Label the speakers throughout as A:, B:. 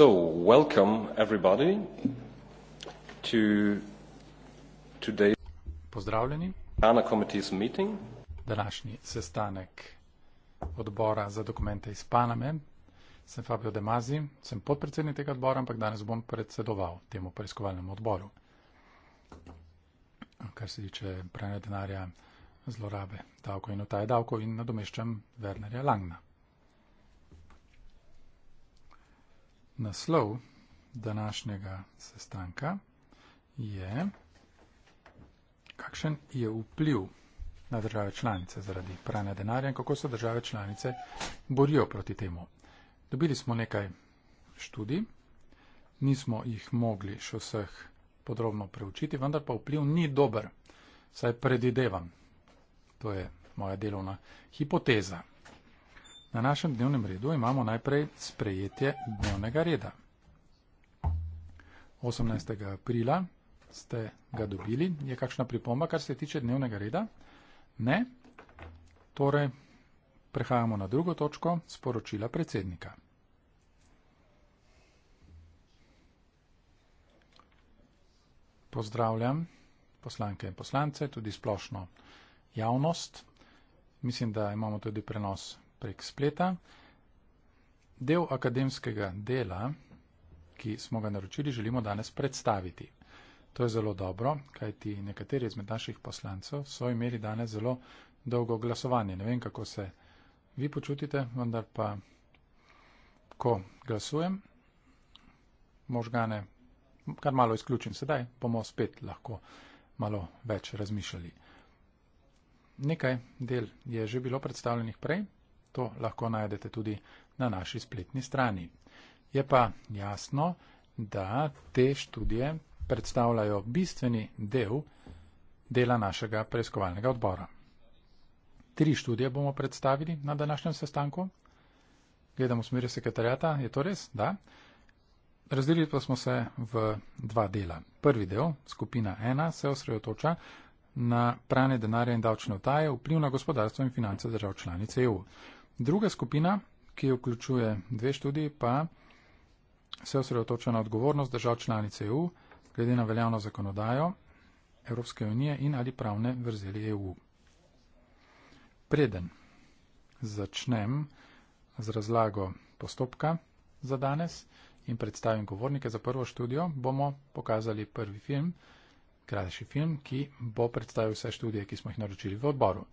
A: Welcome everybody to today's Pozdravljeni. Ana Committee's meeting.
B: Današnji sestanek odbora za dokumente iz Paname. Sem Fabio De Masi, sem podpredsednik tega odbora, ampak danes bom predsedoval temu preiskovalnemu odboru. Kar se tiče pranja denarja, zlorabe davkov in utaje davkov in nadomeščam Wernerja Langna. Naslov današnjega sestanka je, kakšen je vpliv na države članice zaradi pranja denarja in kako se države članice borijo proti temu. Dobili smo nekaj študij, nismo jih mogli še vseh podrobno preučiti, vendar pa vpliv ni dober, saj predidevam. To je moja delovna hipoteza. Na našem dnevnem redu imamo najprej sprejetje dnevnega reda. 18. aprila ste ga dobili. Je kakšna pripomba, kar se tiče dnevnega reda? Ne. Torej, prehajamo na drugo točko, sporočila predsednika. Pozdravljam poslanke in poslance, tudi splošno javnost. Mislim, da imamo tudi prenos prek spleta. Del akademskega dela, ki smo ga naročili, želimo danes predstaviti. To je zelo dobro, kajti nekateri izmed naših poslancev so imeli danes zelo dolgo glasovanje. Ne vem, kako se vi počutite, vendar pa, ko glasujem, možgane kar malo izključim sedaj, bomo spet lahko malo več razmišljali. Nekaj del je že bilo predstavljenih prej, to lahko najdete tudi na naši spletni strani. Je pa jasno, da te študije predstavljajo bistveni del dela našega preiskovalnega odbora. Tri študije bomo predstavili na današnjem sestanku. Gledam v smeri sekretarjata, je to res? Da. Razdelili pa smo se v dva dela. Prvi del, skupina ena, se osredotoča na pranje denarja in davčne vtaje, vpliv na gospodarstvo in finance držav članice EU. Druga skupina, ki vključuje dve študiji, pa se osredotoča na odgovornost držav članic EU glede na veljavno zakonodajo Evropske unije in ali pravne vrzeli EU. Preden začnem z razlago postopka za danes in predstavim govornike za prvo študijo, bomo pokazali prvi film, krajši film, ki bo predstavil vse študije, ki smo jih naročili v odboru.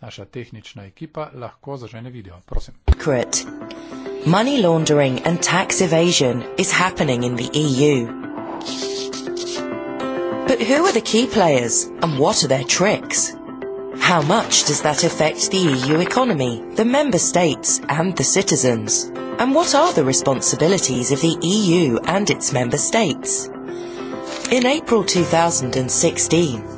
B: Naša tehnična ekipa lahko zažene video. Prosim.
C: Money laundering and tax evasion is happening in the EU. But who are the key players and what are their tricks? How much does that affect the EU economy, the member states, and the citizens? And what are the responsibilities of the EU and its member states? In April 2016,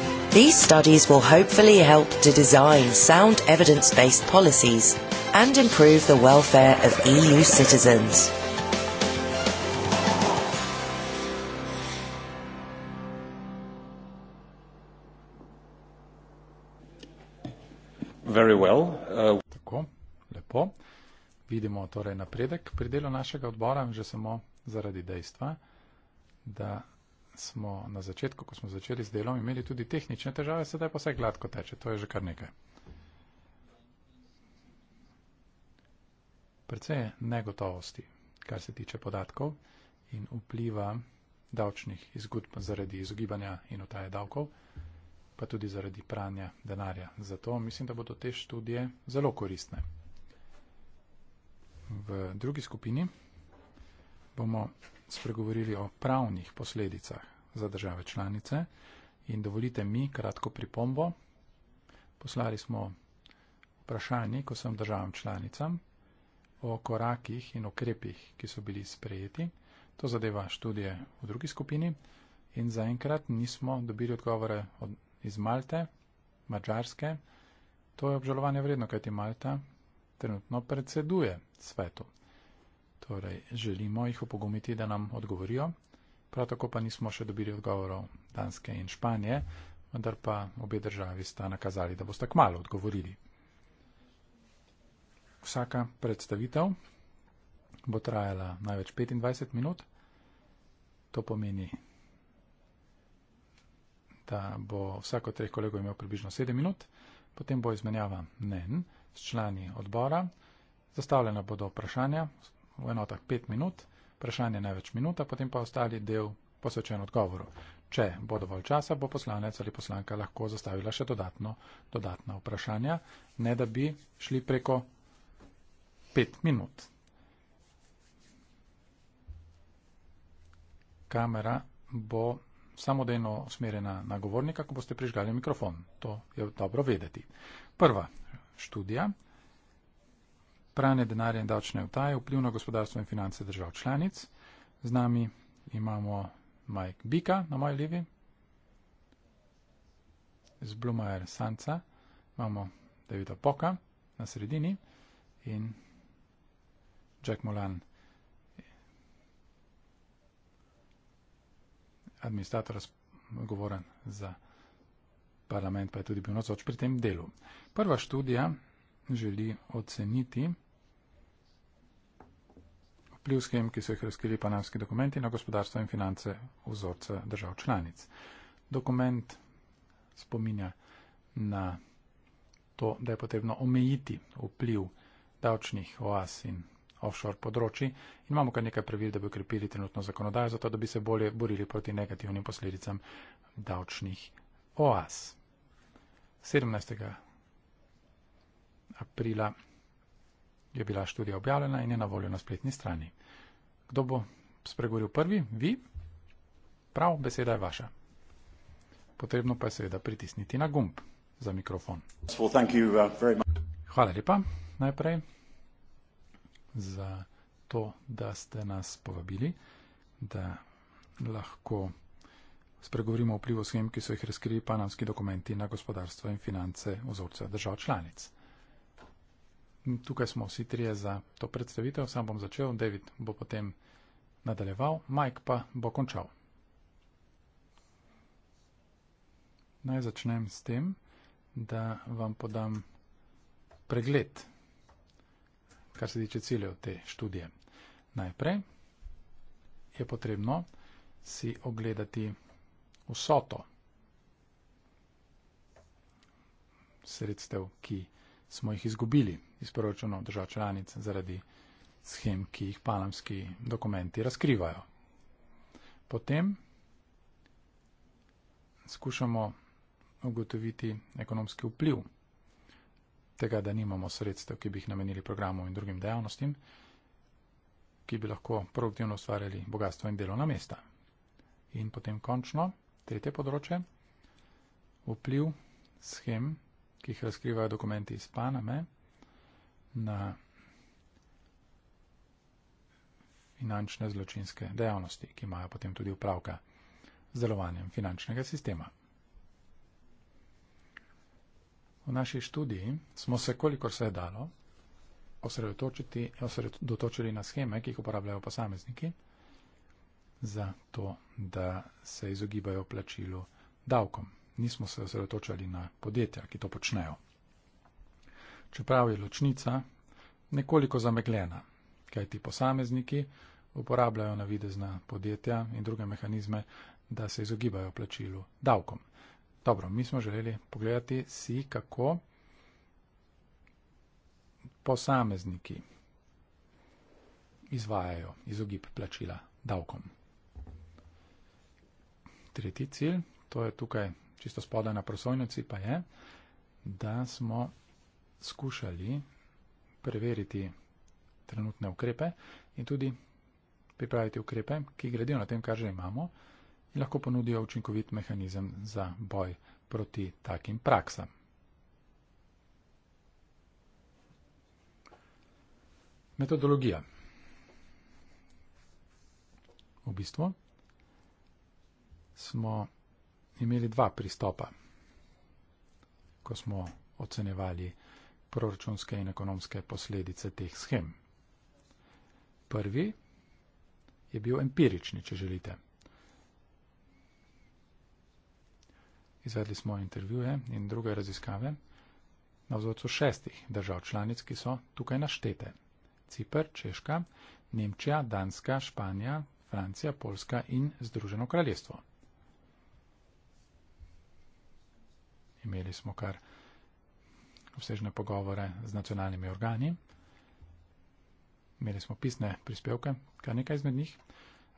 C: These studies will hopefully help to design sound evidence based policies and improve the welfare of EU citizens.
A: Very well. Uh... Tako, lepo.
B: Vidimo torej napredek pri delu našega odbora, že samo zaradi dejstva, da smo na začetku, ko smo začeli z delom, imeli tudi tehnične težave, sedaj pa vse gladko teče, to je že kar nekaj. Predvsej je negotovosti, kar se tiče podatkov in vpliva davčnih izgudb zaradi izogibanja in otaje davkov, pa tudi zaradi pranja denarja. Zato mislim, da bodo te študije zelo koristne. V drugi skupini bomo spregovorili o pravnih posledicah za države članice in dovolite mi kratko pripombo. Poslali smo vprašanje, ko sem državam članicam, o korakih in okrepih, ki so bili sprejeti. To zadeva študije v drugi skupini in zaenkrat nismo dobili odgovore od, iz Malte, Mačarske. To je obžalovanje vredno, kajti Malta trenutno predseduje svetu, Torej, želimo jih upogumiti, da nam odgovorijo. Prav tako pa nismo še dobili odgovorov Danske in Španije, vendar pa obe državi sta nakazali, da boste kmalo odgovorili. Vsaka predstavitev bo trajala največ 25 minut. To pomeni, da bo vsako treh kolegov imel približno 7 minut, potem bo izmenjava mnen s člani odbora, zastavljena bodo vprašanja, v enotah 5 minut, vprašanje največ minuta, potem pa ostali del posvečen odgovoru. Če bo dovolj časa, bo poslanec ali poslanka lahko zastavila še dodatno, dodatna vprašanja, ne da bi šli preko 5 minut. Kamera bo samodejno usmerjena na govornika, ko boste prižgali mikrofon. To je dobro vedeti. Prva študija pranje denarja in davčne vtaje, vpliv na gospodarstvo in finance držav članic. Z nami imamo Mike Bika na moji levi, z Blumajer Sanca imamo Davida Poka na sredini in Jack Molan, administrator, govoren za parlament, pa je tudi bil nocoč pri tem delu. Prva študija, želi oceniti vpliv schem, ki so jih razkrili panamski dokumenti na gospodarstvo in finance vzorca držav članic. Dokument spominja na to, da je potrebno omejiti vpliv davčnih oas in offshore področji. In imamo kar nekaj pravil, da bi ukrepili trenutno zakonodajo, zato da bi se bolje borili proti negativnim posledicam davčnih oas. 17 aprila je bila študija objavljena in je na voljo na spletni strani. Kdo bo spregovoril prvi? Vi? Prav, beseda je vaša. Potrebno pa je seveda pritisniti na gumb za mikrofon. Uh, Hvala lepa najprej za to, da ste nas povabili, da lahko spregovorimo o vplivu schem, ki so jih razkrili panamski dokumenti na gospodarstvo in finance vzorcev držav članic tukaj smo vsi trije za to predstavitev, sam bom začel, David bo potem nadaljeval, Mike pa bo končal. Naj začnem s tem, da vam podam pregled, kar se tiče ciljev te študije. Najprej je potrebno si ogledati vsoto sredstev, ki smo jih izgubili iz proračunov držav članic zaradi schem, ki jih panamski dokumenti razkrivajo. Potem skušamo ugotoviti ekonomski vpliv tega, da nimamo sredstev, ki bi jih namenili programom in drugim dejavnostim, ki bi lahko produktivno ustvarjali bogatstvo in delovna mesta. In potem končno, tretje področje, vpliv schem, ki jih razkrivajo dokumenti iz Paname, na finančne zločinske dejavnosti, ki imajo potem tudi upravka z delovanjem finančnega sistema. V naši študiji smo se, kolikor se je dalo, osredotočili na scheme, ki jih uporabljajo posamezniki, za to, da se izogibajo plačilu davkom. Nismo se osredotočili na podjetja, ki to počnejo čeprav je ločnica nekoliko zamegljena, kajti posamezniki uporabljajo navidezna podjetja in druge mehanizme, da se izogibajo plačilu davkom. Dobro, mi smo želeli pogledati si, kako posamezniki izvajajo izogib plačila davkom. Tretji cilj, to je tukaj čisto spodaj na prosojnici, pa je, da smo skušali preveriti trenutne ukrepe in tudi pripraviti ukrepe, ki gradijo na tem, kar že imamo in lahko ponudijo učinkovit mehanizem za boj proti takim praksam. Metodologija. V bistvu smo imeli dva pristopa, ko smo ocenjevali proračunske in ekonomske posledice teh schem. Prvi je bil empirični, če želite. Izvedli smo intervjuje in druge raziskave na vzorcu šestih držav članic, ki so tukaj naštete. Cipr, Češka, Nemčija, Danska, Španija, Francija, Polska in Združeno kraljestvo. Imeli smo kar obsežne pogovore z nacionalnimi organi. Imeli smo pisne prispevke, kar nekaj izmed njih.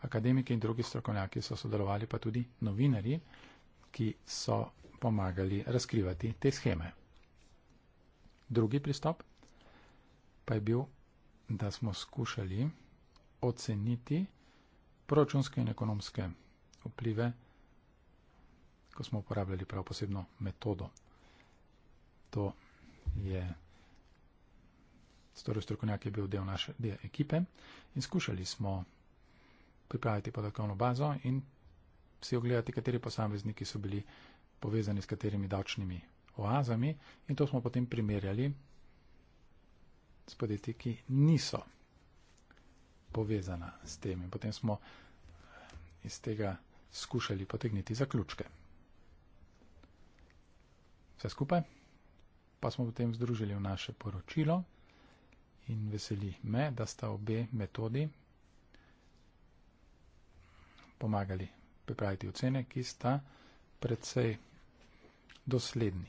B: Akademiki in drugi strokovnjaki so sodelovali, pa tudi novinari, ki so pomagali razkrivati te scheme. Drugi pristop pa je bil, da smo skušali oceniti proračunske in ekonomske vplive, ko smo uporabljali prav posebno metodo. To je storil strokovnjak, ki je bil del naše del ekipe in skušali smo pripraviti podatkovno bazo in si ogledati, kateri posamezniki so bili povezani s katerimi davčnimi oazami in to smo potem primerjali s podjetji, ki niso povezana s tem in potem smo iz tega skušali potegniti zaključke. Vse skupaj pa smo potem združili v naše poročilo in veseli me, da sta obe metodi pomagali pripraviti ocene, ki sta predvsej dosledni.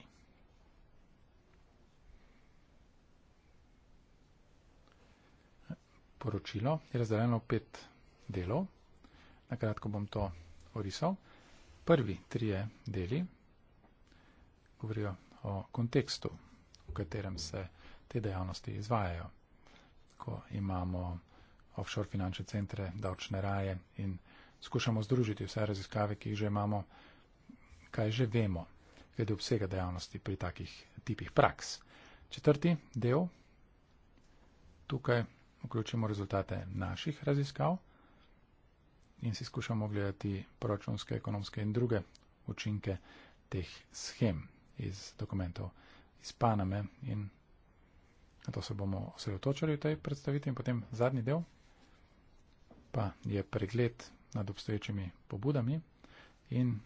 B: Poročilo je razdeljeno v pet delov. Nakratko bom to orisal. Prvi trije deli govorijo o kontekstu, v katerem se te dejavnosti izvajajo. Ko imamo offshore finančne centre, davčne raje in skušamo združiti vse raziskave, ki jih že imamo, kaj že vemo, glede obsega dejavnosti pri takih tipih praks. Četrti del. Tukaj vključimo rezultate naših raziskav in si skušamo gledati proračunske, ekonomske in druge učinke teh schem iz dokumentov iz Paname in na to se bomo osredotočali v tej predstavitvi in potem zadnji del pa je pregled nad obstoječimi pobudami in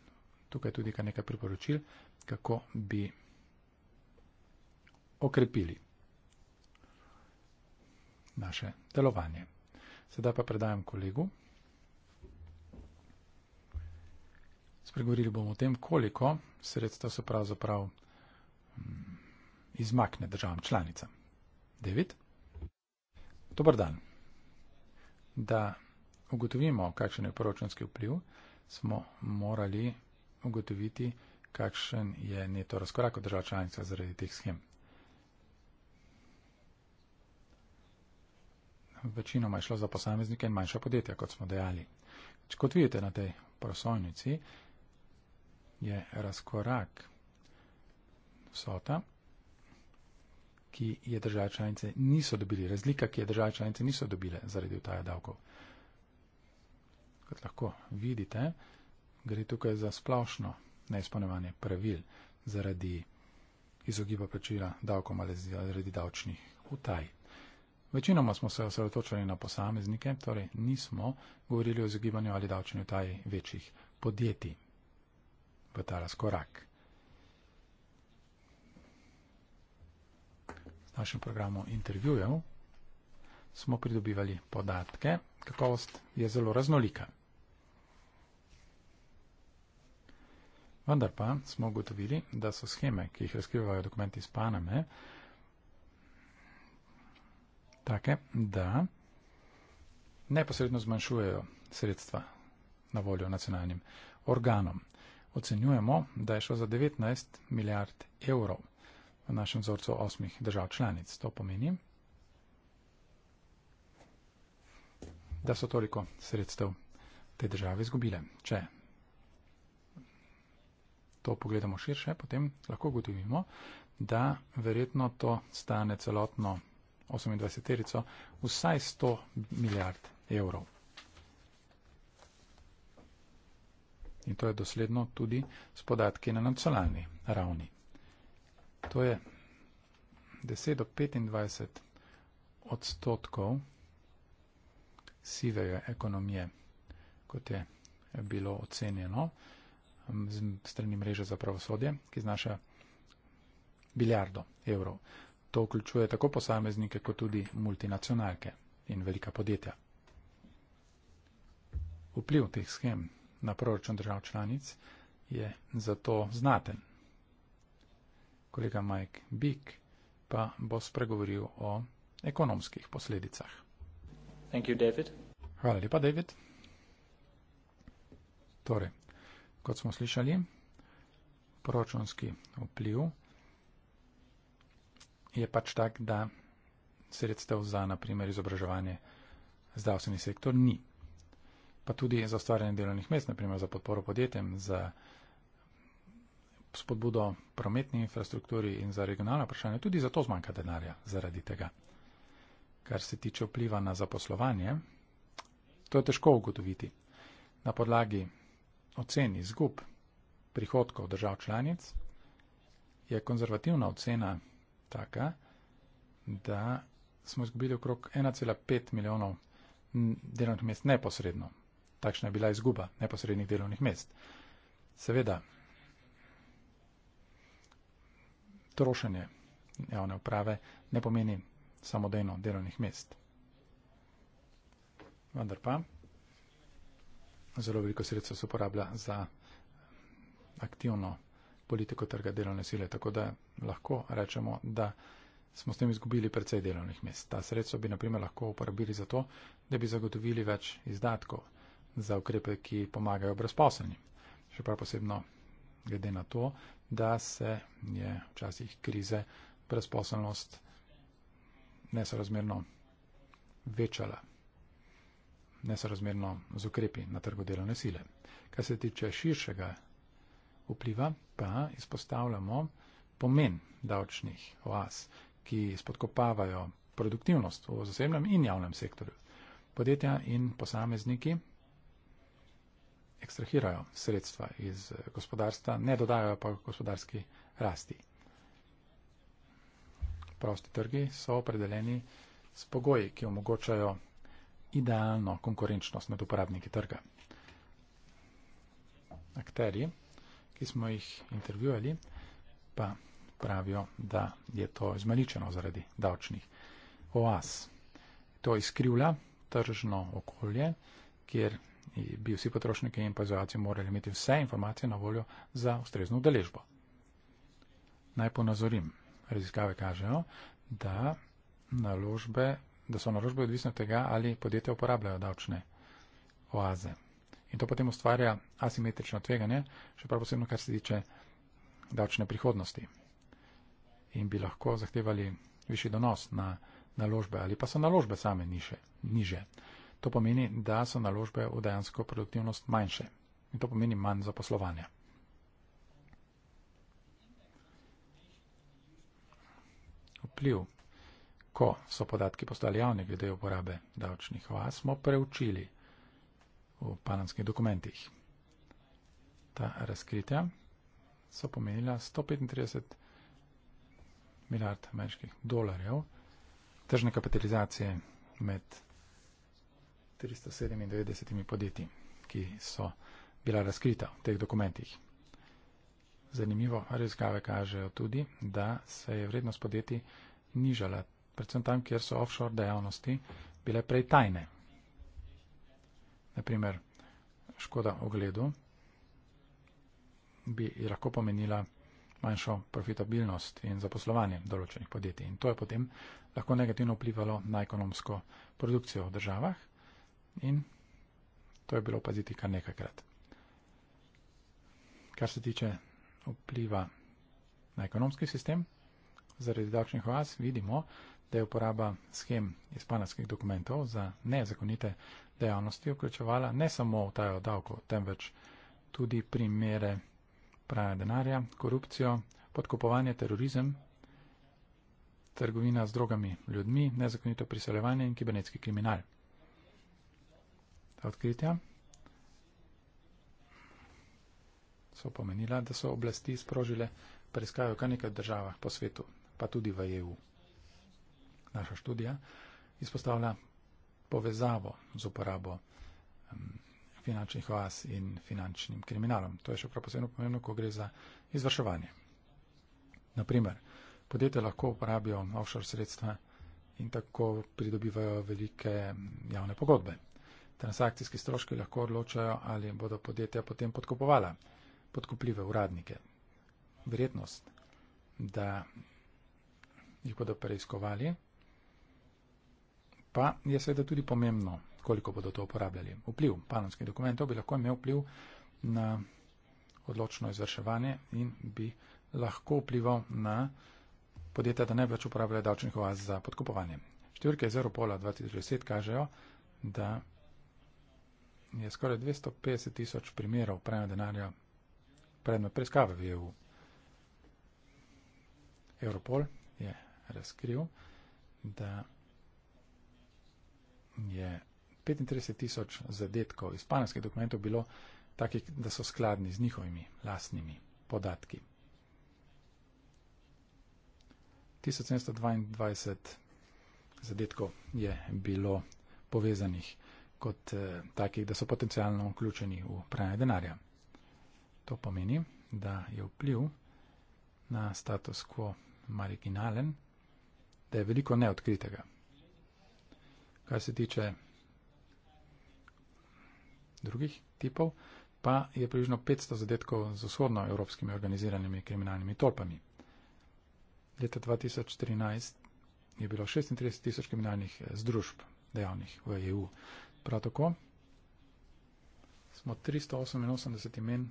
B: tukaj tudi kar nekaj priporočil, kako bi okrepili naše delovanje. Sedaj pa predajam kolegu. Spregovorili bomo o tem, koliko sredstva so pravzaprav mm, izmakne državam članicam. David, dobar dan. Da ugotovimo, kakšen je poročanski vpliv, smo morali ugotoviti, kakšen je neto razkorak od držav članica zaradi teh schem. Večinoma je šlo za posameznike in manjša podjetja, kot smo dejali. Kot vidite na tej prosojnici, je razkorak vsota, ki je države članice niso dobili, razlika, ki je države članice niso dobile zaradi vtaja davkov. Kot lahko vidite, gre tukaj za splošno neizpolnevanje pravil zaradi izogiba plačila davkom ali zaradi davčnih vtaj. Večinoma smo se osredotočali na posameznike, torej nismo govorili o izogibanju ali davčni vtaji večjih podjetij v ta razkorak. V našem programu intervjujev smo pridobivali podatke, kakovost je zelo raznolika. Vendar pa smo ugotovili, da so scheme, ki jih razkrivajo dokumenti iz Paname, take, da neposredno zmanjšujejo sredstva na voljo nacionalnim organom ocenjujemo, da je šlo za 19 milijard evrov v našem vzorcu osmih držav članic. To pomeni, da so toliko sredstev te države izgubile. Če to pogledamo širše, potem lahko gotovimo, da verjetno to stane celotno 28-terico vsaj 100 milijard evrov. in to je dosledno tudi s podatki na nacionalni ravni. To je 10 do 25 odstotkov sive ekonomije, kot je bilo ocenjeno strani mreže za pravosodje, ki znaša biljardo evrov. To vključuje tako posameznike, kot tudi multinacionalke in velika podjetja. Vpliv teh schem na proračun držav članic je zato znaten. Kolega Mike Big pa bo spregovoril o ekonomskih posledicah. Thank you, David. Hvala lepa, David. Torej, kot smo slišali, proračunski vpliv je pač tak, da sredstev za, naprimer, izobraževanje zdravstveni sektor ni pa tudi za ustvarjanje delovnih mest, naprimer za podporo podjetjem, za spodbudo prometni infrastrukturi in za regionalno vprašanje. Tudi zato zmanjka denarja zaradi tega. Kar se tiče vpliva na zaposlovanje, to je težko ugotoviti. Na podlagi oceni izgub prihodkov držav članic je konzervativna ocena taka, da smo izgubili okrog 1,5 milijonov delovnih mest neposredno Takšna je bila izguba neposrednih delovnih mest. Seveda, trošenje javne uprave ne pomeni samodejno delovnih mest. Vendar pa, zelo veliko sredstva se uporablja za aktivno politiko trga delovne sile, tako da lahko rečemo, da smo s tem izgubili precej delovnih mest. Ta sredstva bi naprimer lahko uporabili za to, da bi zagotovili več izdatkov za ukrepe, ki pomagajo brezposelnim. Še prav posebno glede na to, da se je včasih krize brezposelnost nesorazmerno večala, nesorazmerno z ukrepi na trgu delovne sile. Kar se tiče širšega vpliva, pa izpostavljamo pomen davčnih oaz, ki spodkopavajo produktivnost v zasebnem in javnem sektorju. Podjetja in posamezniki ekstrahirajo sredstva iz eh, gospodarstva, ne dodajajo pa gospodarski rasti. Prosti trgi so opredeljeni s pogoji, ki omogočajo idealno konkurenčnost med uporabniki trga. Akteri, ki smo jih intervjuali, pa pravijo, da je to izmaličeno zaradi davčnih oas. To izkrivlja tržno okolje, kjer bi vsi potrošniki in proizvajalci morali imeti vse informacije na voljo za ustrezno udeležbo. Naj ponazorim, raziskave kažejo, da, naložbe, da so naložbe odvisne od tega, ali podjetja uporabljajo davčne oaze. In to potem ustvarja asimetrično tveganje, še prav posebno, kar se tiče davčne prihodnosti. In bi lahko zahtevali višji donos na naložbe, ali pa so naložbe same niže. niže. To pomeni, da so naložbe v dejansko produktivnost manjše in to pomeni manj zaposlovanja. Vpliv, ko so podatki postali javni glede uporabe davčnih oaz, smo preučili v panamskih dokumentih. Ta razkritja so pomenila 135 milijard ameriških dolarjev tržne kapitalizacije med 397 podjetji, ki so bila razkrita v teh dokumentih. Zanimivo, raziskave kažejo tudi, da se je vrednost podjetij nižala, predvsem tam, kjer so offshore dejavnosti bile prej tajne. Naprimer, škoda ogledu bi lahko pomenila manjšo profitabilnost in zaposlovanje določenih podjetij. In to je potem lahko negativno vplivalo na ekonomsko produkcijo v državah, In to je bilo opaziti kar nekajkrat. Kar se tiče vpliva na ekonomski sistem, zaradi davčnih oaz vidimo, da je uporaba schem iz panamskih dokumentov za nezakonite dejavnosti vključevala ne samo v tajo davko, temveč tudi primere pranja denarja, korupcijo, podkopovanje, terorizem, trgovina z drogami ljudmi, nezakonito priseljevanje in kibernetski kriminal odkritja. So pomenila, da so oblasti sprožile preiskave v kar nekaj državah po svetu, pa tudi v EU. Naša študija izpostavlja povezavo z uporabo finančnih oas in finančnim kriminalom. To je še prav posebno pomembno, ko gre za izvrševanje. Naprimer, podjetja lahko uporabijo offshore sredstva in tako pridobivajo velike javne pogodbe transakcijski stroški lahko odločajo, ali bodo podjetja potem podkupovala podkupljive uradnike. Verjetnost, da jih bodo preiskovali, pa je seveda tudi pomembno, koliko bodo to uporabljali. Vpliv panamskih dokumentov bi lahko imel vpliv na odločno izvrševanje in bi lahko vplival na podjetja, da ne več uporabljajo davčnih oaz za podkupovanje. Številke iz Europola 2010 kažejo, da je skoraj 250 tisoč primerov pranja denarja predmet preiskave v EU. Europol je razkril, da je 35 tisoč zadetkov iz panamskih dokumentov bilo takih, da so skladni z njihovimi lastnimi podatki. 1722 zadetkov je bilo povezanih kot eh, takih, da so potencialno vključeni v pranje denarja. To pomeni, da je vpliv na status quo marginalen, da je veliko neodkritega. Kar se tiče drugih tipov, pa je približno 500 zadetkov z vzhodno evropskimi organiziranimi kriminalnimi tolpami. Leta 2013 je bilo 36 tisoč kriminalnih eh, združb dejavnih v EU. Prav tako smo 388 imen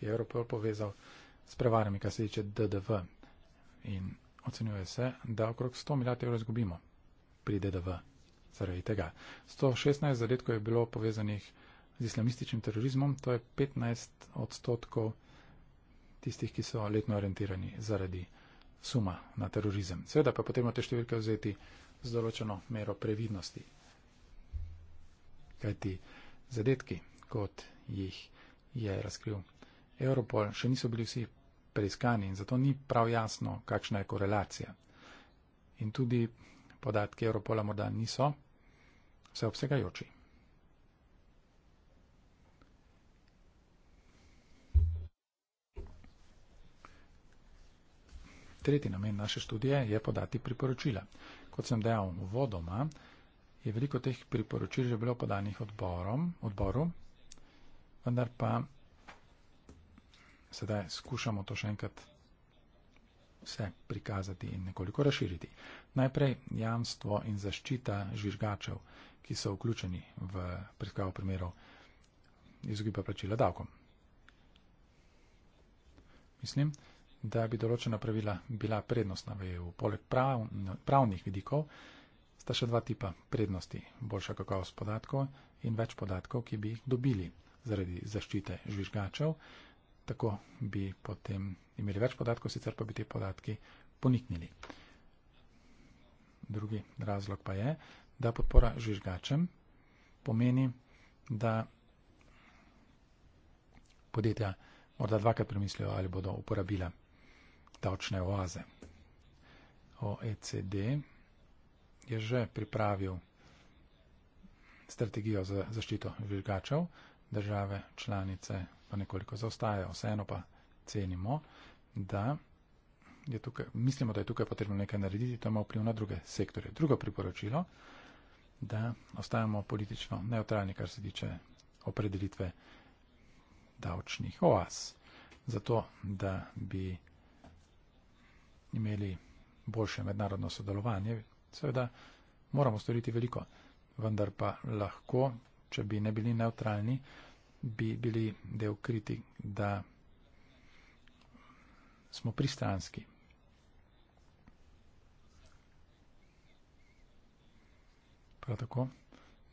B: Evropel povezal s prevarami, kar se tiče DDV. In ocenjuje se, da okrog 100 milijard evrov izgubimo pri DDV zaradi tega. 116 zadetkov je bilo povezanih z islamističnim terorizmom, to je 15 odstotkov tistih, ki so letno orientirani zaradi suma na terorizem. Seveda pa je potrebno te številke vzeti z določeno mero previdnosti kajti zadetki, kot jih je razkril Europol, še niso bili vsi preiskani in zato ni prav jasno, kakšna je korelacija. In tudi podatki Europola morda niso vseobsegajoči. Tretji namen naše študije je podati priporočila. Kot sem dejal v vodoma, je veliko teh priporočil že bilo podanih odborom, odboru, vendar pa sedaj skušamo to še enkrat vse prikazati in nekoliko razširiti. Najprej jamstvo in zaščita žvižgačev, ki so vključeni v preiskavo primerov izogiba plačila davkom. Mislim, da bi določena pravila bila prednostna v EU. Poleg prav, pravnih vidikov, sta še dva tipa prednosti. Boljša kakovost podatkov in več podatkov, ki bi jih dobili zaradi zaščite žvižgačev. Tako bi potem imeli več podatkov, sicer pa bi te podatki poniknili. Drugi razlog pa je, da podpora žvižgačem pomeni, da podjetja morda dvakrat premislijo, ali bodo uporabila davčne oaze. OECD je že pripravil strategijo za zaščito žvižgačev, države članice pa nekoliko zaostajajo, vseeno pa cenimo, da je tukaj, mislimo, da je tukaj potrebno nekaj narediti, to ima vpliv na druge sektorje. Drugo priporočilo, da ostajamo politično neutralni, kar se tiče opredelitve davčnih oas, zato da bi imeli boljše mednarodno sodelovanje, seveda moramo storiti veliko, vendar pa lahko, če bi ne bili neutralni, bi bili del kritik, da smo pristranski. Prav tako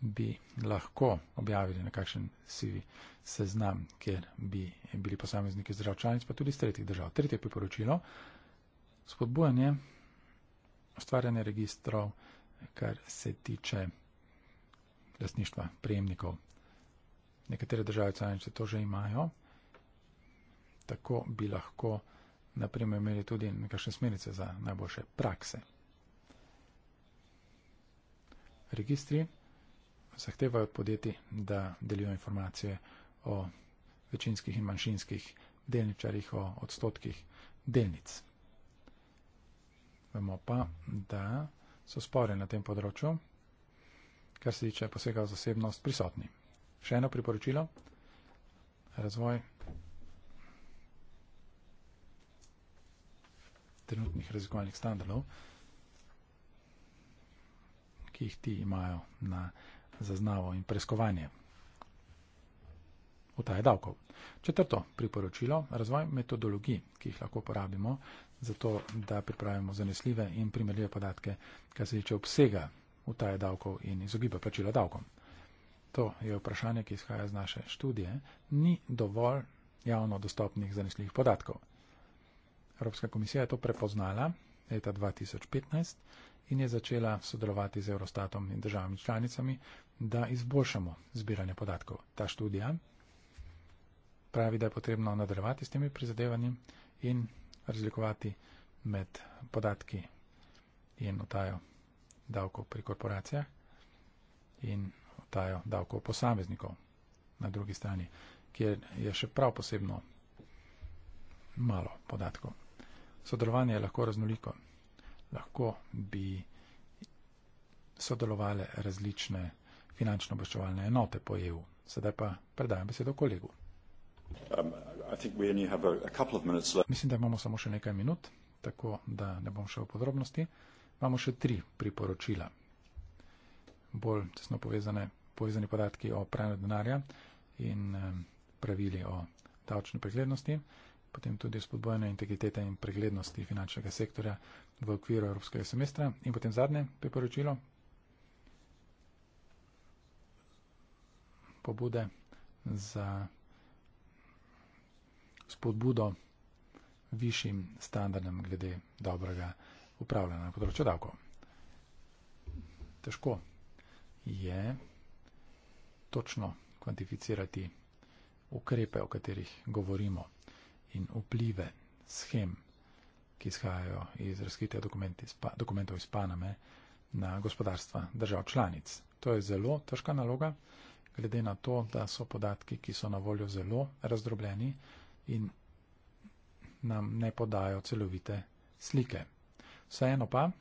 B: bi lahko objavili nekakšen sivi seznam, kjer bi bili posamezniki z držav članic, pa tudi iz tretjih držav. Tretje priporočilo, spodbujanje ustvarjanje registrov, kar se tiče lasništva prejemnikov. Nekatere države članice to že imajo, tako bi lahko naprimer imeli tudi nekakšne smerice za najboljše prakse. Registri zahtevajo od podjetij, da delijo informacije o večinskih in manjšinskih delničarjih, o odstotkih delnic. Vemo pa, da so spore na tem področju, kar se tiče posega v zasebnost, prisotni. Še eno priporočilo. Razvoj trenutnih raziskovalnih standardov, ki jih ti imajo na zaznavo in preiskovanje utaje davkov. Četrto priporočilo, razvoj metodologij, ki jih lahko porabimo zato da pripravimo zanesljive in primerljive podatke, kar se tiče obsega utaje davkov in izogiba plačila davkom. To je vprašanje, ki izhaja iz naše študije. Ni dovolj javno dostopnih zanesljivih podatkov. Evropska komisija je to prepoznala leta 2015 in je začela sodelovati z Eurostatom in državami članicami, da izboljšamo zbiranje podatkov. Ta študija pravi, da je potrebno nadaljevati s temi prizadevanji in razlikovati med podatki in otajo davkov pri korporacijah in otajo davkov posameznikov na drugi strani, kjer je še prav posebno malo podatkov. Sodelovanje je lahko raznoliko. Lahko bi sodelovali različne finančno obveščevalne enote po EU. Sedaj pa predajam besedo kolegu. Um, Mislim, da imamo samo še nekaj minut, tako da ne bom šel v podrobnosti. Imamo še tri priporočila, bolj tesno povezane, povezane podatki o pranju denarja in pravili o davčni preglednosti, potem tudi spodbojene integritete in preglednosti finančnega sektorja v okviru Evropskega semestra in potem zadnje priporočilo. Pobude za spodbudo višjim standardem glede dobrega upravljanja na področju davko. Težko je točno kvantificirati ukrepe, o katerih govorimo in vplive schem, ki izhajajo iz razkritja dokumentov iz Paname na gospodarstva držav članic. To je zelo težka naloga, glede na to, da so podatki, ki so na voljo zelo razdrobljeni, in nam ne podajo celovite slike. Vseeno pa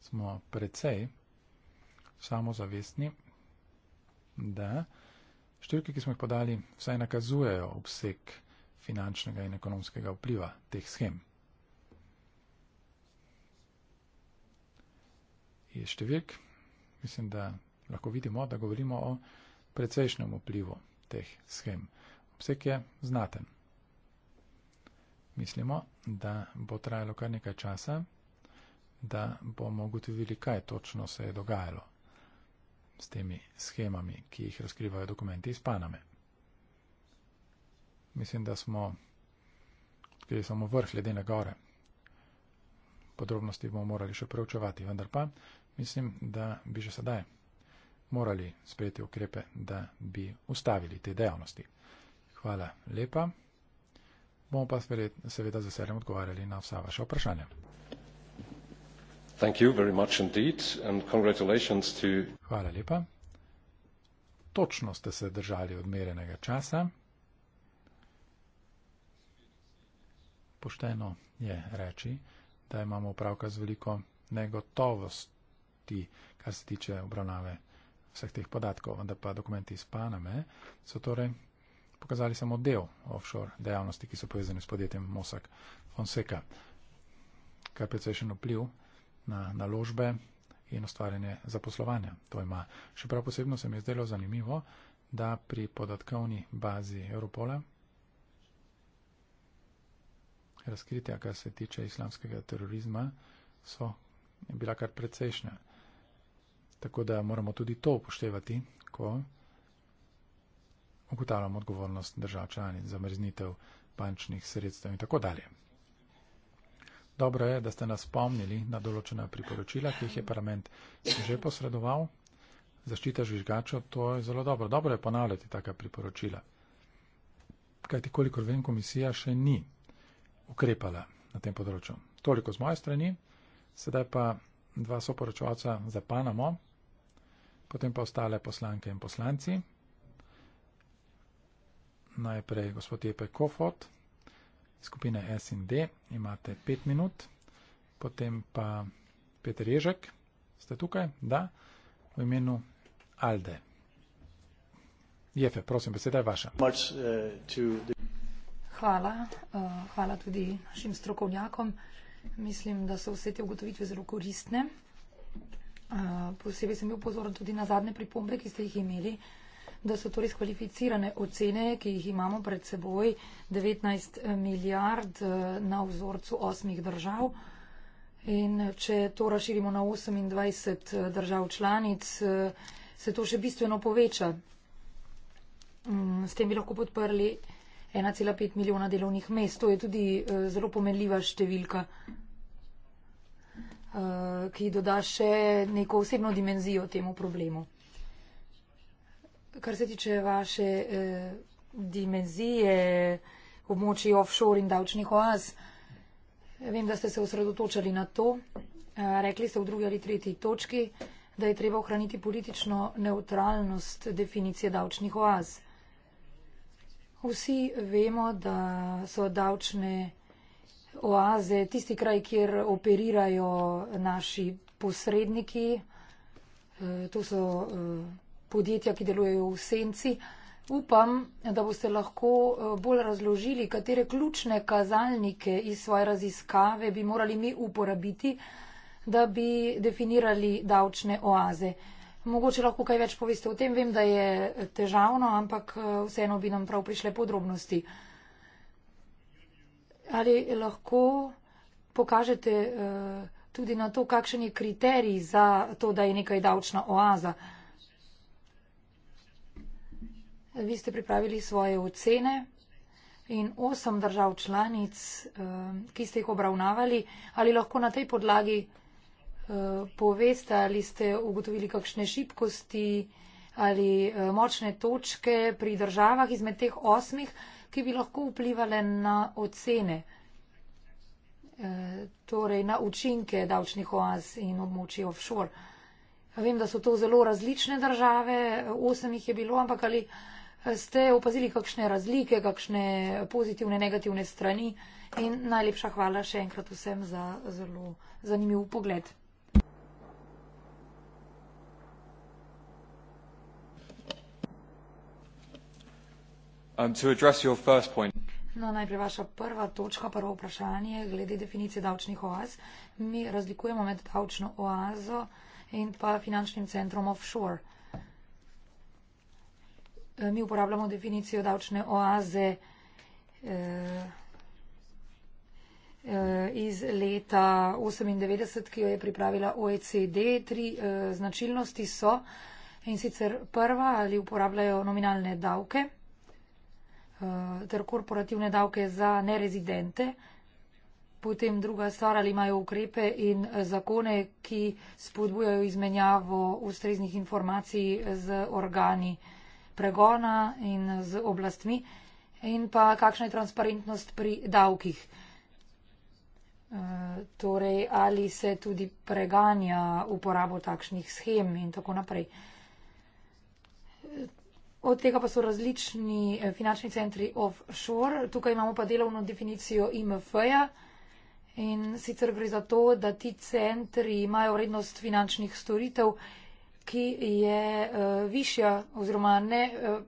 B: smo precej samozavestni, da številke, ki smo jih podali, vsaj nakazujejo obseg finančnega in ekonomskega vpliva teh schem. Je številk, mislim, da lahko vidimo, da govorimo o precejšnjem vplivu teh schem obseg je znaten. Mislimo, da bo trajalo kar nekaj časa, da bomo ugotovili, kaj točno se je dogajalo s temi schemami, ki jih razkrivajo dokumenti iz Paname. Mislim, da smo odkrili samo vrh ledene gore. Podrobnosti bomo morali še preučevati, vendar pa mislim, da bi že sedaj morali sprejeti ukrepe, da bi ustavili te dejavnosti. Hvala lepa. Bomo pa seveda z veseljem odgovarjali na vsa vaša vprašanja.
A: Thank you very much indeed and congratulations to.
B: Hvala lepa. Točno ste se držali odmerenega časa. Pošteno je reči, da imamo opravka z veliko negotovosti, kar se tiče obravnave vseh teh podatkov, vendar pa dokumenti iz Paname so torej pokazali samo del offshore dejavnosti, ki so povezane s podjetjem Mosak Fonseca, kar predvsej še vpliv na naložbe in ustvarjanje zaposlovanja. To ima. Še prav posebno se mi je zdelo zanimivo, da pri podatkovni bazi Europola razkritja, kar se tiče islamskega terorizma, so bila kar precejšnja. Tako da moramo tudi to upoštevati, ko ugotavljamo odgovornost držav članic za mrznitev bančnih sredstev in tako dalje. Dobro je, da ste nas spomnili na določena priporočila, ki jih je parlament že posredoval. Zaščita žvižgačev, to je zelo dobro. Dobro je ponavljati taka priporočila. Kajti, kolikor vem, komisija še ni ukrepala na tem področju. Toliko z moje strani, sedaj pa dva soporočovalca za Panamo, potem pa ostale poslanke in poslanci najprej gospod Jepe Kofot, skupine SND, imate pet minut, potem pa Peter Ježek, ste tukaj, da, v imenu Alde. Jefe, prosim, beseda je vaša. Uh,
D: hvala, uh, hvala tudi našim strokovnjakom. Mislim, da so vse te ugotovitve zelo koristne. Uh, posebej sem bil pozoren tudi na zadnje pripombe, ki ste jih imeli da so torej skvalificirane ocene, ki jih imamo pred seboj, 19 eh, milijard eh, na vzorcu osmih držav. In če to raširimo na 28 eh, držav članic, se to še bistveno poveča. Mm, s tem bi lahko podprli 1,5 milijona delovnih mest. To je tudi zelo pomenljiva številka, ki doda še neko osebno dimenzijo temu problemu kar se tiče vaše eh, dimenzije, območij offshore in davčnih oaz, vem, da ste se osredotočali na to. Eh, rekli ste v drugi ali tretji točki, da je treba ohraniti politično neutralnost definicije davčnih oaz. Vsi vemo, da so davčne oaze tisti kraj, kjer operirajo naši posredniki. Eh, to so. Eh, podjetja, ki delujejo v senci. Upam, da boste lahko eh, bolj razložili, katere ključne kazalnike iz svoje raziskave bi morali mi uporabiti, da bi definirali davčne oaze. Mogoče lahko kaj več poveste o tem, vem, da je težavno, ampak eh, vseeno bi nam prav prišle podrobnosti. Ali lahko pokažete eh, tudi na to, kakšen je kriterij za to, da je nekaj davčna oaza? Vi ste pripravili svoje ocene in osem držav članic, eh, ki ste jih obravnavali. Ali lahko na tej podlagi eh, poveste, ali ste ugotovili kakšne šibkosti ali eh, močne točke pri državah izmed teh osmih, ki bi lahko vplivali na ocene, torej na učinke davčnih oaz in območij offshore. Vem, da so to zelo različne države, osem jih je bilo, ampak ali ste opazili kakšne razlike, kakšne pozitivne, negativne strani. In najlepša hvala še enkrat vsem za zelo zanimiv pogled. Um, no, najprej vaša prva točka, prvo vprašanje glede definicije davčnih oaz. Mi razlikujemo med davčno oazo in pa finančnim centrom offshore. Eh, mi uporabljamo definicijo davčne oaze eh, eh, iz leta 1998, ki jo je pripravila OECD. Tri značilnosti so in sicer prva ali uporabljajo nominalne davke ter korporativne davke za nerezidente. Potem druga stvar ali imajo ukrepe in zakone, ki spodbujajo izmenjavo ustreznih informacij z organi pregona in z oblastmi in pa kakšna je transparentnost pri davkih. E, torej, ali se tudi preganja uporabo takšnih schem in tako naprej. Od tega pa so različni e, finančni centri offshore. Tukaj imamo pa delovno definicijo IMF-ja in sicer gre za to, da ti centri imajo vrednost finančnih storitev ki je uh, višja oziroma ne uh,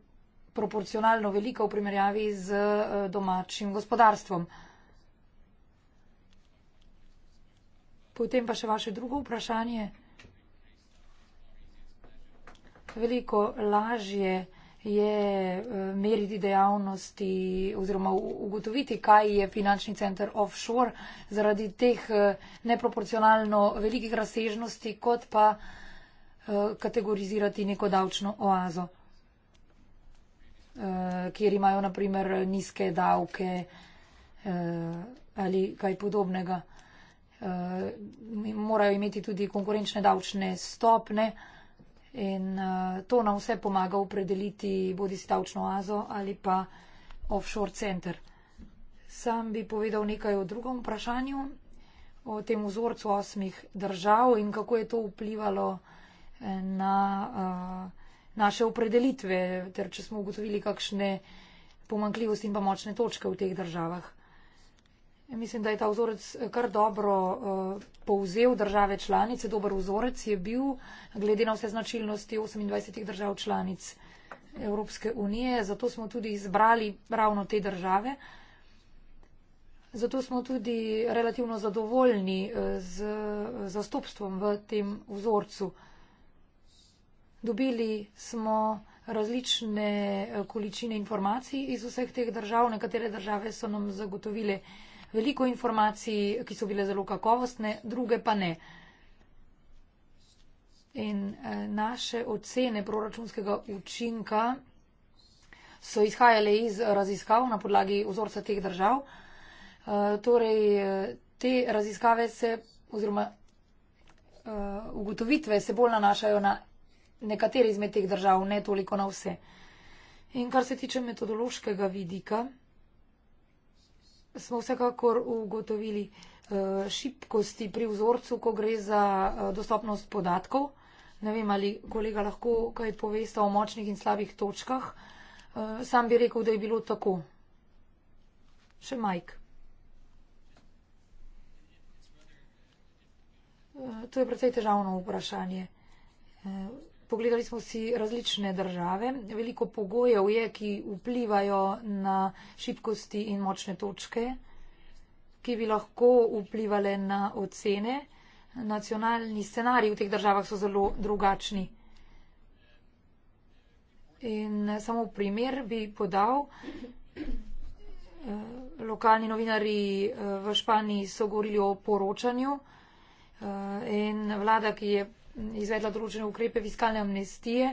D: proporcionalno velika v primerjavi z uh, domačim gospodarstvom. Potem pa še vaše drugo vprašanje. Veliko lažje je meriti dejavnosti oziroma ugotoviti, kaj je finančni center offshore zaradi teh neproporcionalno velikih razsežnosti, kot pa uh, Eh, kategorizirati neko davčno oazo, eh, kjer imajo naprimer nizke davke eh, ali kaj podobnega. Morajo imeti tudi konkurenčne davčne stopne in to nam vse pomaga opredeliti bodi si davčno oazo ali pa offshore center. Sam bi povedal nekaj o drugem vprašanju, o tem vzorcu osmih držav in kako je to vplivalo na na uh, naše opredelitve, ter če smo ugotovili kakšne pomankljivosti in pa močne točke v teh državah. Ja, mislim, da je ta vzorec eh, kar dobro uh, povzel države članice. Dober vzorec je bil, glede na vse značilnosti 28 držav članic Evropske unije, zato smo tudi izbrali ravno te države. Zato smo tudi relativno zadovoljni z zastopstvom v tem vzorcu. Uh, Dobili smo različne eh, količine informacij iz vseh teh držav. Nekatere države so nam zagotovile veliko informacij, ki so bile zelo kakovostne, druge pa ne. In eh, naše ocene proračunskega učinka so izhajale iz raziskav na podlagi vzorca teh držav. Eh, torej, te raziskave se oziroma ugotovitve se bolj nanašajo na nekatere izmed teh držav, ne toliko na vse. In kar se tiče metodološkega vidika, smo vsekakor ugotovili eh, šibkosti pri vzorcu, ko gre za eh, dostopnost podatkov. Ne vem, ali kolega lahko kaj povesta o močnih in slabih točkah. Eh, sam bi rekel, da je bilo tako. Še Mike. To je precej težavno vprašanje. Pogledali smo si različne države. Veliko pogojev je, ki vplivajo na šibkosti in močne točke, ki bi lahko vplivali na ocene. Nacionalni scenariji v teh državah so zelo drugačni. In samo primer bi podal. Eh, lokalni novinari eh, v Španiji so govorili o poročanju eh, in vlada, ki je izvedla določene ukrepe fiskalne amnestije,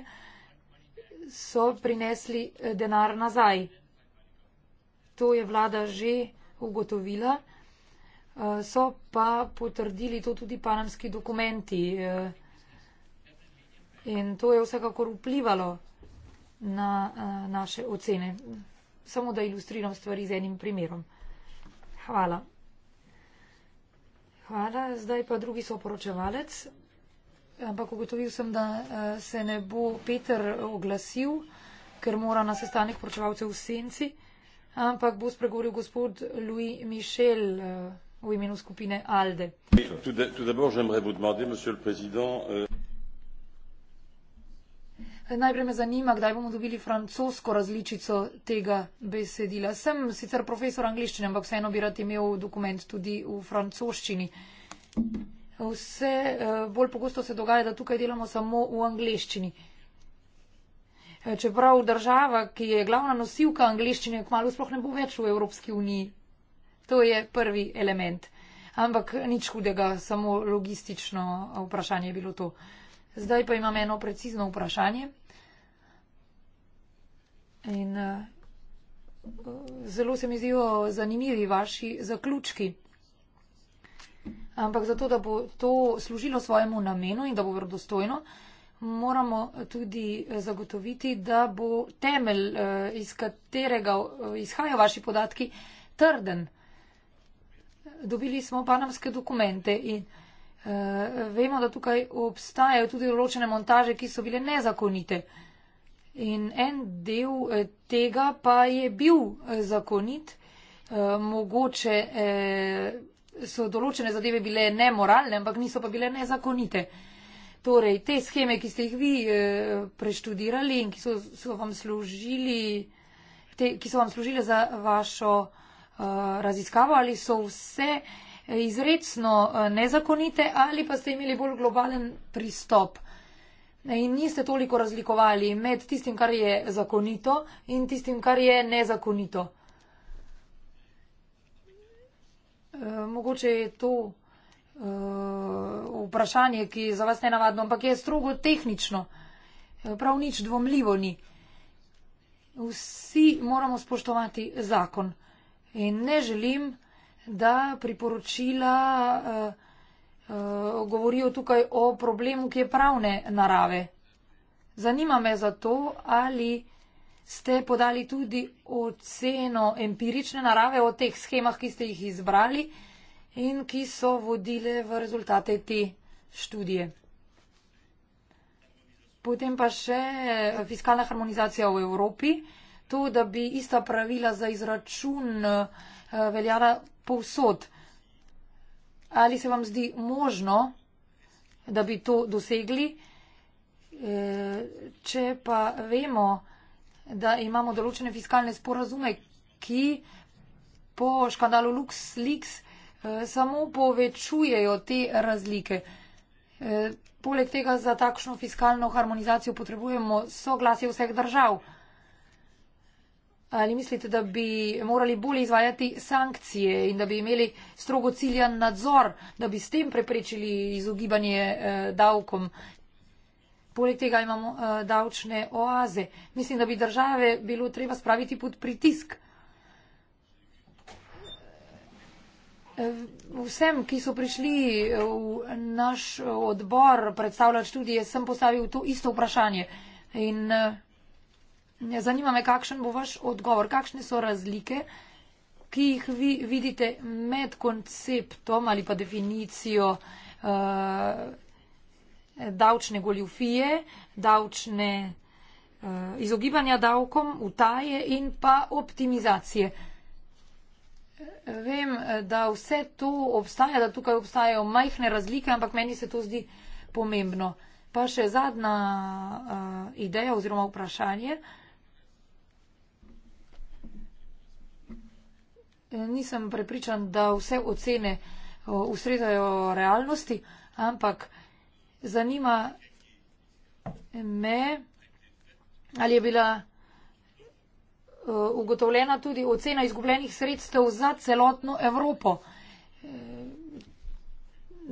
D: so prinesli eh, denar nazaj. To je vlada že ugotovila, eh, so pa potrdili to tudi panamski dokumenti. Eh, in to je vsekakor vplivalo na naše ocene. Samo da ilustriram stvari z enim primerom. Hvala. Hvala, zdaj pa drugi soporočevalec ampak ugotovil sem, da eh, se ne bo Peter oglasil, ker mora na sestanek poročevalcev v senci, ampak bo spregovoril gospod Louis Michel eh, v imenu skupine ALDE. Euh eh, najprej me zanima, kdaj bomo dobili francosko različico tega besedila. Sem sicer profesor angliščine, ampak vseeno bi rad imel dokument tudi v francoščini. Vse eh, bolj pogosto se dogaja, da tukaj delamo samo v angleščini. Eh, čeprav država, ki je glavna nosilka angleščine, kmalo sploh ne bo več v Evropski uniji. To je prvi element. Ampak nič hudega, samo logistično vprašanje je bilo to. Zdaj pa imam eno precizno vprašanje. In,
A: uh,
D: zelo se mi zdijo zanimivi vaši zaključki ampak zato, da bo to služilo svojemu namenu in da bo vrdostojno, moramo tudi eh, zagotoviti, da bo temelj, eh, iz katerega eh, izhajajo vaši podatki, trden. Dobili smo panamske dokumente in vemo, da tukaj obstajajo tudi določene montaže, ki so bile nezakonite. In en del tega pa je bil zakonit, mogoče so določene zadeve bile nemoralne, ampak niso pa bile nezakonite. Torej, te scheme, ki ste jih vi eh, preštudirali in ki so, so vam služili, te, ki so vam služile za vašo uh, raziskavo, ali so vse eh, izredno nezakonite ali pa ste imeli bolj globalen pristop. In niste toliko razlikovali med tistim, kar je zakonito in tistim, kar je nezakonito. Eh, mogoče je to uh, vprašanje, ki je za vas nenavadno, ampak je strogo tehnično. Eh, prav nič dvomljivo ni. Vsi moramo spoštovati zakon. In ne želim, da priporočila uh, uh, govorijo tukaj o problemu, ki je pravne narave. Zanima me zato, ali ste podali tudi oceno empirične narave o teh schemah, ki ste jih izbrali in ki so vodile v rezultate te študije. Potem pa še eh, fiskalna harmonizacija v Evropi. To, da bi ista pravila za izračun eh, veljala povsod. Ali se vam zdi možno, da bi to dosegli? Eh, če pa vemo, da imamo določene fiskalne sporazume, ki po škandalu LuxLeaks eh, samo povečujejo te razlike. Eh, poleg tega za takšno fiskalno harmonizacijo potrebujemo soglasje vseh držav. Ali mislite, da bi morali bolje izvajati sankcije in da bi imeli strogo ciljan nadzor, da bi s tem preprečili izogibanje eh, davkom Poleg tega imamo uh, davčne oaze. Mislim, da bi države bilo treba spraviti pod pritisk. Eh, vsem, ki so prišli eh, v naš odbor predstavljati študije, sem postavil to isto vprašanje. In zanima me, kakšen bo vaš odgovor, kakšne so razlike, ki jih vi vidite med konceptom ali pa definicijo. Uh, davčne goljufije, davčne eh, izogibanja davkom, utaje in pa optimizacije. Vem, da vse to obstaja, da tukaj obstajajo majhne razlike, ampak meni se to zdi pomembno. Pa še zadnja uh, ideja oziroma vprašanje. Nisem prepričan, da vse ocene uh, ustrezajo realnosti, ampak uh, zanima me, ali je bila eh, ugotovljena tudi ocena izgubljenih sredstev za celotno Evropo. Eh,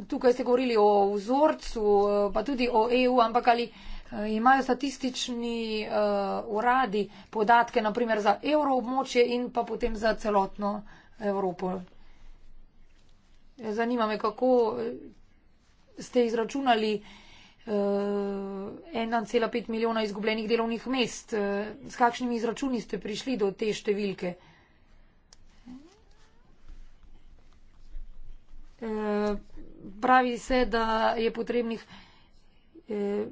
D: tukaj ste govorili o vzorcu, eh, pa tudi o EU, ampak ali imajo statistični uradi podatke, naprimer za evroobmočje in pa potem za celotno Evropo. Zanima me, kako, ste izračunali uh, eh, 1,5 milijona izgubljenih delovnih mest. Uh, s kakšnimi izračuni ste prišli do te številke? Uh, pravi se, da je potrebnih uh,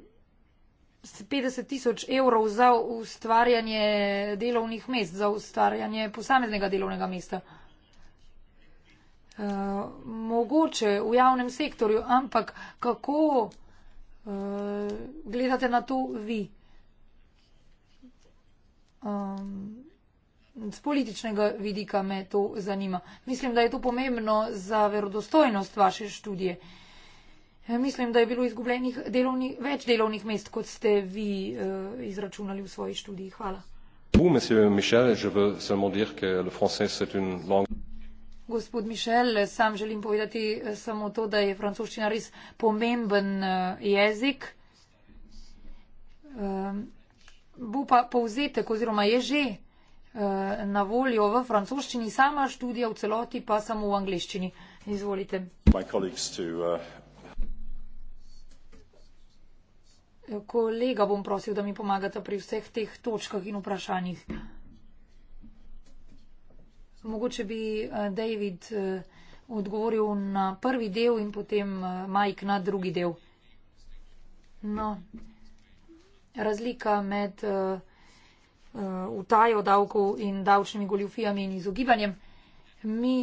D: 50 tisoč evrov za ustvarjanje delovnih mest, za ustvarjanje posameznega delovnega mesta uh, mogoče v javnem sektorju, ampak kako uh, gledate na to vi? Um, z političnega vidika me to zanima. Mislim, da je to pomembno za verodostojnost vaše študije. Eh, mislim, da je bilo izgubljenih delovni, več delovnih mest, kot ste vi uh, izračunali v svoji študiji. Hvala.
A: Vous, monsieur Michel, je veux seulement dire que le français, c'est une langue.
D: Gospod Mišel, sam želim povedati eh, samo to, da je francoščina res pomemben eh, jezik. Ehm, bo pa povzetek oziroma je že eh, na voljo v francoščini, sama študija v celoti pa samo v angliščini. Izvolite. Kolega bom prosil, da mi pomagate pri vseh teh točkah in vprašanjih. Mogoče bi eh, David eh, odgovoril na prvi del in potem eh, Mike na drugi del. No, razlika med uh, utajo davkov in davčnimi goljufijami in izogibanjem. Mi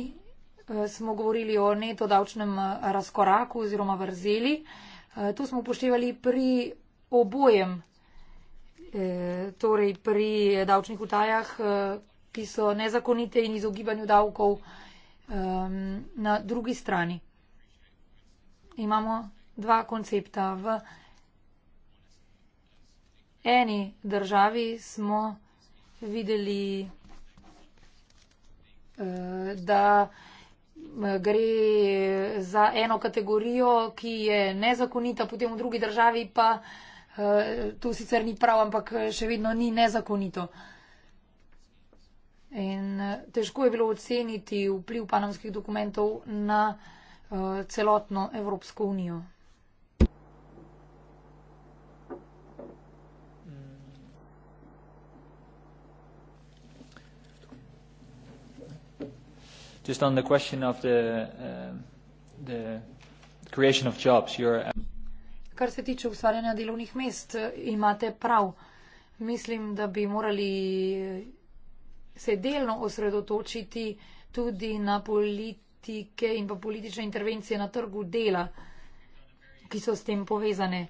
D: uh, smo govorili o neto davčnem razkoraku oziroma vrzeli. Uh, to smo upoštevali pri obojem, uh, torej pri davčnih utajah. Uh, ki so nezakonite in izogibanju davkov um, na drugi strani. Imamo dva koncepta. V eni državi smo videli, uh, da uh, gre za eno kategorijo, ki je nezakonita, potem v drugi državi pa uh, to sicer ni prav, ampak še vedno ni nezakonito. Uh, In eh, težko je bilo oceniti vpliv panamskih dokumentov na eh, celotno Evropsko unijo. Just on the question of the,
B: uh, the
A: creation of jobs, you're.
D: Kar se tiče ustvarjanja delovnih mest, imate prav. Mislim, da bi morali se delno osredotočiti tudi na politike in pa politične intervencije na trgu dela, ki so s tem povezane.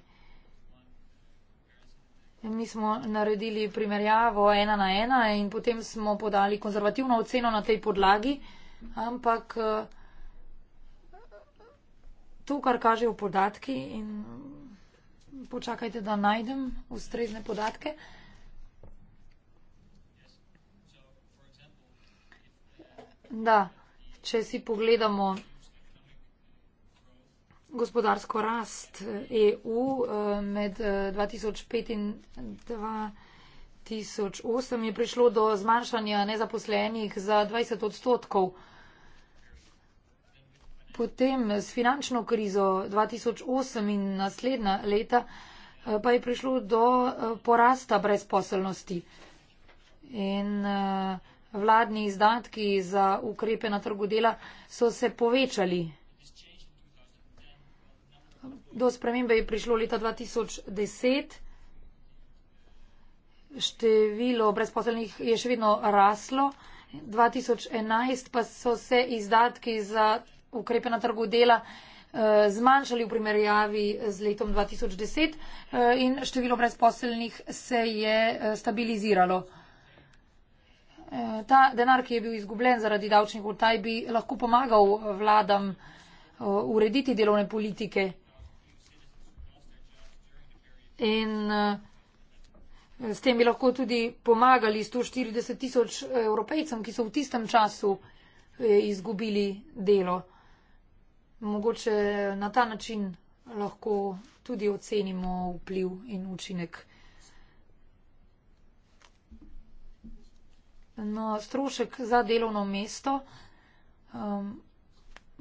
D: Mi smo naredili primerjavo ena na ena in potem smo podali konzervativno oceno na tej podlagi, ampak to, kar kažejo podatki in počakajte, da najdem ustrezne podatke. da če si pogledamo gospodarsko rast EU eh, e eh, med 2005 eh, in 2008, je prišlo do zmanjšanja nezaposlenih za 20 odstotkov. Potem s finančno krizo 2008 in naslednja leta pa je prišlo do porasta brezposelnosti. In uh, vladni izdatki za ukrepe na trgu dela so se povečali. Do spremembe je prišlo leta 2010. Število brezposelnih je še vedno raslo. 2011 pa so se izdatki za ukrepe na trgu dela eh, zmanjšali v primerjavi z letom 2010 eh, in število brezposelnih se je eh, stabiliziralo. Ta denar, ki je bil izgubljen zaradi davčnih utaj, bi lahko pomagal eh, vladam eh, urediti delovne politike. In eh, s tem bi lahko tudi pomagali 140 tisoč evropejcem, ki so v tistem času izgubili delo. Mogoče na ta način lahko tudi ocenimo vpliv in učinek. na strošek za delovno mesto. Um,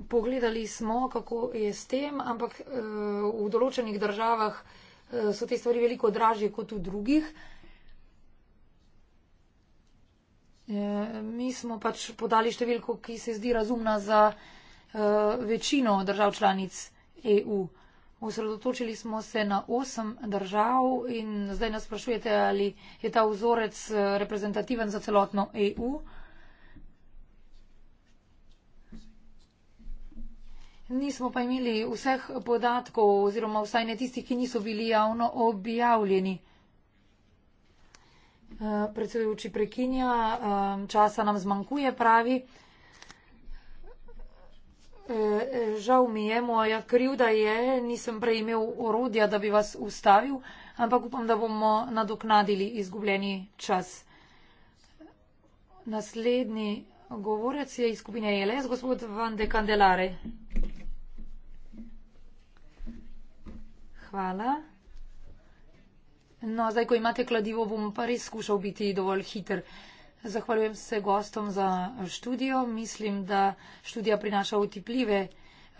D: pogledali smo, kako je s tem, ampak uh, v določenih državah uh, so te stvari veliko dražje kot v drugih. Eh, mi smo pač podali številko, ki se zdi razumna za uh, večino držav članic EU. Osredotočili smo se na osem držav in zdaj nas sprašujete, ali je ta vzorec eh, reprezentativen za celotno EU. Nismo pa imeli vseh podatkov oziroma vsaj ne tistih, ki niso bili javno objavljeni. Eh, predsedujoči prekinja, eh, časa nam zmanjkuje, pravi. E, e, žal mi je, moja krivda je, nisem prej imel orodja, da bi vas ustavil, ampak upam, da bomo nadoknadili izgubljeni čas. Naslednji govorec je iz skupine ELS, gospod Van de Candelare. Hvala. No, zdaj, ko imate kladivo, bom pa res skušal biti dovolj hiter. Uh, Zahvaljujem se gostom za študijo. Mislim, da študija prinaša utipljive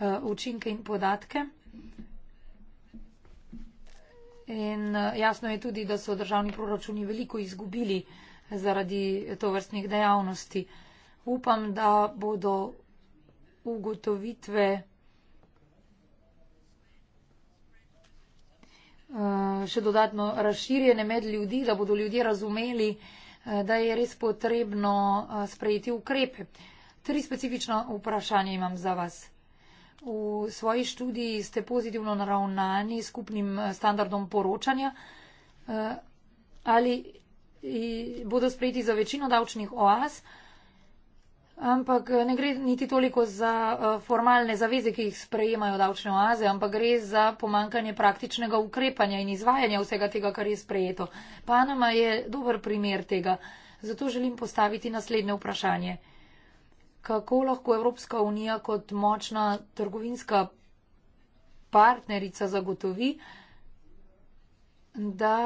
D: eh, učinke in podatke. In eh, jasno je tudi, da so državni proračuni veliko izgubili zaradi to vrstnih dejavnosti. Upam, da bodo ugotovitve eh, še dodatno razširjene med ljudi, da bodo ljudje razumeli, Eh, da je res potrebno eh, sprejeti ukrepe. Tri specifično vprašanje imam za vas. V svoji študiji ste pozitivno naravnani skupnim eh, standardom poročanja. Ali bodo sprejeti za večino davčnih oas? Ampak eh, ne gre niti toliko za eh, formalne zaveze, ki jih sprejemajo davčne oaze, ampak gre za pomankanje praktičnega ukrepanja in izvajanja vsega tega, kar je sprejeto. Panama je dober primer tega. Zato želim postaviti naslednje vprašanje. Kako lahko Evropska unija kot močna trgovinska partnerica zagotovi, da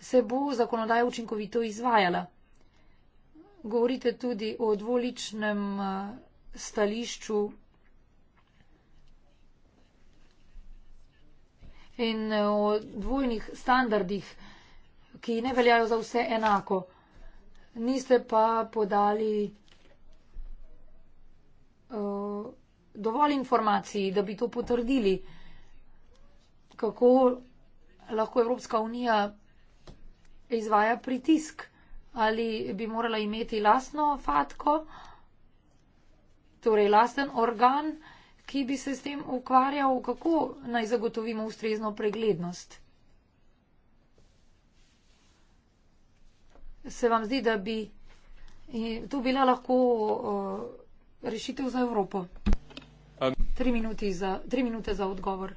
D: se bo zakonodaja učinkovito izvajala? govorite tudi o dvoličnem eh, stališču in eh, o dvojnih standardih, ki ne veljajo za vse enako. Niste pa podali eh, dovolj informacij, da bi to potrdili, kako lahko Evropska unija izvaja pritisk ali bi morala imeti lastno fatko, torej lasten organ, ki bi se s tem ukvarjal, kako naj zagotovimo ustrezno preglednost. Se vam zdi, da bi eh, to bila lahko uh, rešitev za Evropo? Tri, za, tri minute za odgovor.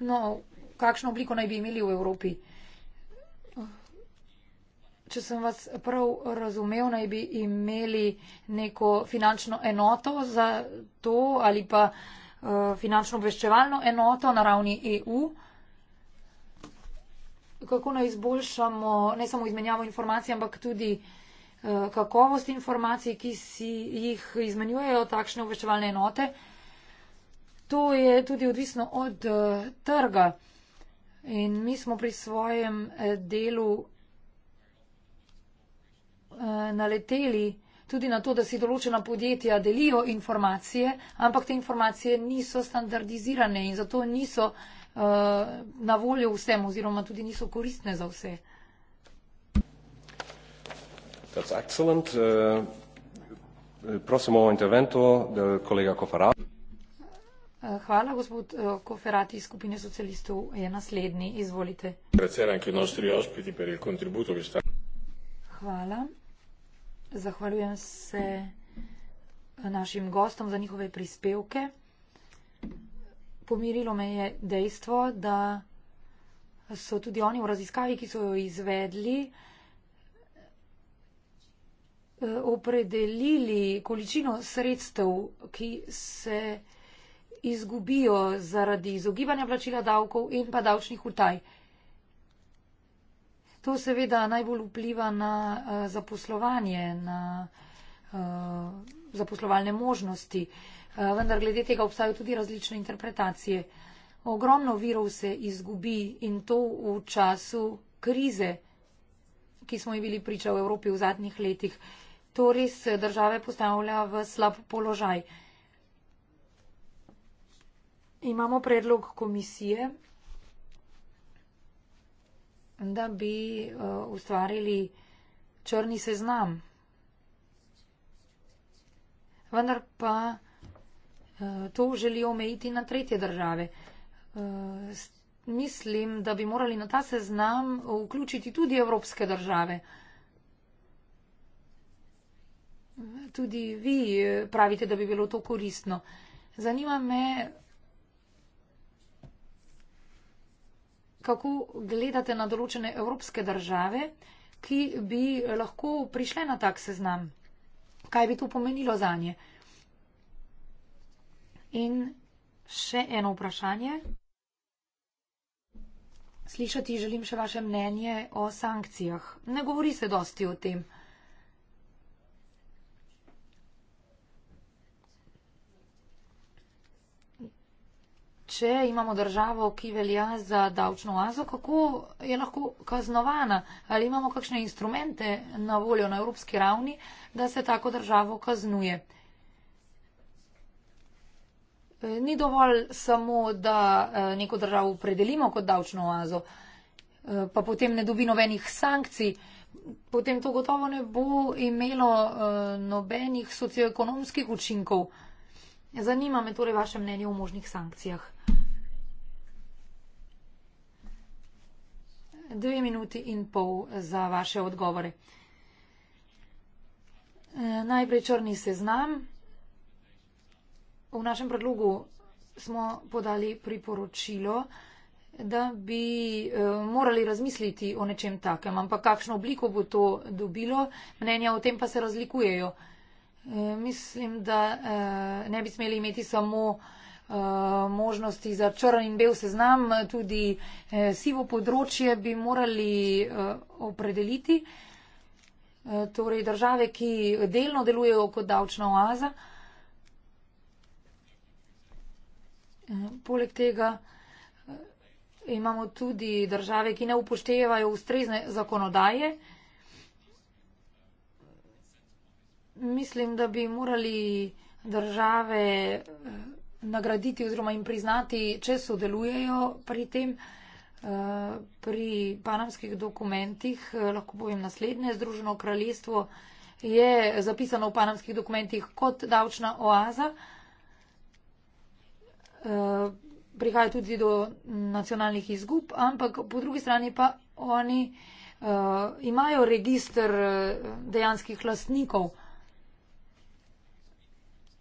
D: No, kakšno obliko naj bi imeli v Evropi? Uh, če sem vas prav razumel, naj bi imeli neko finančno enoto za to ali pa eh, finančno obveščevalno enoto na ravni EU. Kako naj izboljšamo ne samo izmenjavo informacij, ampak tudi eh, kakovost informacij, ki si jih izmenjujejo takšne obveščevalne enote. To je tudi odvisno od eh, trga. In mi smo pri svojem delu Eh, naleteli tudi na to, da si določena podjetja delijo informacije, ampak te informacije niso standardizirane in zato niso eh, na voljo vsem oziroma tudi niso koristne za vse.
A: That's excellent. Uh, eh, prosimo o intervento del kolega Koferati.
D: Hvala, gospod Koferati iz skupine socialistov je naslednji. Izvolite. Hvala. Zahvaljujem se našim gostom za njihove prispevke. Pomirilo me je dejstvo, da so tudi oni v raziskavi, ki so jo izvedli, opredelili količino sredstev, ki se izgubijo zaradi izogibanja plačila davkov in pa davčnih utaj. To seveda najbolj vpliva na uh,
A: zaposlovanje,
D: na uh, zaposlovalne možnosti, uh, vendar glede tega obstajajo tudi različne interpretacije. Ogromno virov se izgubi in to v času krize, ki smo ji bili priča v Evropi v zadnjih letih. To res države postavlja v slab položaj. Imamo predlog komisije, da bi uh, ustvarili črni seznam. Vendar pa uh, to želijo omejiti na tretje države. Uh, mislim, da bi morali na ta seznam vključiti tudi evropske države. Tudi vi eh, pravite, da bi bilo to koristno. Zanima me, kako gledate na določene evropske države, ki bi lahko prišle na tak seznam? Kaj bi to pomenilo za nje? In še eno vprašanje. Slišati želim še vaše mnenje o sankcijah. Ne govori se dosti o tem. če imamo državo, ki velja za davčno oazo, kako je lahko kaznovana? Ali imamo kakšne instrumente na voljo na evropski ravni, da se tako državo kaznuje? E, ni dovolj samo, da e, neko državo predelimo kot davčno oazo, e, pa potem ne dobi nobenih sankcij, potem to gotovo ne bo imelo nobenih socioekonomskih učinkov. Zanima me torej vaše mnenje o možnih sankcijah. Dve minuti in pol za vaše odgovore. E, najprej črni seznam. V našem predlogu smo podali priporočilo, da bi e, morali razmisliti o nečem takem, ampak kakšno obliko bo to dobilo, mnenja o tem pa se razlikujejo. Eh, mislim, da eh, ne bi smeli imeti samo eh, možnosti za črn in bel seznam, tudi sivo področje bi morali opredeliti. Torej države, ki delno delujejo kot davčna oaza. Poleg tega imamo tudi države, ki ne upoštevajo ustrezne zakonodaje. mislim, da bi morali države eh, nagraditi oziroma jim priznati, če sodelujejo pri tem. Eh, pri panamskih dokumentih eh, lahko povem naslednje. Združeno kraljestvo je zapisano v panamskih dokumentih kot davčna oaza. Prihaja tudi do nacionalnih izgub, ampak po drugi strani pa oni uh, imajo registr dejanskih lastnikov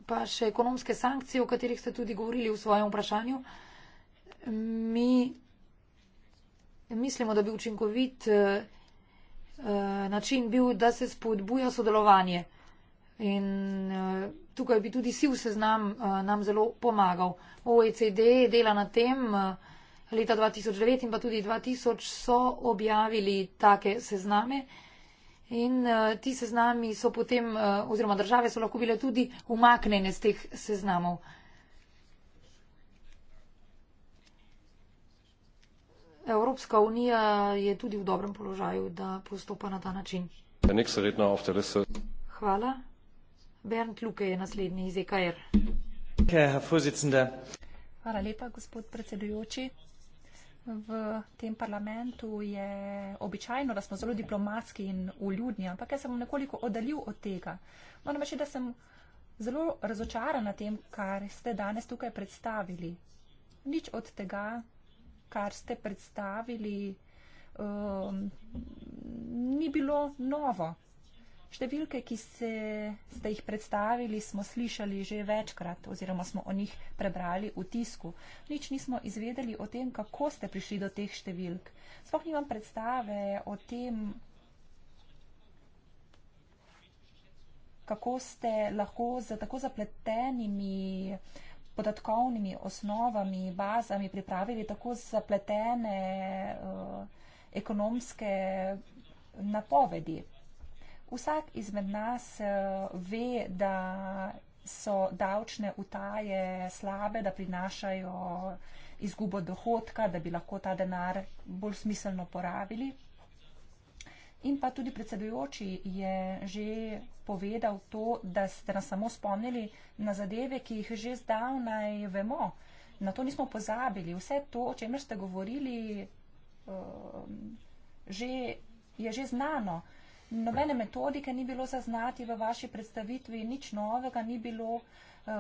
D: pa še ekonomske sankcije, o katerih ste tudi govorili v svojem vprašanju. Mi mislimo, da bi učinkovit eh, eh, način bil, da se spodbuja sodelovanje. In eh, tukaj bi tudi siv seznam nam zelo pomagal. OECD dela na tem leta 2009 in pa tudi 2000 so objavili take sezname. In uh, ti seznami so potem, uh, oziroma države so lahko bile tudi umaknjene z teh seznamov. Evropska unija je tudi v dobrem položaju, da postopa na ta način. Hvala. Bernd Luke je naslednji iz EKR.
E: Hvala lepa, gospod predsedujoči v tem parlamentu je običajno, da smo zelo diplomatski in uljudni, ampak jaz sem nekoliko oddaljil od tega. Moram reči, da sem zelo razočaran na tem, kar ste danes tukaj predstavili. Nič od tega, kar ste predstavili, um, ni bilo novo. Številke, ki se, ste jih predstavili, smo slišali že večkrat oziroma smo o njih prebrali v tisku. Nič nismo izvedeli o tem, kako ste prišli do teh številk. Sploh nimam predstave o tem, kako ste lahko z tako zapletenimi podatkovnimi osnovami, bazami pripravili tako zapletene uh, ekonomske napovedi. Vsak izmed nas eh, ve, da so davčne utaje slabe, da prinašajo izgubo dohodka, da bi lahko ta denar bolj smiselno porabili. In pa tudi predsedujoči je že povedal to, da ste nas samo spomnili na zadeve, ki jih že zdavnaj vemo. Na to nismo pozabili. Vse to, o čemer ste govorili, eh, že, je že znano nobene metodike ni bilo zaznati v vaši predstavitvi, nič novega ni bilo. Eh,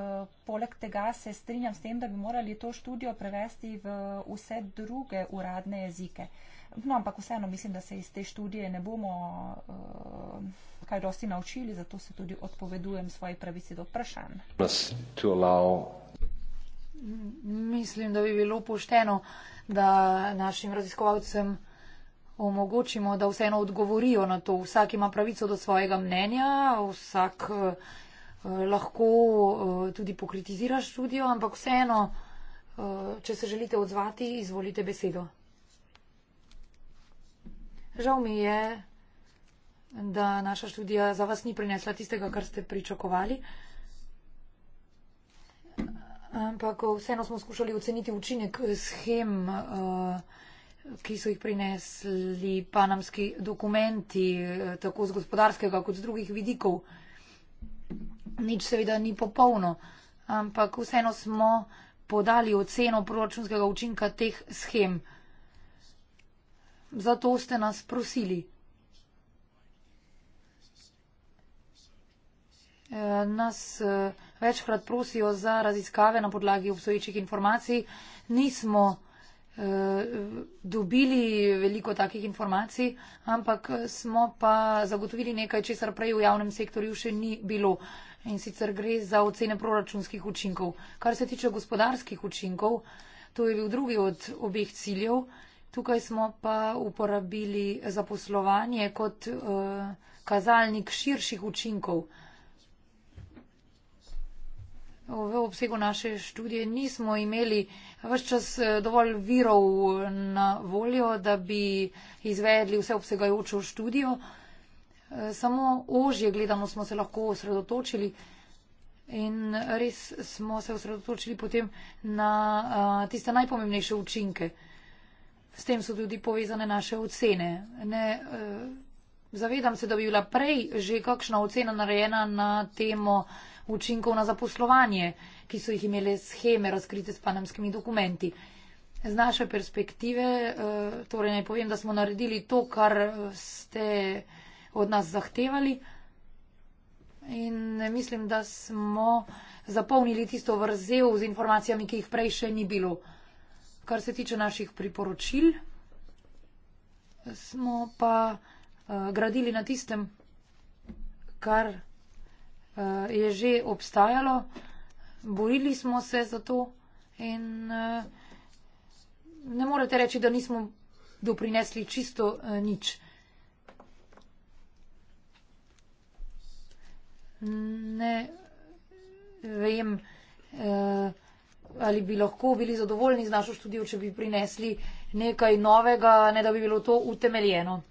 E: poleg tega se strinjam s tem, da bi morali to študijo prevesti v vse druge uradne jezike. No, ampak vseeno mislim, da se iz te študije ne bomo uh, kaj dosti naučili, zato se tudi odpovedujem svoji pravici do vprašanj.
D: Mislim, da bi bilo pošteno, da našim raziskovalcem uh, omogočimo, da vseeno odgovorijo na to. Vsak ima pravico do svojega mnenja, vsak eh, eh, lahko eh, tudi pokritizira študijo, ampak vseeno, če se želite odzvati, izvolite besedo. Žal mi je, da naša študija za vas ni prinesla tistega, kar ste pričakovali. Ampak vseeno smo skušali oceniti učinek schem uh, ki so jih prinesli panamski dokumenti, eh, tako z gospodarskega kot z drugih vidikov. Nič seveda ni popolno, ampak vseeno smo podali oceno proračunskega učinka teh schem. Zato ste nas prosili. Eh, nas eh, večkrat prosijo za raziskave na podlagi obstoječih informacij. Nismo. Eh, dobili veliko takih informacij, ampak eh, smo pa zagotovili nekaj, česar prej v javnem sektorju še ni bilo. In sicer gre za ocene proračunskih učinkov. Kar se tiče gospodarskih učinkov, to je bil drugi od obeh ciljev. Tukaj smo pa uporabili zaposlovanje kot uh, kazalnik širših učinkov. Uh, v obsegu naše študije nismo imeli vse čas eh, dovolj virov na voljo, da bi izvedli vse obsegajočo študijo. Eh, samo ožje gledano smo se lahko osredotočili in res smo se osredotočili potem na eh, tiste najpomembnejše učinke. S tem so tudi povezane naše ocene. Ne, zavedam se, da bi bila prej že kakšna ocena narejena na temo učinkov na zaposlovanje, ki so jih imele scheme razkrite s panamskimi dokumenti. Z naše perspektive, eh, torej naj povem, da smo naredili to, kar eh, ste od nas zahtevali in eh, mislim, da smo zapolnili tisto vrzel z informacijami, ki jih prej še ni bilo. Kar se tiče naših priporočil, smo pa gradili na tistem, kar. Eh, je že obstajalo, borili smo se za to in eh, ne morete reči, da nismo doprinesli čisto eh, nič. Ne vem, ali bi lahko bili zadovoljni z našo študijo, če bi prinesli nekaj novega, ne da bi bilo to utemeljeno.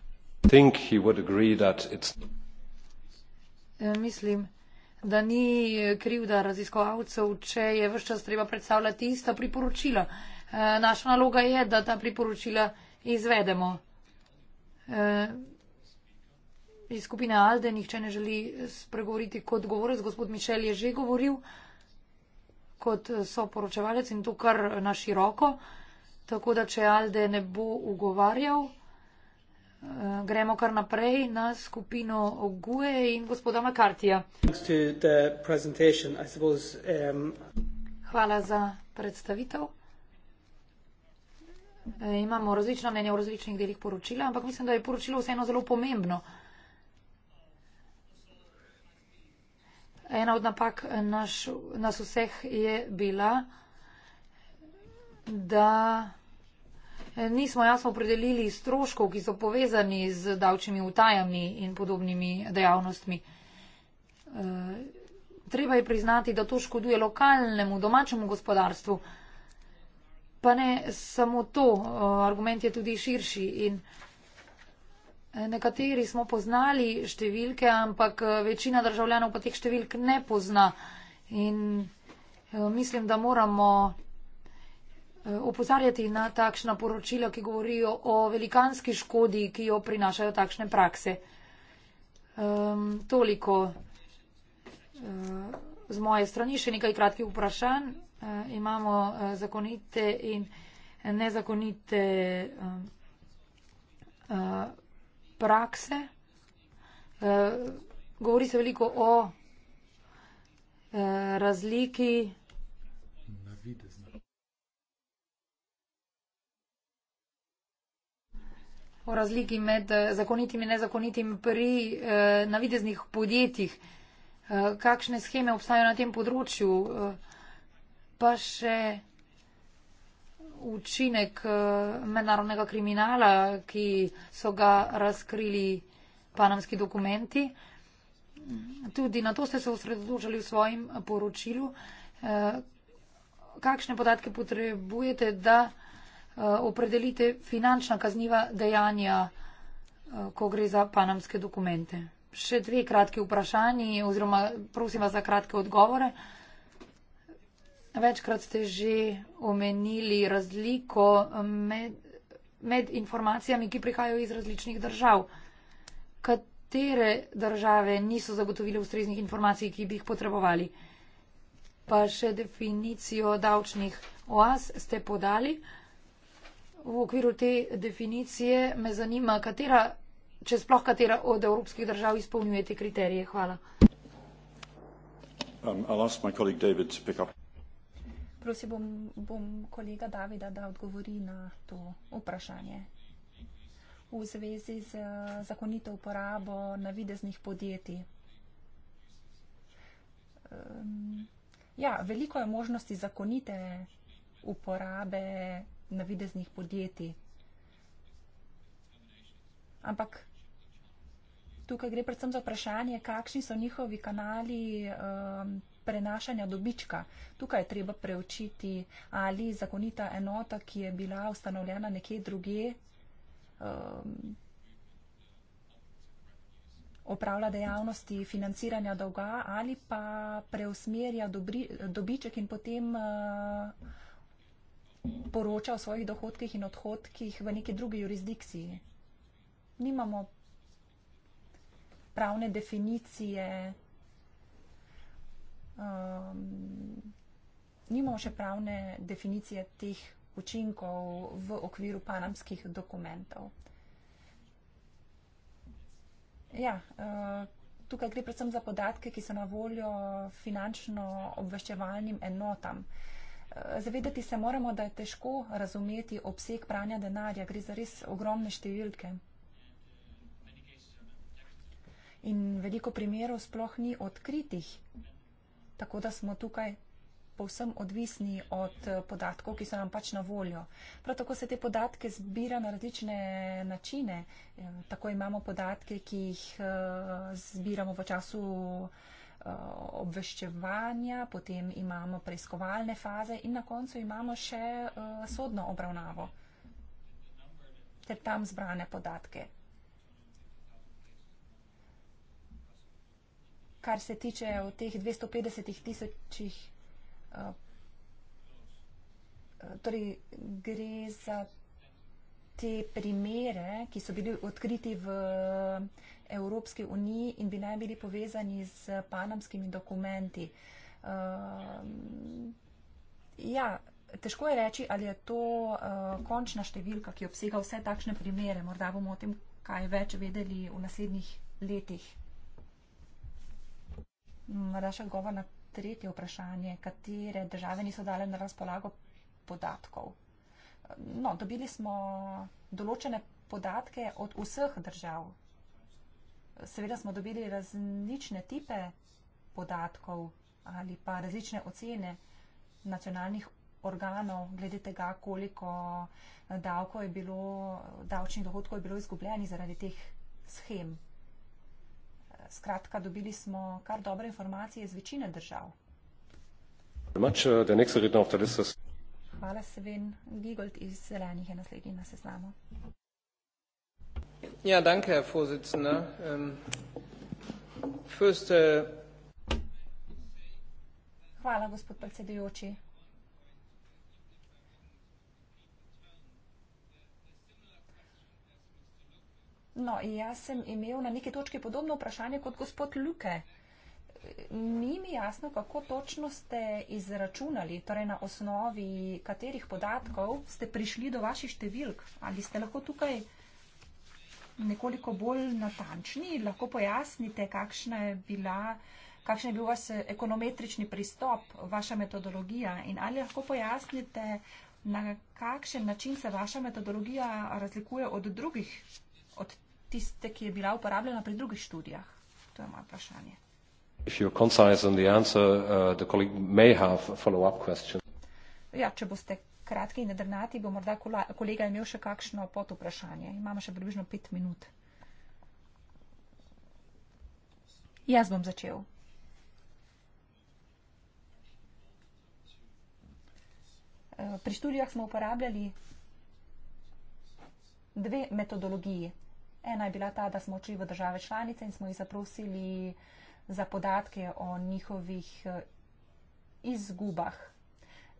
D: Mislim, da ni krivda raziskovalcev, če je vse čas treba predstavljati ista priporočila. E, naša naloga je, da ta priporočila izvedemo. E, iz skupine Alde nihče ne želi spregovoriti kot govorec. Gospod Mišel je že govoril kot soporočevalec in to kar na široko. Tako da, če Alde ne bo ugovarjal. Eh, gremo kar naprej na skupino Ogue in gospoda Makartija. Um... Hvala za predstavitev. E, imamo različna mnenja v različnih delih poročila, ampak mislim, da je poročilo vseeno zelo pomembno. Ena od napak naš, nas vseh je bila, da nismo jasno opredelili stroškov, ki so povezani z davčnimi utajami in podobnimi dejavnostmi. Eh, treba je priznati, da to škoduje lokalnemu, domačemu gospodarstvu. Pa ne samo to, eh, argument je tudi širši. In eh, nekateri smo poznali številke, ampak večina državljanov pa teh številk ne pozna. In mislim, da moramo Eh, opozarjati na takšna poročila, ki govorijo o velikanski škodi, ki jo prinašajo takšne prakse. Um, toliko uh, z moje strani, še nekaj kratkih vprašanj. Uh, imamo uh, zakonite in nezakonite uh, uh, prakse. Uh, govori se veliko o uh, razliki uh, o razliki med eh, zakonitimi in nezakonitimi pri eh, navideznih podjetjih. Eh, kakšne scheme obstajajo na tem področju? Eh, pa še učinek eh, mednarodnega kriminala, ki so ga razkrili panamski dokumenti. Tudi na to ste se osredotočali v svojem poročilu. Eh, kakšne podatke potrebujete, da. Eh, opredelite finančna kazniva dejanja, eh, ko gre za panamske dokumente. Še dve kratki vprašanji oziroma prosim vas za kratke odgovore. Večkrat ste že omenili razliko eh, med, med informacijami, ki prihajajo iz različnih držav. Katere države niso zagotovile ustreznih informacij, ki bi jih potrebovali? Pa še definicijo davčnih oaz ste podali. V okviru te definicije me zanima, katera, če sploh katera od evropskih držav izpolnjuje te kriterije.
E: Hvala. Um, Prosim, bom, bom kolega Davida, da odgovori na to vprašanje v zvezi z eh, zakonito uporabo navideznih podjetij. Um, ja, veliko je možnosti zakonite uporabe navideznih podjetij. Ampak tukaj gre predvsem za vprašanje, kakšni so njihovi kanali um, prenašanja dobička. Tukaj je treba preučiti, ali zakonita enota, ki je bila ustanovljena nekje druge, um, opravlja dejavnosti financiranja dolga ali pa preusmerja dobri, dobiček in potem uh, poroča o svojih dohodkih in odhodkih v neki drugi jurisdikciji. Nimamo pravne definicije, um, nimamo še pravne definicije teh učinkov v okviru panamskih dokumentov. Ja, uh, tukaj gre predvsem za podatke, ki so na voljo finančno obveščevalnim enotam zavedati se moramo, da je težko razumeti obseg pranja denarja. Gre za res ogromne številke. In veliko primerov sploh ni odkritih. Tako da smo tukaj povsem odvisni od eh, podatkov, ki so nam pač na voljo. Prav tako se te podatke zbira na različne načine. Eh, tako imamo podatke, ki jih eh, zbiramo v času Eh, obveščevanja, potem imamo preiskovalne faze in na koncu imamo še eh, sodno obravnavo ter tam zbrane podatke. Kar se tiče v teh 250 tisočih, eh, torej gre za te primere, ki so bili odkriti v Evropske unije in bi naj bili povezani z panamskimi dokumenti. Uh, ja, težko je reči, ali je to uh, končna številka, ki obsega vse takšne primere. Morda bomo o tem kaj več vedeli v naslednjih letih. Morda še govor na tretje vprašanje, katere države niso dale na razpolago podatkov. No, dobili smo določene podatke od vseh držav Seveda smo dobili različne tipe podatkov ali pa različne ocene nacionalnih organov glede tega, koliko eh, davkov je bilo, davčnih dohodkov je bilo izgubljeni zaradi teh schem. Eh, skratka, dobili smo kar dobre informacije iz večine držav.
A: Eh,
E: Hvala, Seven Gigold iz Zelenih je naslednji na seznamu.
A: Ja, danke, Herr Vorsitzender. Ähm, first, äh
E: Hvala, gospod predsedujoči. No, jaz sem imel na neki točki podobno vprašanje kot gospod Luke. Ni mi jasno, kako točno ste izračunali, torej na osnovi katerih podatkov ste prišli do vaših številk. Ali ste lahko tukaj nekoliko bolj natančni, lahko pojasnite, kakšna je bila. Kakšen je bil vaš ekonometrični pristop, vaša metodologija in ali lahko pojasnite, na kakšen način se vaša metodologija razlikuje od drugih, od tiste, ki je bila uporabljena pri drugih študijah? To je moje vprašanje.
A: Answer, uh,
E: ja, če boste kratki in drnati, bo morda kolega imel še kakšno pot vprašanje. Imamo še približno pet minut. Jaz bom začel. E, pri študijah smo uporabljali dve metodologiji. Ena je bila ta, da smo odšli v države članice in smo jih zaprosili za podatke o njihovih e, izgubah.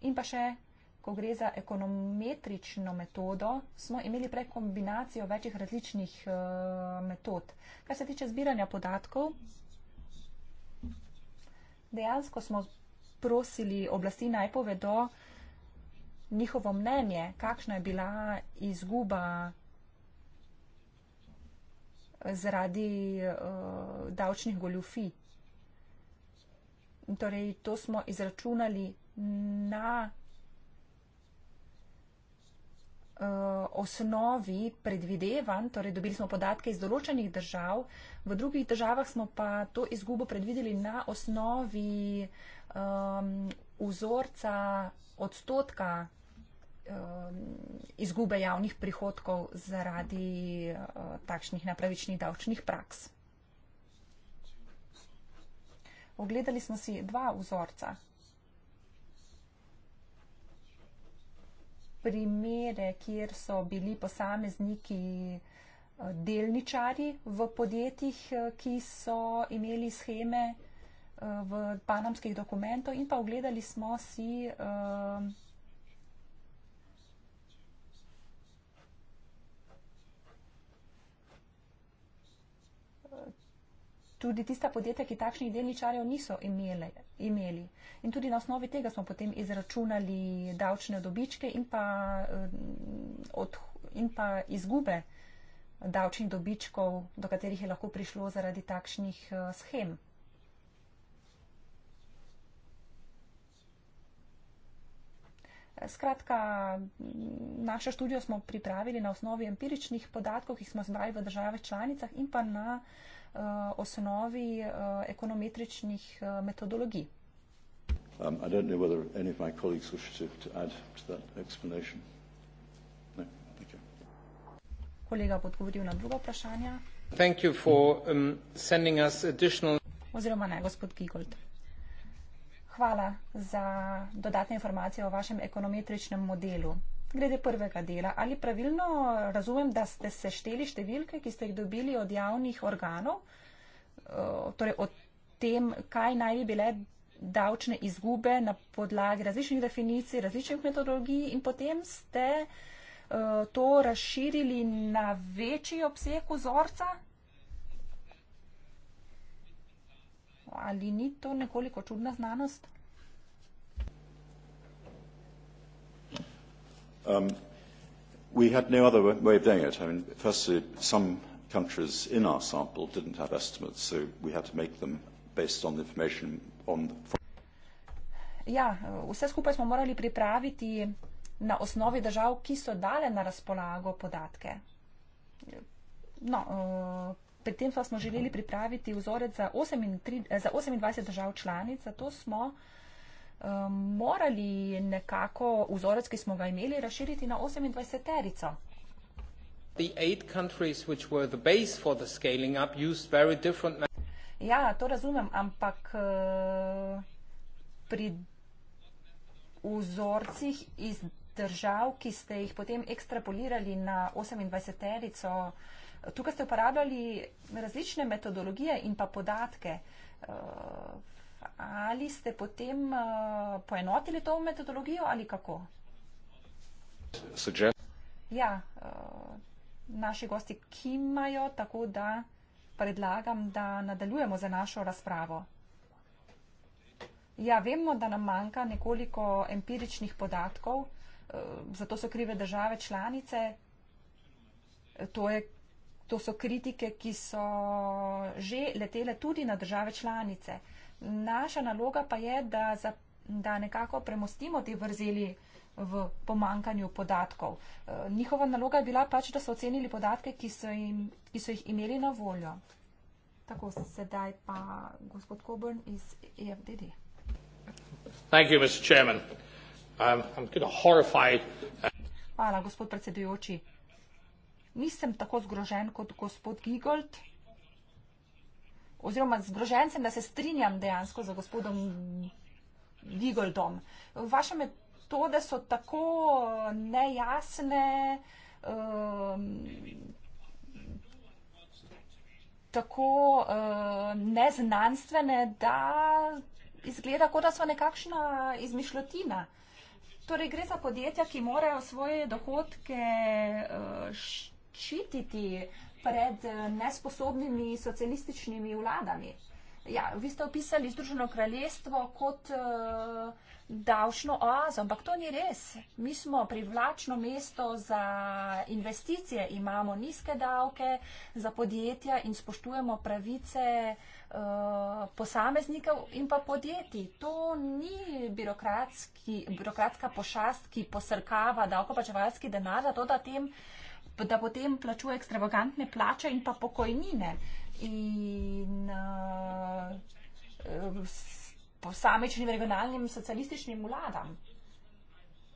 E: In pa še ko gre za ekonometrično metodo, smo imeli prej kombinacijo večjih različnih uh, metod. Kar se tiče zbiranja podatkov, dejansko smo prosili oblasti naj povedo njihovo mnenje, kakšna je bila izguba zaradi uh, davčnih goljufij. Torej, to smo izračunali na Eh, osnovi predvidevan, torej dobili smo podatke iz določenih držav, v drugih državah smo pa to izgubo predvideli na osnovi um, vzorca odstotka um, izgube javnih prihodkov zaradi uh, takšnih napravičnih davčnih praks. Ogledali smo si dva vzorca. primere, kjer so bili posamezniki eh, delničari v podjetjih, eh, ki so imeli scheme eh, v panamskih dokumentov in pa ogledali smo si. Uh, tudi tista podjetja, ki takšnih delničarjev niso imele, imeli. In tudi na osnovi tega smo potem izračunali davčne dobičke in pa, eh, od, in pa izgube davčnih dobičkov, do katerih je lahko prišlo zaradi takšnih eh, schem. Skratka, našo študijo smo pripravili na osnovi empiričnih podatkov, ki smo zbrali v državah članicah in pa na uh, Eh, osnovi eh, ekonometričnih eh, metodologij.
A: Um, I don't know whether any of my colleagues wish to, to add to that explanation. No,
E: thank you. Kolega bo odgovoril na drugo vprašanje.
A: Thank you for um, sending us additional.
E: Oziroma ne, gospod Gigold. Hvala za dodatne informacije o vašem ekonometričnem modelu glede prvega dela. Ali pravilno razumem, da ste sešteli številke, ki ste jih dobili od javnih organov, torej od tem, kaj naj bi bile davčne izgube na podlagi različnih definicij, različnih metodologij in potem ste to razširili na večji obseg vzorca? Ali ni to nekoliko čudna znanost?
C: Um, we had no other way of doing it. I mean,
A: firstly, some countries in our sample didn't have estimates, so we had to make them based on the information on the.
E: Ja, vse skupaj smo morali pripraviti na osnovi držav, ki so dale na razpolago podatke. No, eh, pri tem smo želeli pripraviti vzorec za, 8, 3, za 28 držav članic, zato smo uh, um, morali nekako vzorec, ki smo ga imeli, razširiti na 28 terico. Up, ja, to razumem, ampak eh, pri vzorcih iz držav, ki ste jih potem ekstrapolirali na 28-terico, tukaj ste uporabljali različne metodologije in pa podatke. Eh, Ali ste potem eh, poenotili to metodologijo ali kako? Suggest. Ja, eh, naši gosti kimajo, tako da predlagam, da nadaljujemo za našo razpravo. Ja, vemo, da nam manjka nekoliko empiričnih podatkov, eh, zato so krive države članice. To, je, to so kritike, ki so že letele tudi na države članice. Naša naloga pa je, da, za, da nekako premostimo te vrzeli v pomankanju podatkov. E, njihova naloga je bila pač, da so ocenili podatke, ki so, jim, ki so jih imeli na voljo. Tako se sedaj pa gospod Coburn iz EFDD.
A: Thank you, Mr. Chairman. Um, I'm, I'm horrify... Uh,
E: Hvala, gospod predsedujoči. Nisem tako zgrožen kot gospod Gigold oziroma zgrožen sem, da se strinjam dejansko za gospodom Digoldom. Vaše metode so tako nejasne, um, tako um, neznanstvene, da izgleda, kot da so nekakšna izmišljotina. Torej, gre za podjetja, ki morajo svoje dohodke uh, ščititi, uh, pred eh, nesposobnimi socialističnimi vladami. Ja, vi ste opisali Združeno kraljestvo kot uh, davčno oazo, ampak to ni res. Mi smo privlačno mesto za investicije, imamo nizke davke za podjetja in spoštujemo pravice uh, posameznikov in pa podjetij. To ni birokratska pošast, ki posrkava davkoplačevalski denar, zato da tem uh, da potem plačuje ekstravagantne plače in pa pokojnine. In uh, posamečnim regionalnim socialističnim vladam.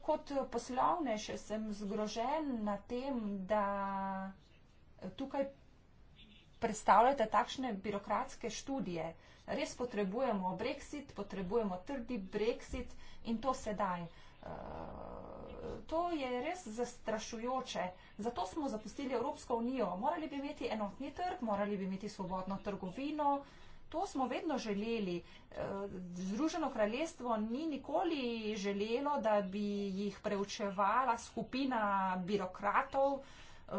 E: Kot poslovnež sem zgrožen na tem, da tukaj predstavljate takšne birokratske študije. Res potrebujemo brexit, potrebujemo trdi brexit in to sedaj. Uh, to je res zastrašujoče. Zato smo zapustili Evropsko unijo. Morali bi imeti enotni trg, morali bi imeti svobodno trgovino. To smo vedno želeli. E, Združeno kraljestvo ni nikoli želelo, da bi jih preučevala skupina birokratov. Uh,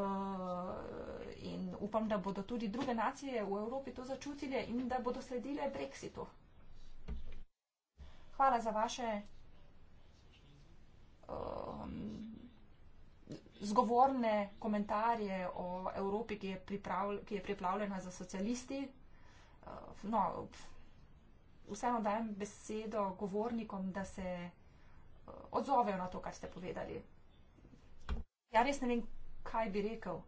E: in upam, da bodo tudi druge nacije v Evropi to začutile in da bodo sledile Brexitu. Hvala za vaše um, zgovorne komentarje o Evropi, ki je, ki je pripravljena za socialisti. Uh, no, vseeno dajem besedo govornikom, da se uh, odzovejo na to, kar ste povedali. Ja, res ne vem, kaj bi rekel.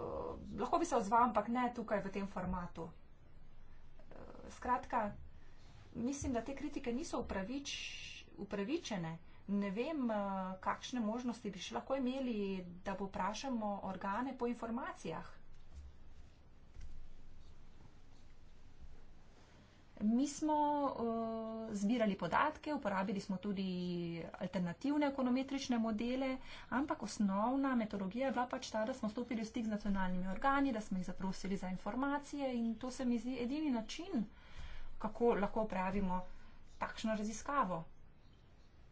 D: Uh, lahko
E: bi se odzval, ampak ne tukaj v tem formatu. Uh, skratka, mislim, da te kritike niso upravičene upravičene. Ne vem, eh, kakšne možnosti bi še lahko imeli, da poprašamo organe po informacijah. Mi smo uh, zbirali podatke, uporabili smo tudi alternativne ekonometrične modele, ampak osnovna metodologija je bila pač ta, da smo stopili v stik z nacionalnimi organi, da smo jih zaprosili za informacije in to se mi zdi edini način, kako lahko upravimo takšno raziskavo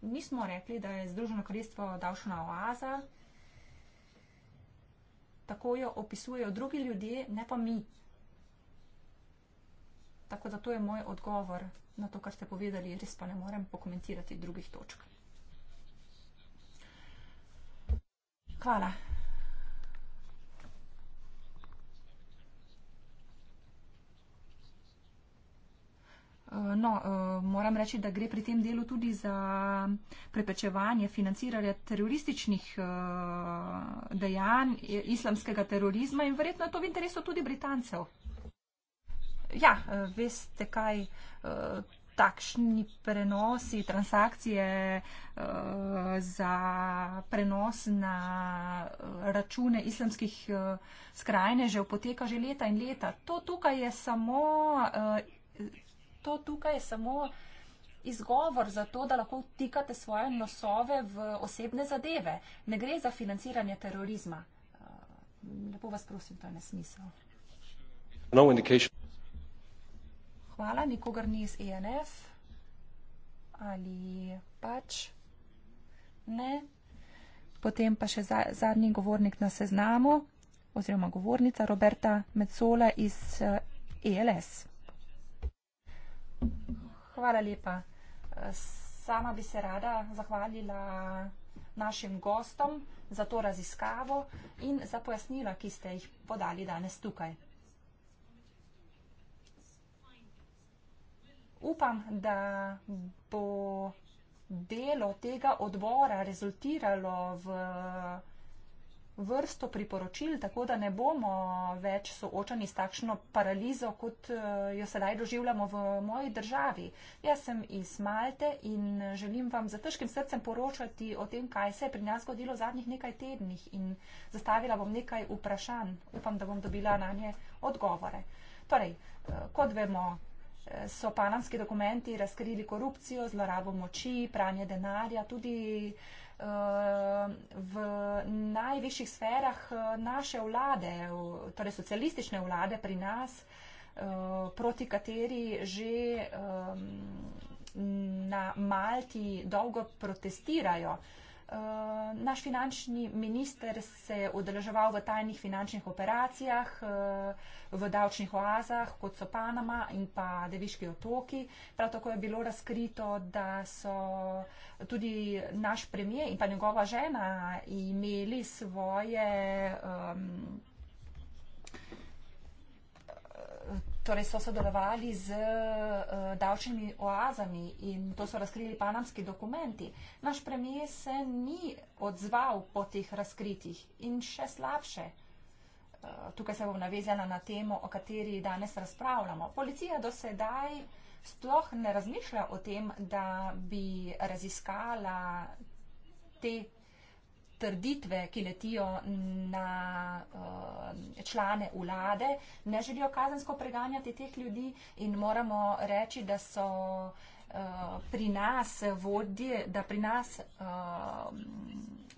E: mi smo rekli, da je Združeno kraljestvo davčna oaza. Tako jo opisujejo drugi ljudje, ne pa mi. Tako da to je moj odgovor na to, kar ste povedali, res pa ne morem pokomentirati drugih točk. Hvala. Eh, no, eh, moram reči, da gre pri tem delu tudi za preprečevanje financiranja terorističnih eh, dejanj, islamskega terorizma in verjetno je to v interesu tudi Britancev. Ja, veste kaj, takšni prenosi, transakcije za prenos na račune islamskih skrajnežev poteka že leta in leta. To tukaj je samo to tukaj samo izgovor za to, da lahko tikate svoje nosove v osebne zadeve. Ne gre za financiranje terorizma. Eh, lepo vas prosim, to je nesmisel. No Hvala, nikogar ni iz ENF. Ali pač ne. Potem pa še zadnji govornik na seznamu, oziroma govornica Roberta Mecola iz ELS. Eh, e Hvala lepa. Sama bi se rada zahvalila našim gostom za to raziskavo in za pojasnila, ki ste jih podali danes tukaj. Upam, da bo delo tega odbora rezultiralo v vrsto priporočil, tako da ne bomo več soočeni s takšno paralizo, kot eh, jo sedaj doživljamo v moji državi. Jaz sem iz Malte in eh, želim vam za težkim srcem poročati o tem, kaj se je pri nas zgodilo zadnjih nekaj tednih in zastavila bom nekaj vprašanj. Upam, da bom dobila na nje odgovore. Torej, eh, kot vemo, so panamski dokumenti razkrili korupcijo, zlorabo moči, pranje denarja, tudi Eh, v najvišjih sferah eh, naše vlade, torej socialistične vlade pri nas, eh, proti kateri že na Malti dolgo protestirajo. Eh, naš finančni minister se je odeleževal v tajnih finančnih operacijah, eh, v davčnih oazah, kot so Panama in pa Deviški otoki. Prav tako je bilo razkrito, da so tudi naš premije in pa njegova žena imeli svoje um, torej so sodelovali z uh, davčnimi oazami in to so razkrili panamski dokumenti. Naš premijer se ni odzval po teh razkritjih in še slabše. Eh, tukaj se bom navezala na temo, o kateri danes razpravljamo. Policija do sedaj sploh ne razmišlja o tem, da bi raziskala te trditve, ki letijo na eh, člane vlade, ne želijo kazensko preganjati teh ljudi in moramo reči, da so eh, pri nas vodje, da pri nas eh,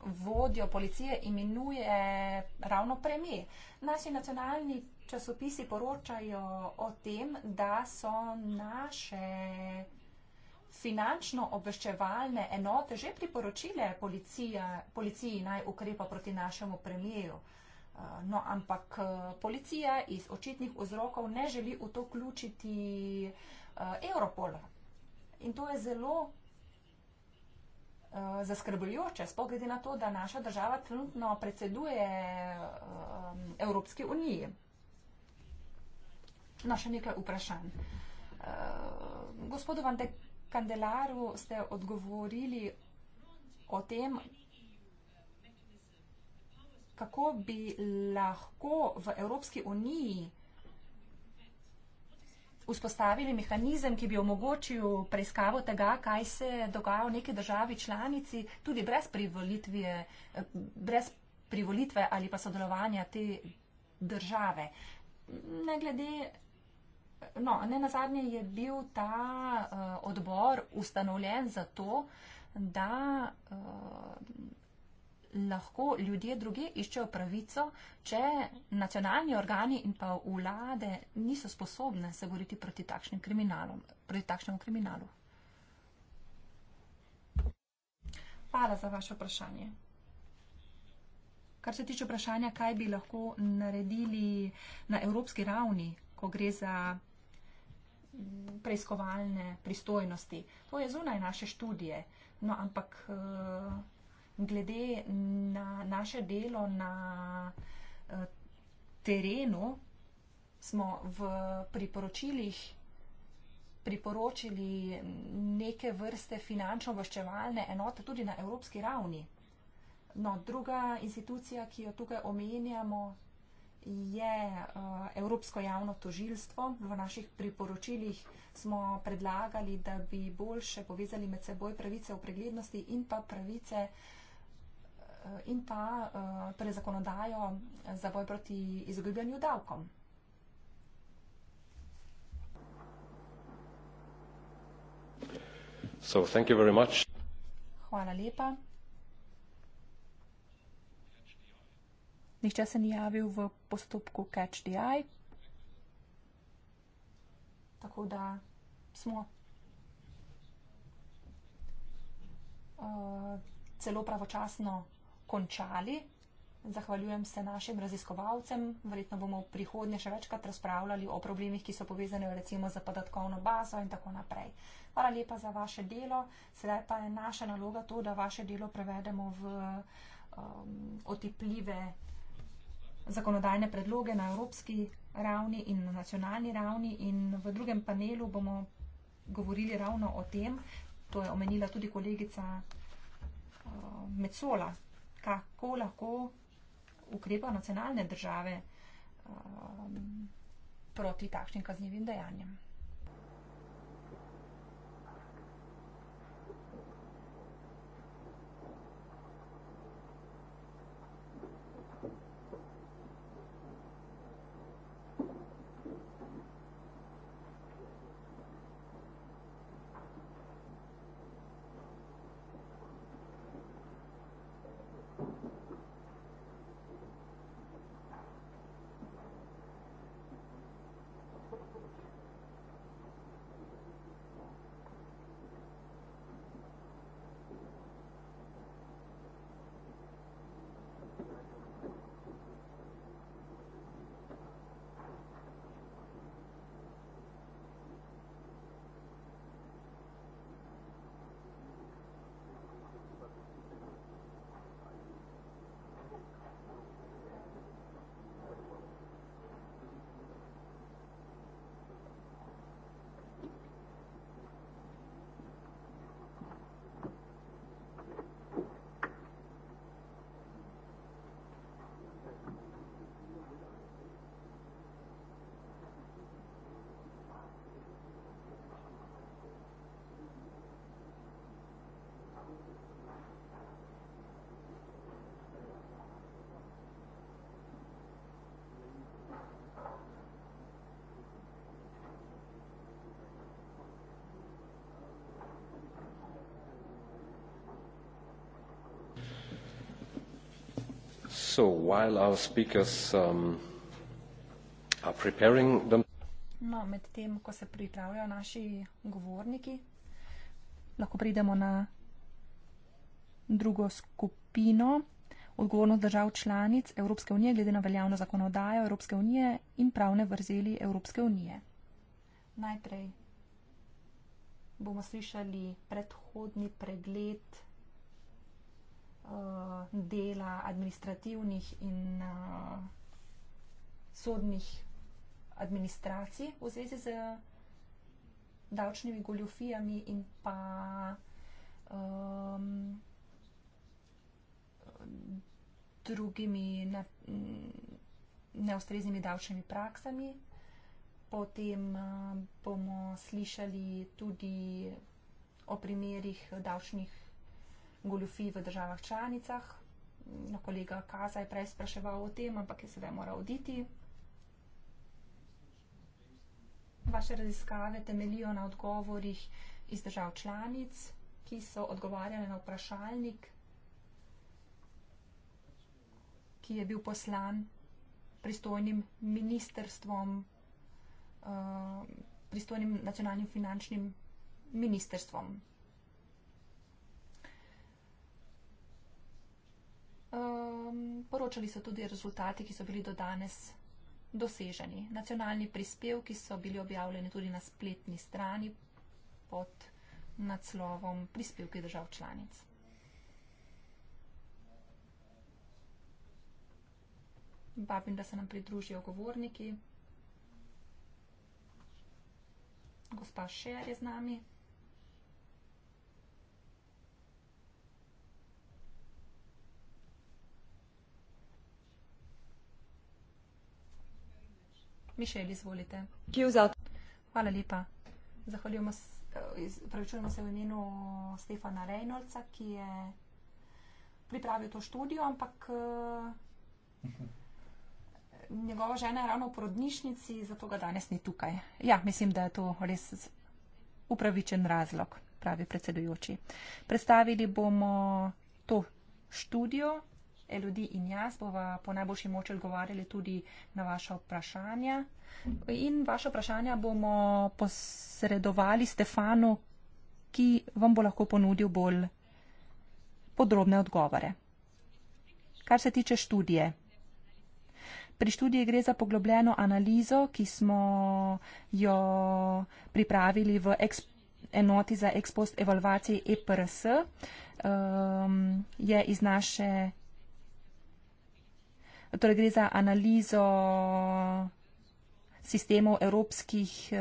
E: vodjo policije imenuje ravno premije. Naši nacionalni časopisi poročajo o tem, da so naše finančno-obveščevalne enote že priporočile policija, policiji naj ukrepa proti našemu premijeju. Uh, no, ampak uh, policija iz očitnih vzrokov ne želi v to vključiti uh, Europola. In to je zelo zaskrbljujoče, spogledi na to, da naša država trenutno predseduje um, Evropski uniji. No, še nekaj vprašanj. Gospodu Vantek, kandelaru ste odgovorili o tem, kako bi lahko v Evropski uniji vzpostavili mehanizem, ki bi omogočil preiskavo tega, kaj se dogaja v neki državi članici, tudi brez, brez privolitve ali pa sodelovanja te države. Ne glede No, ne na zadnje je bil ta uh, odbor ustanovljen zato, da uh, lahko ljudje druge iščejo pravico, če nacionalni organi in pa vlade niso sposobne se boriti proti, proti takšnemu kriminalu. Hvala za vaše vprašanje. Kar se tiče vprašanja, kaj bi lahko naredili na evropski ravni, ko gre za preiskovalne pristojnosti. To je zunaj naše študije. No, ampak eh, glede na naše delo na eh, terenu smo v priporočilih priporočili neke vrste finančno vaščevalne enote tudi na evropski ravni. No, druga institucija, ki jo tukaj omenjamo, je eh, Evropsko javno tožilstvo. V naših priporočilih smo predlagali, da bi boljše povezali med seboj pravice o preglednosti in pa pravice eh, in pa eh, torej zakonodajo za boj proti izogibanju davkom. So, Hvala lepa. Nihče se ni javil v postopku Catch the Eye. Tako da smo. Uh, celo pravočasno končali. Zahvaljujem se našim raziskovalcem. Verjetno bomo v prihodnje še večkrat razpravljali o problemih, ki so povezane recimo z podatkovno bazo in tako naprej. Hvala lepa za vaše delo. Sedaj pa je naša naloga to, da vaše delo prevedemo v um, eh, otepljive zakonodajne predloge na evropski ravni in na nacionalni ravni. In v drugem panelu bomo govorili ravno o tem, to je omenila tudi kolegica uh, eh, Mecola, kako lahko ukrepajo nacionalne države uh, proti takšnim kaznjivim dejanjem.
A: So while our speakers um, are preparing them.
E: No, med tem, ko se pripravljajo naši govorniki, lahko pridemo na drugo skupino. Odgovornost držav članic Evropske unije glede na veljavno zakonodajo Evropske unije in pravne vrzeli Evropske unije. Najprej bomo slišali predhodni pregled uh, dela, administrativnih in uh, sodnih administracij v zvezi z davčnimi goljofijami in pa um, drugimi ne, neustreznimi davčnimi praksami. Potem eh, bomo slišali tudi o primerih davčnih goljufij v državah članicah. No, kolega Kaza je prej spraševal o tem, ampak je sedaj moral oditi. Vaše raziskave temelijo na odgovorih iz držav članic, ki so odgovarjale na vprašalnik, ki je bil poslan pristojnim ministrstvom, eh, pristojnim nacionalnim finančnim ministrstvom. Um, poročali so tudi rezultati, ki so bili do danes doseženi. Nacionalni prispevki so bili objavljeni tudi na spletni strani pod naslovom Prispevki držav članic. Babim, da se nam pridružijo govorniki. Gospa Šer je z nami. Mišel, izvolite. Hvala lepa. Zahvaljujemo se, eh, pravičujemo se v imenu Stefana Reynoldsa, ki je pripravil to študijo, ampak eh, njegova žena je ravno v porodnišnici, zato ga danes ni tukaj. Ja, mislim, da je to res upravičen razlog, pravi predsedujoči. Predstavili bomo to študijo, Elodi in jaz bova po najboljši moči odgovarjali tudi na vaše vprašanja. In vaše vprašanja bomo posredovali Stefanu, ki vam bo lahko ponudil bolj podrobne odgovore. Kar se tiče študije. Pri študiji gre za poglobljeno analizo, ki smo jo pripravili v enoti za ekspost evalvacije EPRS. Um, ehm, je iz naše torej gre za analizo sistemov evropskih eh,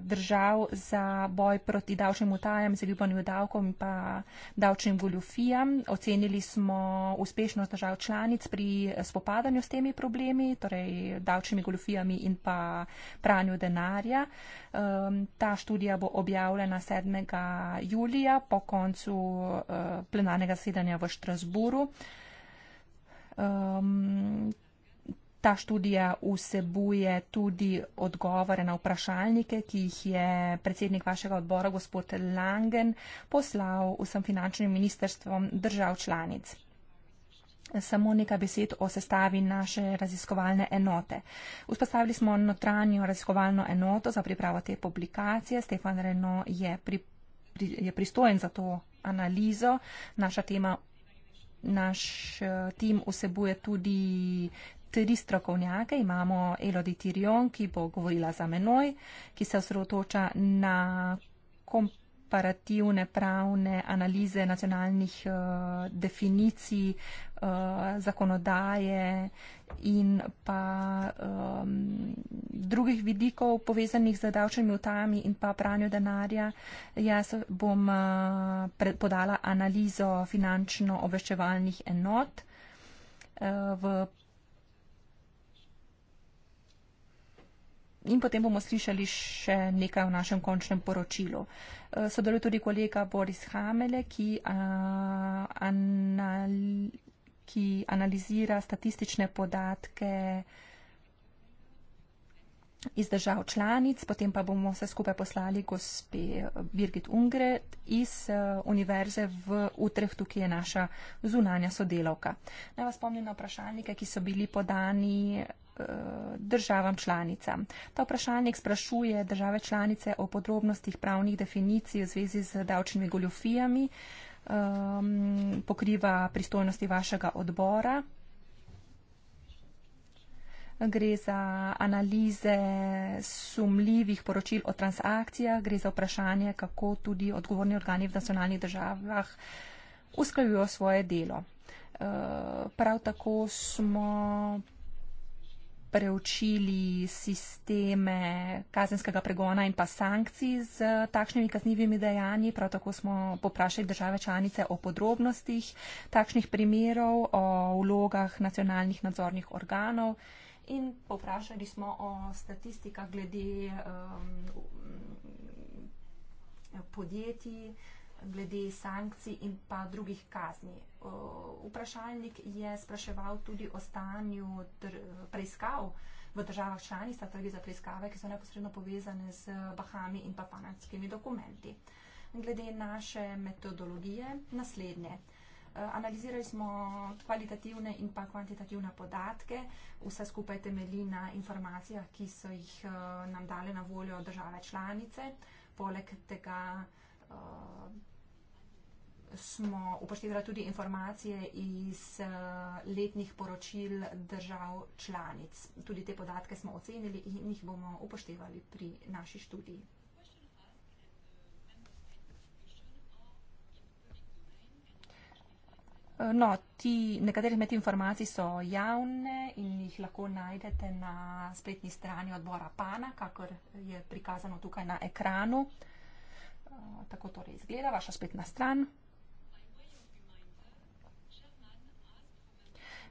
E: držav za boj proti davčnim utajam, zagibanju davkom in pa davčnim goljofijam. Ocenili smo uspešnost držav članic pri spopadanju s temi problemi, torej davčnimi goljofijami in pa pranju denarja. Ta študija bo objavljena 7. julija po koncu eh, plenarnega sedanja v Štrasburu um, ta študija vsebuje tudi odgovore na vprašalnike, ki jih je predsednik vašega odbora, gospod Langen, poslal vsem finančnim ministerstvom držav članic. Samo nekaj besed o sestavi naše raziskovalne enote. Vzpostavili smo notranjo raziskovalno enoto za pripravo te publikacije. Stefan Reno je, pri, pri, je pristojen za to analizo. Naša tema naš eh, tim osebuje tudi tri strokovnjake. Imamo Elodie Tirion, ki bo govorila za menoj, ki se osredotoča na kompetenci komparativne pravne analize nacionalnih uh, definicij, uh, zakonodaje in pa um, drugih vidikov povezanih z davčnimi utajami in pa pranju denarja. Jaz bom uh, podala analizo finančno obveščevalnih enot uh, v In potem bomo slišali še nekaj o našem končnem poročilu. Eh, sodeluje tudi kolega Boris Hamele, ki, anal ki analizira statistične podatke iz držav članic, potem pa bomo vse skupaj poslali gospe eh, Birgit Ungret iz eh, Univerze v Utrehtu, ki je naša zunanja sodelovka. Naj vas spomnim na vprašalnike, ki so bili podani eh, državam članicam. Ta vprašalnik sprašuje države članice o podrobnostih pravnih definicij v zvezi z davčnimi goljofijami, ehm, pokriva pristojnosti vašega odbora gre za analize sumljivih poročil o transakcijah, gre za vprašanje, kako tudi odgovorni organi v nacionalnih državah usklajujo svoje delo. Eh, prav tako smo preučili sisteme kazenskega pregona in pa sankcij z takšnimi kaznjivimi dejanji. Prav tako smo poprašali države članice o podrobnostih takšnih primerov, o vlogah nacionalnih nadzornih organov in povprašali smo o statistikah glede um, podjetij, glede sankcij in pa drugih kazni. Vprašalnik je spraševal tudi o stanju preiskav v državah članica, torej za preiskave, ki so neposredno povezane z bahami in pa panamskimi dokumenti. Glede naše metodologije, naslednje. Eh, analizirali smo kvalitativne in pa kvantitativne podatke. Vse skupaj temelji na informacijah, ki so jih eh, nam dale na voljo države članice. Poleg tega eh, smo upoštevali tudi informacije iz letnih poročil držav članic. Tudi te podatke smo ocenili in jih bomo upoštevali pri naši študiji. No, ti, nekatere med informacij so javne in jih lahko najdete na spletni strani odbora PANA, kakor je prikazano tukaj na ekranu. Eh, tako torej izgleda vaša spletna stran.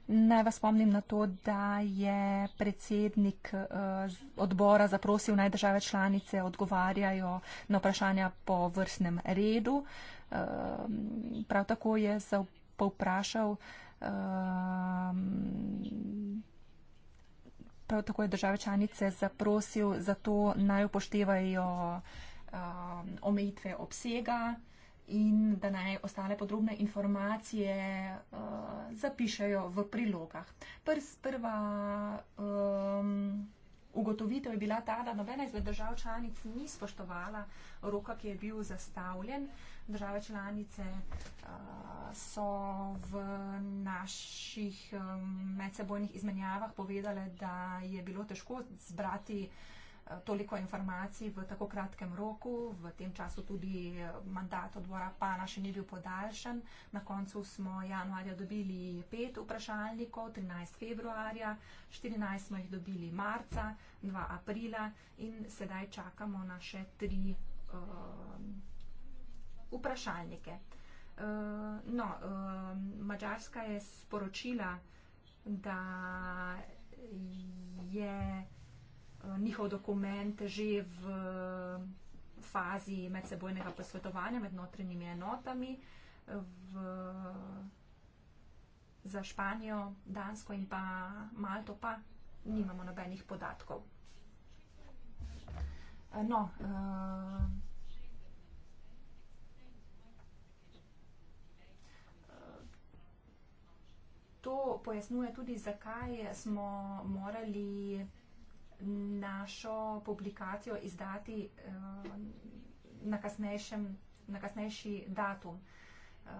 E: Naj vas spomnim na to, da je predsednik eh, odbora zaprosil naj države članice odgovarjajo na vprašanja po vrstnem redu. Eh, prav tako je zaprosil povprašal. Um, prav tako je države članice zaprosil za to, naj upoštevajo um, omejitve obsega in da naj ostale podrobne informacije uh, eh, zapišajo v prilogah. Prs, prva. Um, Ugotovitev je bila ta, da nobena izmed držav članic ni spoštovala roka, ki je bil zastavljen. Države članice uh, so v naših um, medsebojnih izmenjavah povedale, da je bilo težko zbrati uh, toliko informacij v tako kratkem roku, v tem času tudi eh, mandat odbora Pana še ni bil podaljšan. Na koncu smo januarja dobili pet vprašalnikov, 13 februarja, 14 smo jih dobili marca, 2 aprila in sedaj čakamo na še tri uh, vprašalnike. Uh, no, uh, Mačarska je sporočila, da je. Eh, njihov dokument že v eh, fazi medsebojnega posvetovanja med notrenjimi enotami eh, v, za Španijo, Dansko in pa Malto pa nimamo nobenih podatkov. No, uh, to pojasnjuje tudi, zakaj smo morali našo publikacijo izdati eh, na, na kasnejši datum. Eh,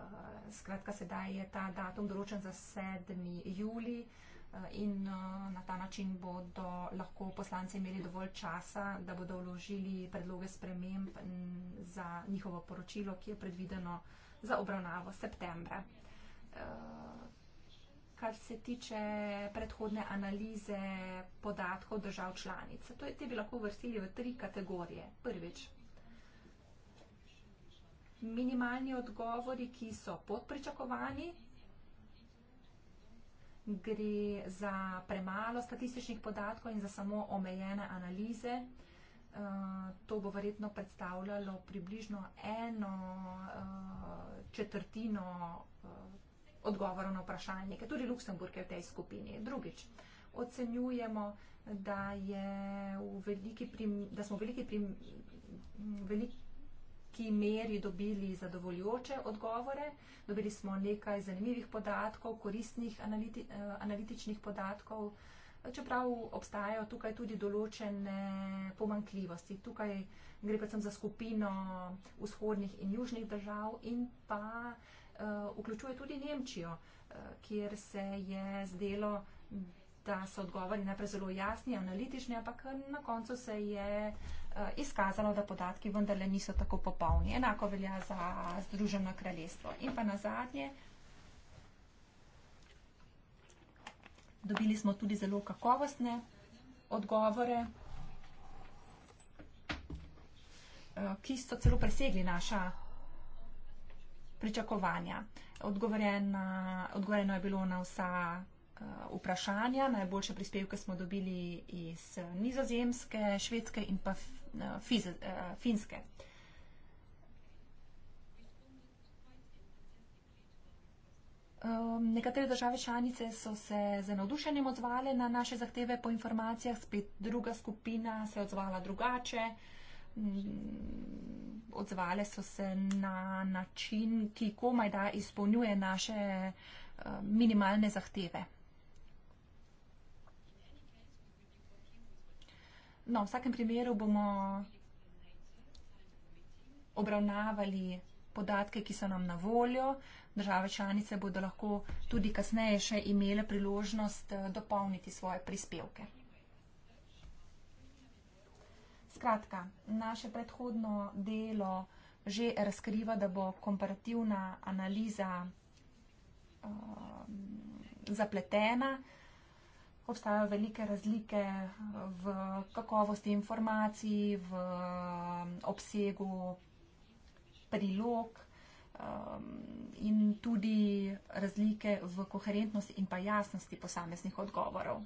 E: skratka, sedaj je ta datum določen za 7. juli eh, in na ta način bodo lahko poslanci imeli dovolj časa, da bodo vložili predloge sprememb za njihovo poročilo, ki je predvideno za obravnavo septembra kar se tiče predhodne analize podatkov držav članic. To je, te bi lahko vrstili v tri kategorije. Prvič, minimalni odgovori, ki so podpričakovani, gre za premalo statističnih podatkov in za samo omejene analize. Uh, to bo verjetno predstavljalo približno eno uh, četrtino uh, odgovorov na vprašalnike. Tudi Luksemburg je v tej skupini. Drugič, ocenjujemo, da, prim, da smo v veliki, veliki meri dobili zadovoljoče odgovore. Dobili smo nekaj zanimivih podatkov, koristnih analiti, analitičnih podatkov. Čeprav obstajajo tukaj tudi določene pomankljivosti. Tukaj gre predvsem za skupino vzhodnih in južnih držav in pa uh, Eh, vključuje tudi Nemčijo, eh, kjer se je zdelo, da so odgovori najprej zelo jasni, analitični, ampak na koncu se je eh, izkazalo, da podatki vendarle niso tako popolni. Enako velja za Združeno kraljestvo. In pa na zadnje, dobili smo tudi zelo kakovostne odgovore, ki so celo presegli naša pričakovanja. Odgovorjeno je bilo na vsa eh, vprašanja. Najboljše prispevke smo dobili iz eh, nizozemske, švedske in pa eh, finske. Ehm, nekatere države članice so se za navdušenjem odzvale na naše zahteve po informacijah, spet druga skupina se je odzvala drugače odzvale so se na način, ki komaj da izpolnjuje naše eh, minimalne zahteve. No, v vsakem primeru bomo obravnavali podatke, ki so nam na voljo. Države članice bodo lahko tudi kasneje še imele priložnost eh, dopolniti svoje prispevke. Skratka, naše predhodno delo že razkriva, da bo komparativna analiza uh, zapletena. Obstajajo velike razlike v kakovosti informacij, v um, obsegu prilog um, in tudi razlike v koherentnosti in pa jasnosti posameznih odgovorov.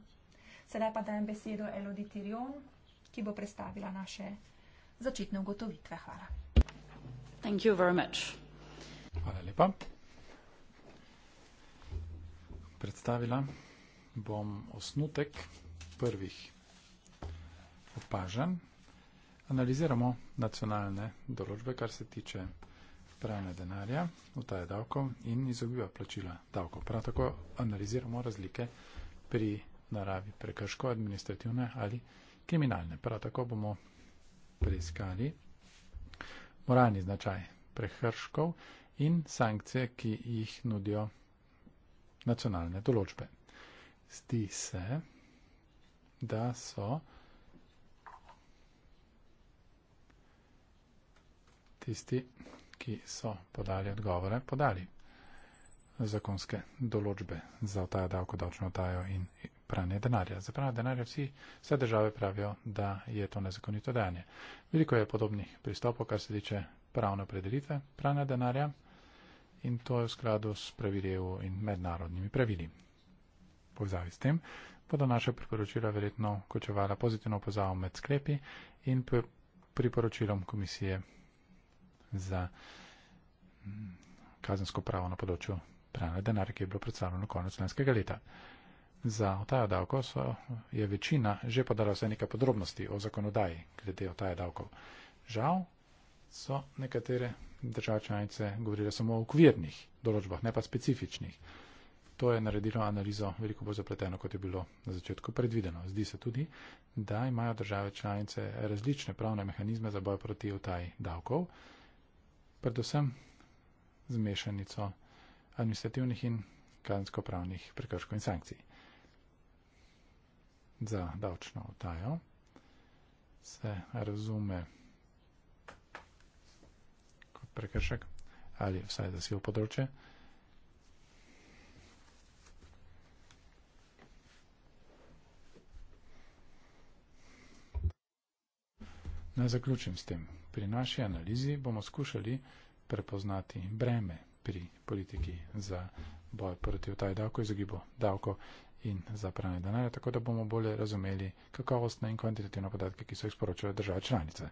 E: Sedaj pa dajem besedo Elodie Tirion, ki bo predstavila naše začetne ugotovitve. Hvala.
D: Thank you very much. Hvala lepa.
B: Predstavila bom osnutek prvih opažanj. Analiziramo nacionalne določbe, kar se tiče pranja denarja, utaje davkov in izogiba plačila davkov. Prav tako analiziramo razlike pri naravi prekrško, administrativne ali kriminalne. Prav tako bomo preiskali moralni značaj prehrškov in sankcije, ki jih nudijo nacionalne določbe. Zdi se, da so tisti, ki so podali odgovore, podali zakonske določbe za ta davko, davčno tajo in pranje denarja. Za pranje denarja vsi, vse države pravijo, da je to nezakonito dejanje. Veliko je podobnih pristopov, kar se tiče pravne opredelitve pranja denarja in to je v skladu s pravili EU in mednarodnimi pravili. Povzavi s tem bodo naše priporočila verjetno kočevala pozitivno pozavom med sklepi in priporočilom komisije za mm, kazensko pravo na področju pranja denarja, ki je bilo predstavljeno konec lanskega leta. Za otajo davkov so, je večina že podala vse nekaj podrobnosti o zakonodaji glede otaje davkov. Žal so nekatere države članice govorile samo o okvirnih določbah, ne pa specifičnih. To je naredilo analizo veliko bolj zapleteno, kot je bilo na začetku predvideno. Zdi se tudi, da imajo države članice različne pravne mehanizme za boj proti otaji davkov, predvsem z mešanico administrativnih in kazensko-pravnih prekrškov in sankcij za davčno otajo. Se razume kot prekršek ali vsaj za sivo področje. Naj zaključim s tem. Pri naši analizi bomo skušali prepoznati breme pri politiki za boj proti utaji davko, izogibo davko in za pranje denarja, tako da bomo bolje razumeli kakovostne in kvantitativne podatke, ki so jih sporočile države članice.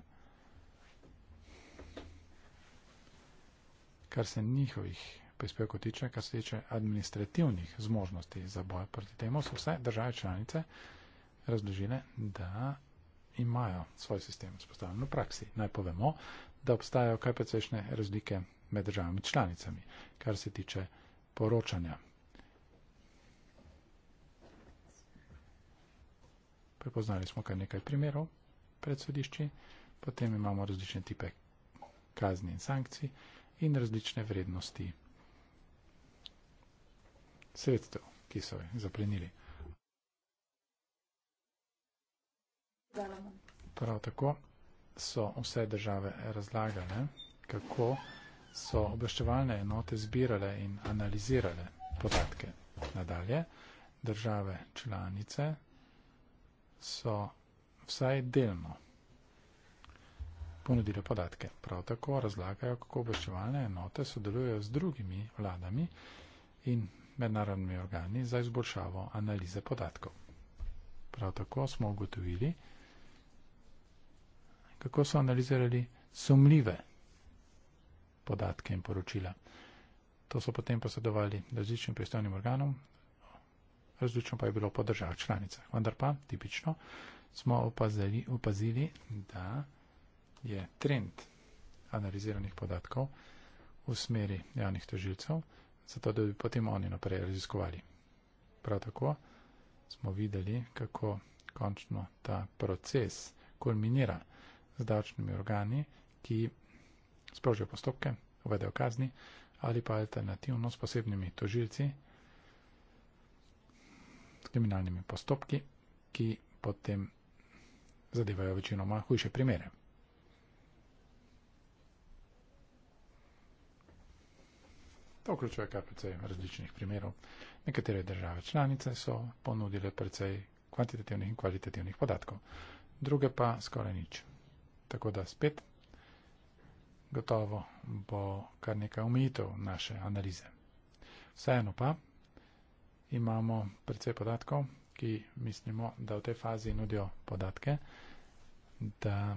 B: Kar se njihovih prispevkov tiče, kar se tiče administrativnih zmožnosti za boj proti temu, so vse države članice razložile, da imajo svoj sistem spostavljen v praksi. Naj povemo, da obstajajo kaj precejšne razlike med državami članicami, kar se tiče poročanja prepoznali smo kar nekaj primerov pred sodišči, potem imamo različne tipe kazni in sankcij in različne vrednosti sredstev, ki so jih zaplenili. Prav tako so vse države razlagale, kako so obveščevalne enote zbirale in analizirale podatke. Nadalje, države članice so vsaj delno ponudile podatke. Prav tako razlagajo, kako obveščevalne enote sodelujejo z drugimi vladami in mednarodnimi organi za izboljšavo analize podatkov. Prav tako smo ugotovili, kako so analizirali sumljive podatke in poročila. To so potem posedovali različnim pristojnim organom, različno pa je bilo po državah članicah. Vendar pa, tipično, smo opazili, opazili, da je trend analiziranih podatkov v smeri javnih tožilcev, zato da bi potem oni naprej raziskovali. Prav tako smo videli, kako končno ta proces kulminira z davčnimi organi, ki sprožijo postopke, uvedejo kazni ali pa alternativno s posebnimi tožilci, kriminalnimi postopki, ki potem zadevajo večinoma hujše primere. To vključuje kar precej različnih primerov. Nekatere države članice so ponudile precej kvantitativnih in kvalitativnih podatkov, druge pa skoraj nič. Tako da spet gotovo bo kar nekaj omejitev naše analize. Vseeno pa, imamo precej podatkov, ki mislimo, da v tej fazi nudijo podatke, da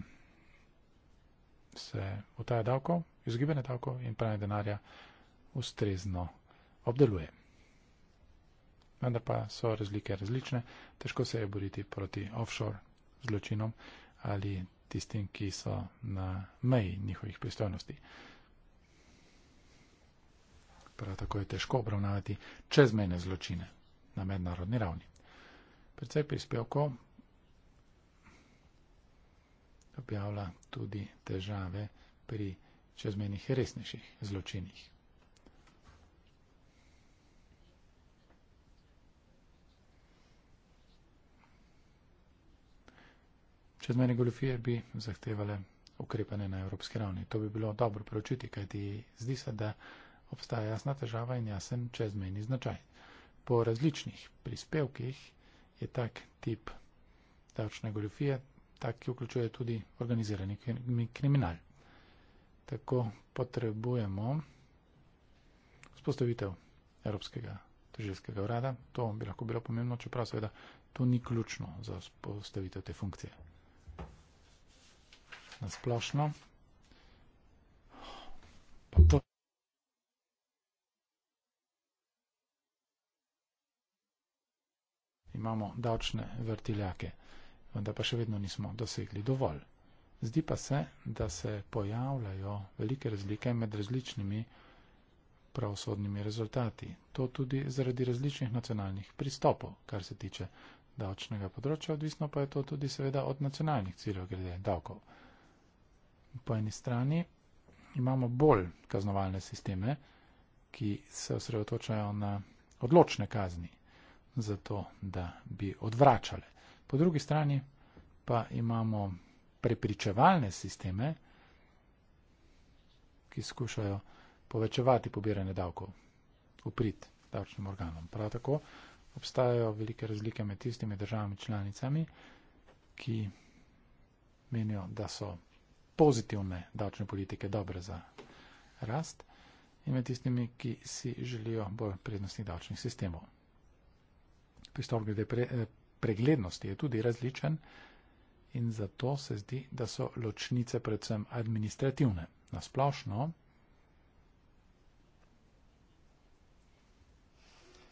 B: se utaja davkov, izgibanje davkov in pranje denarja ustrezno obdeluje. Vendar pa so razlike različne, težko se je boriti proti offshore zločinom ali tistim, ki so na meji njihovih pristojnosti prav tako je težko obravnavati čezmene zločine na mednarodni ravni. Predvsej prispevko objavlja tudi težave pri čezmenih resnejših zločinih. Čezmene goljofije bi zahtevale ukrepanje na evropski ravni. To bi bilo dobro preučiti, kajti zdi se, da obstaja jasna težava in jasen čezmejni značaj. Po različnih prispevkih je tak tip davčne goljofije, tak, ki vključuje tudi organizirani kriminal. Tako potrebujemo vzpostavitev Evropskega tožilskega urada. To bi lahko bilo pomembno, čeprav seveda to ni ključno za vzpostavitev te funkcije. Na splošno imamo davčne vrtiljake, vendar pa še vedno nismo dosegli dovolj. Zdi pa se, da se pojavljajo velike razlike med različnimi pravosodnimi rezultati. To tudi zaradi različnih nacionalnih pristopov, kar se tiče davčnega področja, odvisno pa je to tudi seveda od nacionalnih ciljev glede davkov. Po eni strani imamo bolj kaznovalne sisteme, ki se osredotočajo na odločne kazni, zato da bi odvračale. Po drugi strani pa imamo prepričevalne sisteme, ki skušajo povečevati pobiranje davkov, uprit davčnim organom. Prav tako obstajajo velike razlike med tistimi državami članicami, ki menijo, da so pozitivne davčne politike dobre za rast in med tistimi, ki si želijo bolj prednostnih davčnih sistemov pristop glede pre, eh, preglednosti je tudi različen in zato se zdi, da so ločnice predvsem administrativne. Nasplošno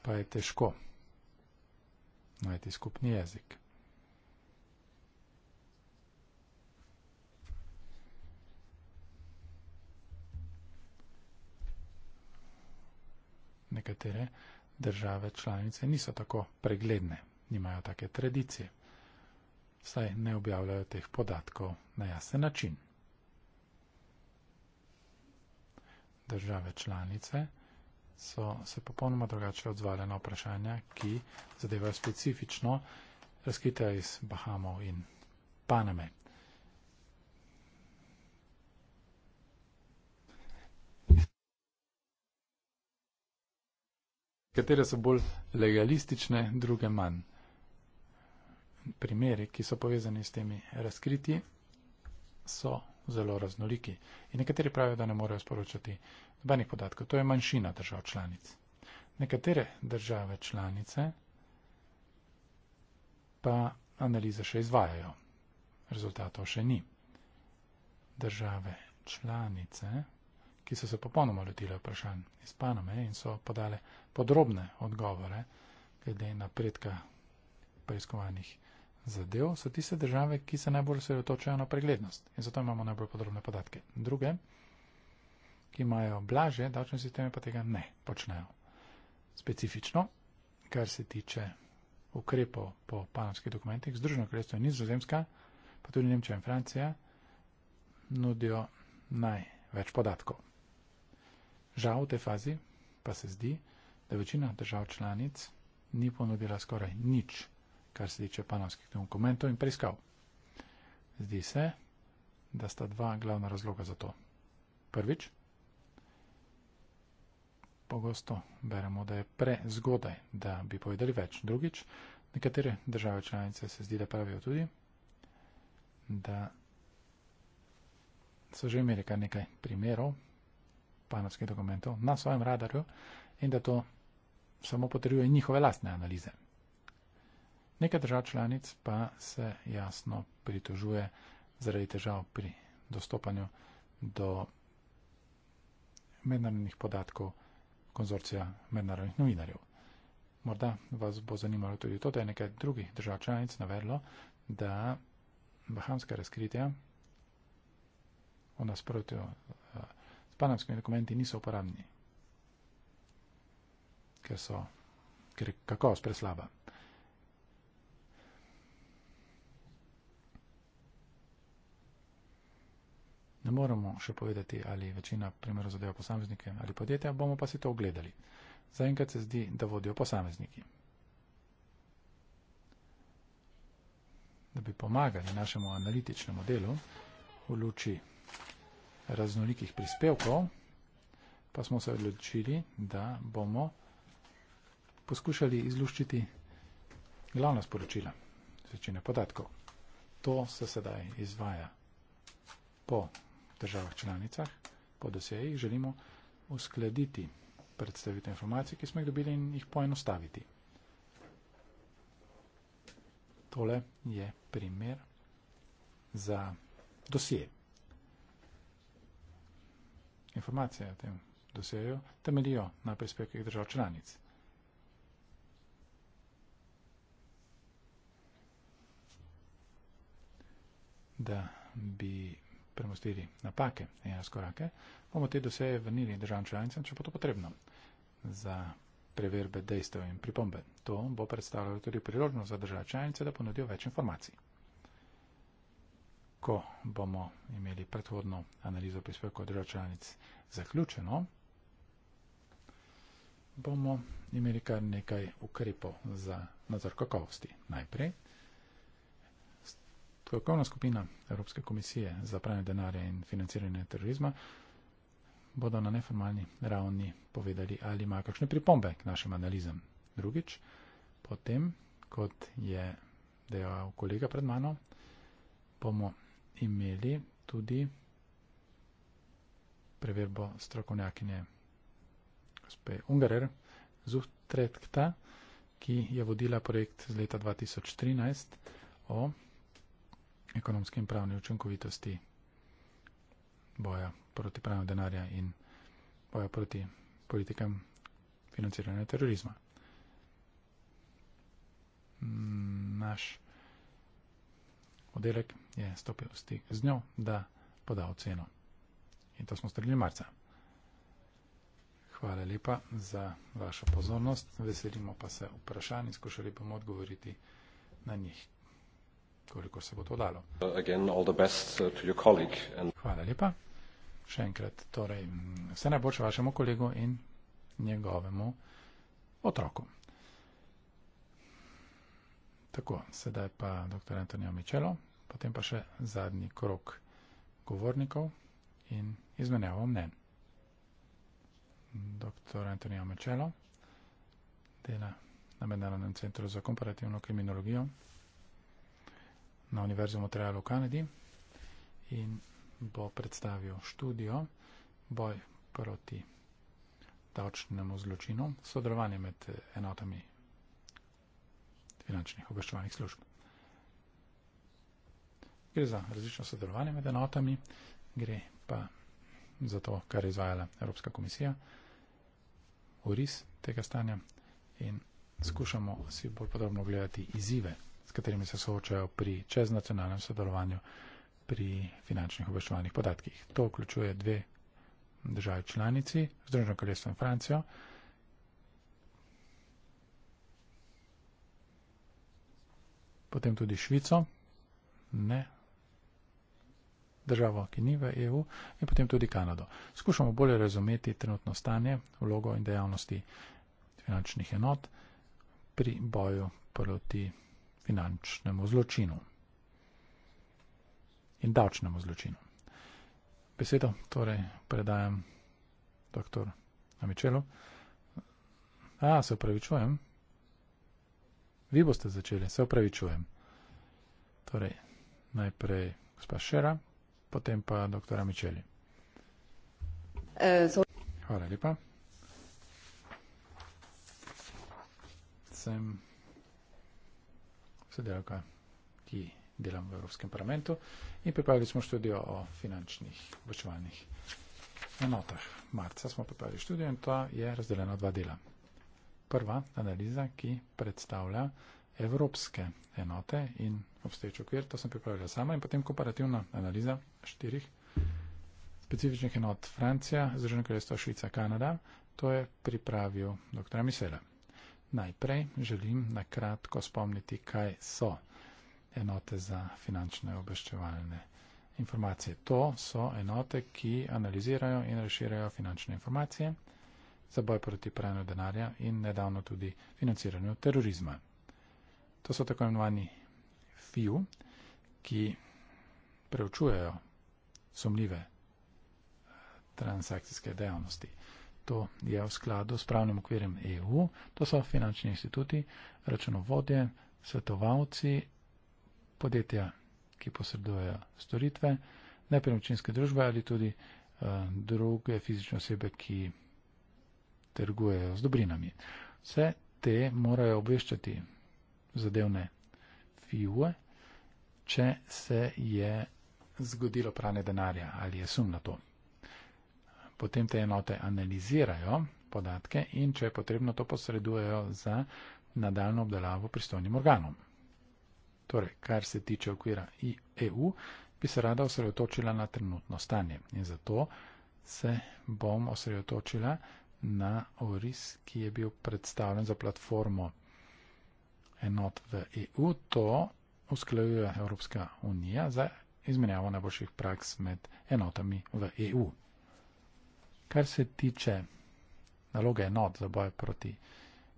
B: pa je težko najti skupni jezik. Nekatere države članice niso tako pregledne, nimajo take tradicije, saj ne objavljajo teh podatkov na jasen način. Države članice so se popolnoma drugače odzvale na vprašanja, ki zadevajo specifično razkritja iz Bahamov in Paname. katere so bolj legalistične, druge manj. Primeri, ki so povezani s temi razkriti, so zelo raznoliki in nekateri pravijo, da ne morejo sporočati nobenih podatkov. To je manjšina držav članic. Nekatere države članice pa analize še izvajajo. Rezultatov še ni. Države članice ki so se popolnoma lotile vprašanj iz Paname in so podale podrobne odgovore glede napredka preiskovanih zadev, so tiste države, ki se najbolj osredotočajo na preglednost in zato imamo najbolj podrobne podatke. Druge, ki imajo blaže davčne sisteme, pa tega ne počnejo. Specifično, kar se tiče ukrepov po panamskih dokumentih, Združeno kraljestvo in Nizozemska, pa tudi Nemčija in Francija, nudijo največ podatkov. Žal v tej fazi pa se zdi, da večina držav članic ni ponudila skoraj nič, kar se tiče panovskih dokumentov in preiskav. Zdi se, da sta dva glavna razloga za to. Prvič, pogosto beremo, da je prezgodaj, da bi povedali več. Drugič, nekatere države članice se zdi, da pravijo tudi, da so že imeli kar nekaj primerov, panovskih dokumentov na svojem radarju in da to samo potrjuje njihove lastne analize. Nekaj držav članic pa se jasno pritožuje zaradi težav pri dostopanju do mednarodnih podatkov konzorcija mednarodnih novinarjev. Morda vas bo zanimalo tudi to, da je nekaj drugih držav članic navedlo, da bahamska razkritja v nasprotju S panamskimi dokumenti niso uporabni, ker so, ker je kakovost preslaba. Ne moremo še povedati, ali večina primerov zadeva posameznike ali podjetja, bomo pa si to ogledali. Zaenkrat se zdi, da vodijo posamezniki. Da bi pomagali našemu analitičnemu delu v luči raznolikih prispevkov, pa smo se odločili, da bomo poskušali izluščiti glavna sporočila večine podatkov. To se sedaj izvaja po državah članicah, po dosejih. Želimo uskladiti predstavitev informacij, ki smo jih dobili in jih poenostaviti. Tole je primer za dosije informacije o tem dosejo temeljijo na prispevkih držav članic. Da bi premostili napake in razkorake, bomo te doseje vrnili državam članicam, če bo to potrebno za preverbe dejstev in pripombe. To bo predstavljalo tudi priložnost za države članice, da ponudijo več informacij ko bomo imeli predhodno analizo prispevkov držav članic zaključeno, bomo imeli kar nekaj ukrepov za nadzor kakovosti. Najprej, strokovna skupina Evropske komisije za pranje denarja in financiranje terorizma bodo na neformalni ravni povedali, ali imajo kakšne pripombe k našim analizam. Drugič, potem, kot je dejal kolega pred mano, bomo imeli tudi preverbo strokovnjakinje gospe Ungarer Zuhtretkta, ki je vodila projekt z leta 2013 o ekonomski in pravni učinkovitosti boja proti pravnemu denarja in boja proti politikam financiranja terorizma. Naš oddelek je stopil v stik z njo, da poda oceno. In to smo storili marca. Hvala lepa za vašo pozornost. Veselimo pa se vprašanj in skušali bomo odgovoriti na njih, koliko se bo to dalo.
A: Uh,
B: Hvala lepa. Še enkrat, torej, vse najboljše vašemu kolegu in njegovemu otroku. Tako, sedaj pa dr. Antonijo Mičelo, potem pa še zadnji krok govornikov in izmenjavo mnenj. Dr. Antonijo Mičelo dela na Mednarodnem centru za komparativno kriminologijo na Univerzi v Montrealu v Kanadi in bo predstavil študijo Boj proti davčnemu zločinu, sodelovanje med enotami finančnih obveščevalnih služb. Gre za različno sodelovanje med enotami, gre pa za to, kar je izvajala Evropska komisija, uris tega stanja in skušamo si bolj podrobno gledati izzive, s katerimi se soočajo pri čeznacionalnem sodelovanju pri finančnih obveščevalnih podatkih. To vključuje dve države članici, Združeno kraljestvo in Francijo. potem tudi Švico, ne, državo, ki ni v EU, in potem tudi Kanado. Skušamo bolje razumeti trenutno stanje, vlogo in dejavnosti finančnih enot pri boju proti finančnemu zločinu in davčnemu zločinu. Besedo torej predajam dr. Amičelu. A, se upravičujem. Vi boste začeli, se opravičujem. Torej, najprej gospa Šera, potem pa doktora Mičeli. E, Hvala lepa. Sem sodelavka, ki delam v Evropskem parlamentu in pripravili smo študijo o finančnih obočevalnih enotah. Marca smo pripravili študijo in to je razdeljeno v dva dela prva analiza, ki predstavlja evropske enote in obstoječ okvir, to sem pripravila sama, in potem komparativna analiza štirih specifičnih enot Francija, Združeno kraljestvo, Švica, Kanada, to je pripravil dr. Misele. Najprej želim na kratko spomniti, kaj so enote za finančne obveščevalne informacije. To so enote, ki analizirajo in razširjajo finančne informacije za boj proti pranju denarja in nedavno tudi financiranju terorizma. To so tako imenovani FIU, ki preučujejo sumljive eh, transakcijske dejavnosti. To je v skladu s pravnim okvirjem EU, to so finančni instituti, računovodje, svetovalci, podjetja, ki posredujejo storitve, nepremičninske družbe ali tudi uh, druge fizične osebe, ki trgujejo z dobrinami. Vse te morajo obveščati zadevne FIUE, če se je zgodilo pranje denarja ali je sum na to. Potem te enote analizirajo podatke in če je potrebno, to posredujejo za nadaljno obdelavo pristojnim organom. Torej, kar se tiče okvira EU, bi se rada osredotočila na trenutno stanje in zato se bom osredotočila na oris, ki je bil predstavljen za platformo enot v EU. To usklajuje Evropska unija za izmenjavo najboljših praks med enotami v EU. Kar se tiče naloge enot za boj proti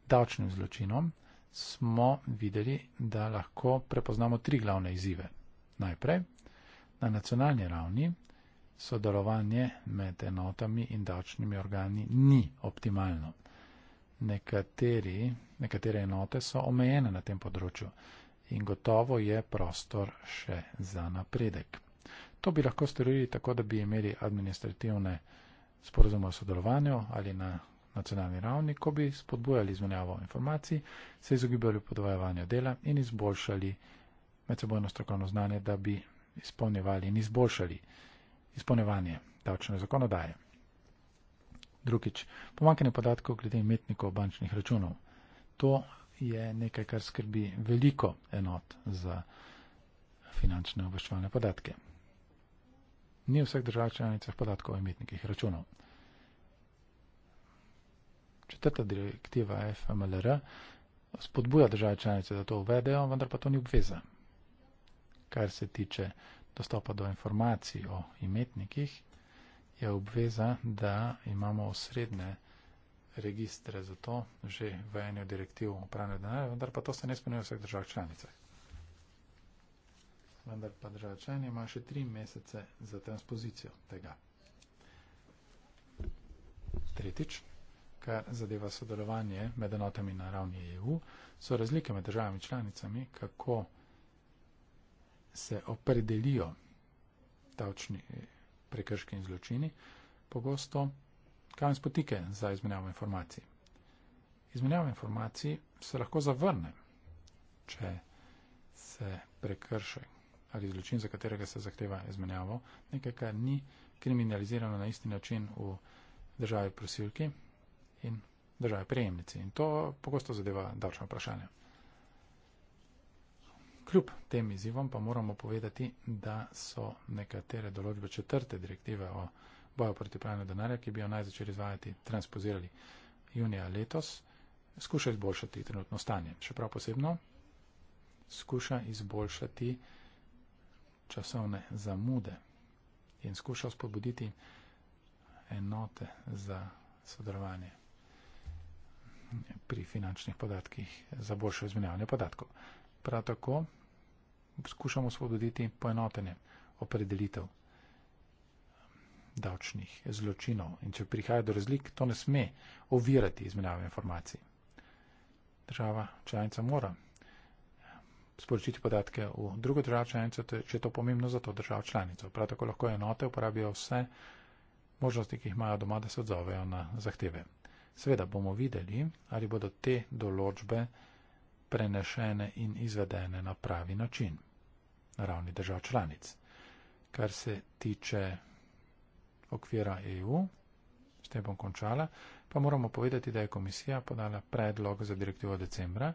B: davčnim zločinom, smo videli, da lahko prepoznamo tri glavne izzive. Najprej na nacionalni ravni sodelovanje med enotami in davčnimi organi ni optimalno. Nekateri, nekatere enote so omejene na tem področju in gotovo je prostor še za napredek. To bi lahko storili tako, da bi imeli administrativne sporozume o sodelovanju ali na nacionalni ravni, ko bi spodbujali izmenjavo informacij, se izogibali podvojevanju dela in izboljšali medsebojno strokovno znanje, da bi izpolnjevali in izboljšali izpolnevanje davčne zakonodaje. Drugič, pomankanje podatkov glede imetnikov bančnih računov. To je nekaj, kar skrbi veliko enot za finančne obveščevalne podatke. Ni v vseh držav članicah podatkov o imetnikih računov. Četrta direktiva FMLR spodbuja države članice, da to uvedejo, vendar pa to ni obveza. Kar se tiče dostopa do informacij o imetnikih, je obveza, da imamo osrednje registre za to, že v eni od direktiv o pranju denarja, vendar pa to se ne spomnijo vseh držav članice. Vendar pa država članica ima še tri mesece za transpozicijo tega. Tretjič, kar zadeva sodelovanje med enotami na ravni EU, so razlike med državami članicami, kako se opredelijo davčni prekrški in zločini, pogosto kam spotike za izmenjavo informacij. Izmenjava informacij se lahko zavrne, če se prekrše ali zločin, za katerega se zahteva izmenjavo, nekaj, kar ni kriminalizirano na isti način v državi prosilki in državi prejemnici. In to pogosto zadeva davčno vprašanje kljub tem izzivom pa moramo povedati, da so nekatere določbe četrte direktive o boju proti pranju denarja, ki bi jo naj začeli izvajati, transpozirali junija letos, skuša izboljšati trenutno stanje. Še prav posebno skuša izboljšati časovne zamude in skuša spodbuditi enote za sodelovanje pri finančnih podatkih za boljšo izmenjavanje podatkov. Prav tako skušamo svobododiti poenotene opredelitev davčnih zločinov. In če prihaja do razlik, to ne sme ovirati izmenjave informacij. Država članica mora sporočiti podatke v drugo državo članico, če je to pomembno za to državo članico. Prav tako lahko enote uporabijo vse možnosti, ki jih imajo doma, da se odzovejo na zahteve. Seveda bomo videli, ali bodo te določbe prenešene in izvedene na pravi način na ravni držav članic. Kar se tiče okvira EU, s tem bom končala, pa moramo povedati, da je komisija podala predlog za direktivo decembra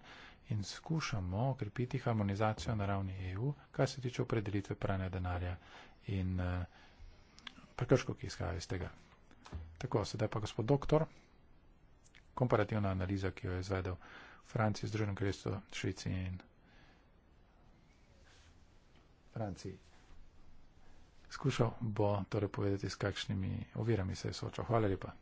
B: in skušamo okrepiti harmonizacijo na ravni EU, kar se tiče opredelitve pranja denarja in eh, prekrško, ki izhaja iz tega. Tako, sedaj pa gospod doktor, komparativna analiza, ki jo je izvedel. Franciji, Združenem kraljestvu, Švici in Franciji. Skušal bo torej povedati, s kakšnimi ovirami se je soočal. Hvala lepa.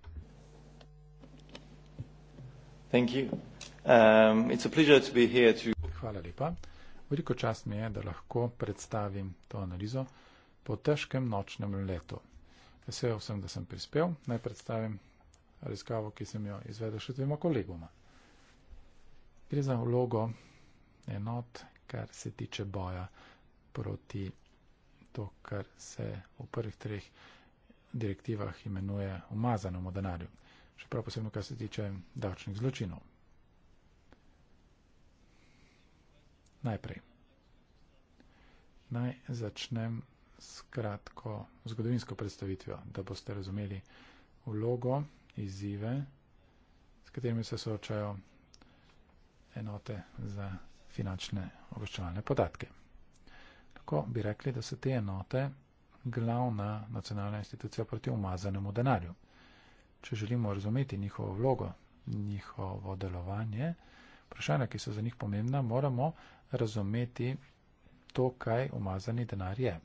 B: Um, to... Hvala lepa. Veliko čast mi je, da lahko predstavim to analizo po težkem nočnem letu. Vesel sem, da sem prispel. Naj predstavim raziskavo, ki sem jo izvedel še dvema kolegoma. Gre za vlogo enot, kar se tiče boja proti to, kar se v prvih treh direktivah imenuje umazanemu denarju. Še prav posebno, kar se tiče davčnih zločinov. Najprej. Naj začnem s kratko zgodovinsko predstavitvijo, da boste razumeli vlogo, izzive, s katerimi se soočajo enote za finančne obveščevalne podatke. Tako bi rekli, da so te enote glavna nacionalna institucija proti umazanemu denarju. Če želimo razumeti njihovo vlogo, njihovo delovanje, vprašanja, ki so za njih pomembna, moramo razumeti to, kaj umazani denar je.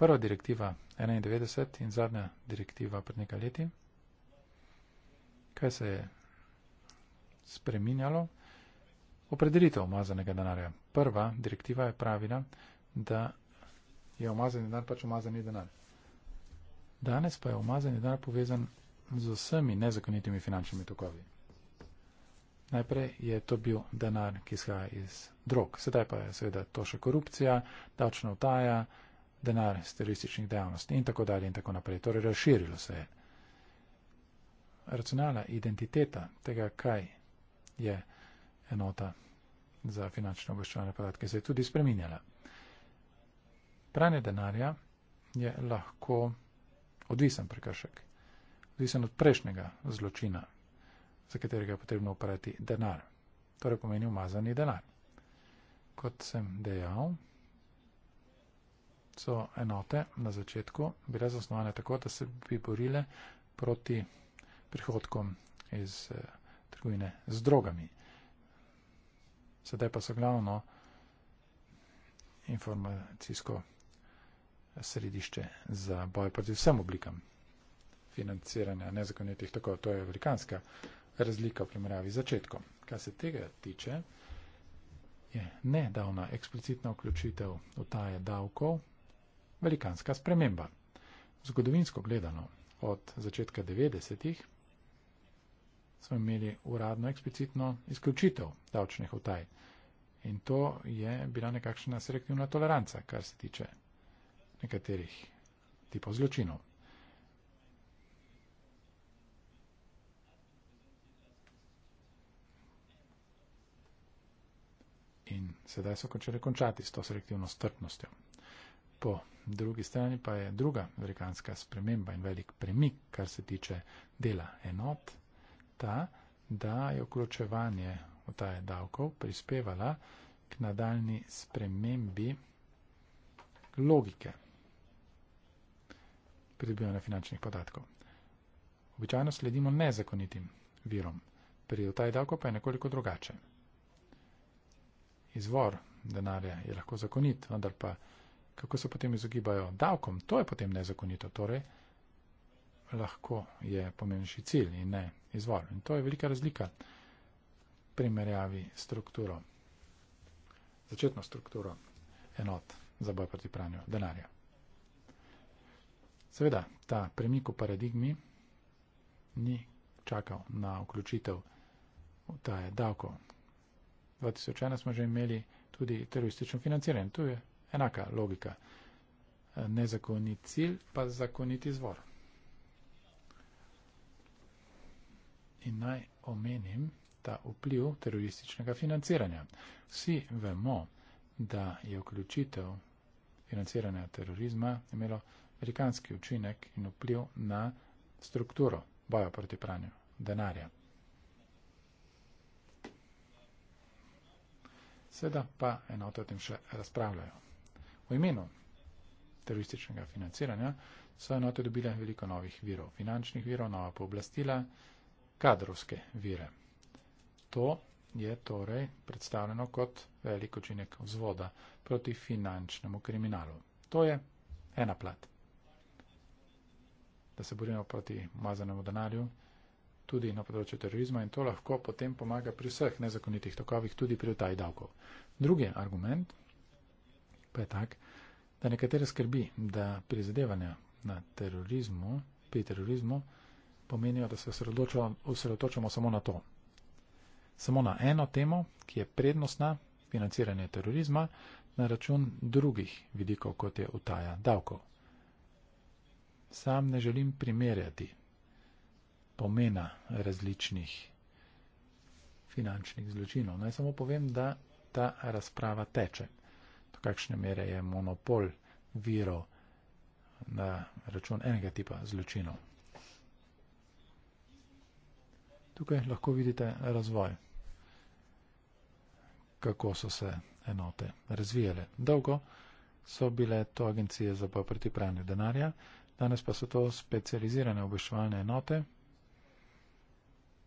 B: Prva direktiva 91 in zadnja direktiva pred nekaj leti. Kaj se je spreminjalo opredelitev umazanega denarja. Prva direktiva je pravila, da je umazani denar pač umazani denar. Danes pa je umazani denar povezan z vsemi nezakonitimi finančnimi tokovi. Najprej je to bil denar, ki izhaja iz drog. Sedaj pa je seveda to še korupcija, davčna utaja, denar iz terorističnih dejavnosti in tako dalje in tako naprej. Torej razširilo se je. Racionalna identiteta tega, kaj je enota za finančno obveščevanje podatke se je tudi spreminjala. Pranje denarja je lahko odvisen prekršek, odvisen od prejšnjega zločina, za katerega je potrebno uporati denar. Torej pomeni umazani denar. Kot sem dejal, so enote na začetku bile zasnovane tako, da se bi borile proti prihodkom iz eh, trgovine z drogami. Sedaj pa so glavno informacijsko središče za boj proti vsem oblikam financiranja nezakonitih, tako to je amerikanska razlika v primerjavi začetku. Kar se tega tiče, je nedavna eksplicitna vključitev utaje davkov velikanska sprememba. Zgodovinsko gledano od začetka 90-ih smo imeli uradno eksplicitno izključitev davčnih vtaj. In to je bila nekakšna selektivna toleranca, kar se tiče nekaterih tipov zločinov. In sedaj so končali končati s to selektivno strpnostjo. Po drugi strani pa je druga velikanska sprememba in velik premik, kar se tiče dela enot ta, da je vključevanje v taj davkov prispevala k nadaljni spremembi logike pridobivanja finančnih podatkov. Običajno sledimo nezakonitim virom, pri utaji davkov pa je nekoliko drugače. Izvor denarja je lahko zakonit, vendar pa kako se potem izogibajo davkom, to je potem nezakonito. Torej, lahko je pomembnejši cilj in ne izvor. In to je velika razlika primerjavi strukturo, začetno strukturo enot za boj proti pranju denarja. Seveda, ta premik v paradigmi ni čakal na vključitev v ta je davkov. 2001 smo že imeli tudi teroristično financiranje. Tu je enaka logika. Nezakonit cilj, pa zakonit izvor. in naj omenim ta vpliv terorističnega financiranja. Vsi vemo, da je vključitev financiranja terorizma imelo amerikanski učinek in vpliv na strukturo boja proti pranju denarja. Seveda pa enote o tem še razpravljajo. V imenu terorističnega financiranja so enote dobile veliko novih virov, finančnih virov, nova pooblastila, kadrovske vire. To je torej predstavljeno kot velik učinek vzvoda proti finančnemu kriminalu. To je ena plat. Da se borimo proti umazanemu denarju, tudi na področju terorizma in to lahko potem pomaga pri vseh nezakonitih tokovih, tudi pri utaji davkov. Drugi argument pa je tak, da nekatere skrbi, da prizadevanja na terorizmu, pri terorizmu, pomenijo, da se osredotočamo samo na to. Samo na eno temo, ki je prednostna, financiranje terorizma, na račun drugih vidikov, kot je utaja davkov. Sam ne želim primerjati pomena različnih finančnih zločinov. Naj samo povem, da ta razprava teče. Do kakšne mere je monopol virov na račun enega tipa zločinov. Tukaj lahko vidite razvoj, kako so se enote razvijale. Dolgo so bile to agencije za boj proti pranju denarja, danes pa so to specializirane obveščevalne enote,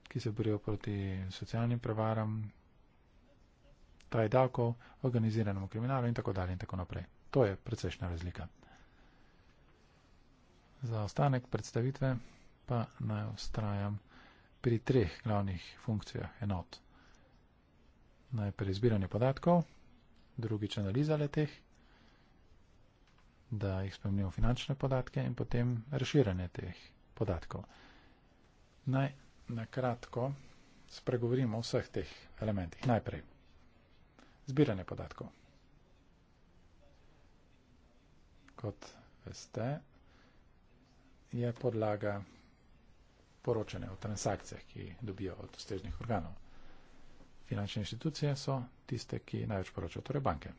B: ki se borijo proti socialnim prevaram, taj davkov, organiziranemu kriminalu in tako dalje in tako naprej. To je precejšna razlika. Za ostanek predstavitve pa naj ustrajam pri treh glavnih funkcijah enot. Najprej izbiranje podatkov, drugič analiza leteh, da jih spremljamo finančne podatke in potem reširanje teh podatkov. Naj nakratko spregovorimo o vseh teh elementih. Najprej zbiranje podatkov. Kot veste, je podlaga podatkov poročanje o transakcijah, ki dobijo od ustreznih organov. Finančne inštitucije so tiste, ki največ poročajo, torej banke.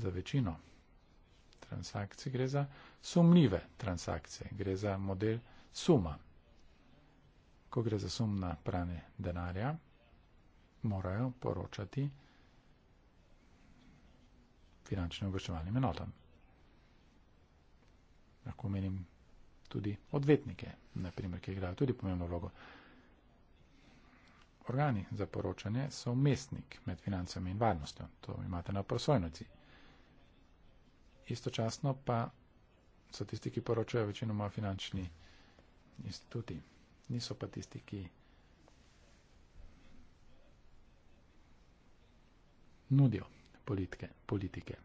B: Za večino transakcij gre za sumljive transakcije, gre za model suma. Ko gre za sum na pranje denarja, morajo poročati finančnim obveščevalnim enotam lahko menim tudi odvetnike, naprimer, ki igrajo tudi pomembno vlogo. Organi za poročanje so mestnik med financami in varnostjo. To imate na prosojnici. Istočasno pa so tisti, ki poročajo večinoma finančni instituti. Niso pa tisti, ki nudijo politike. politike.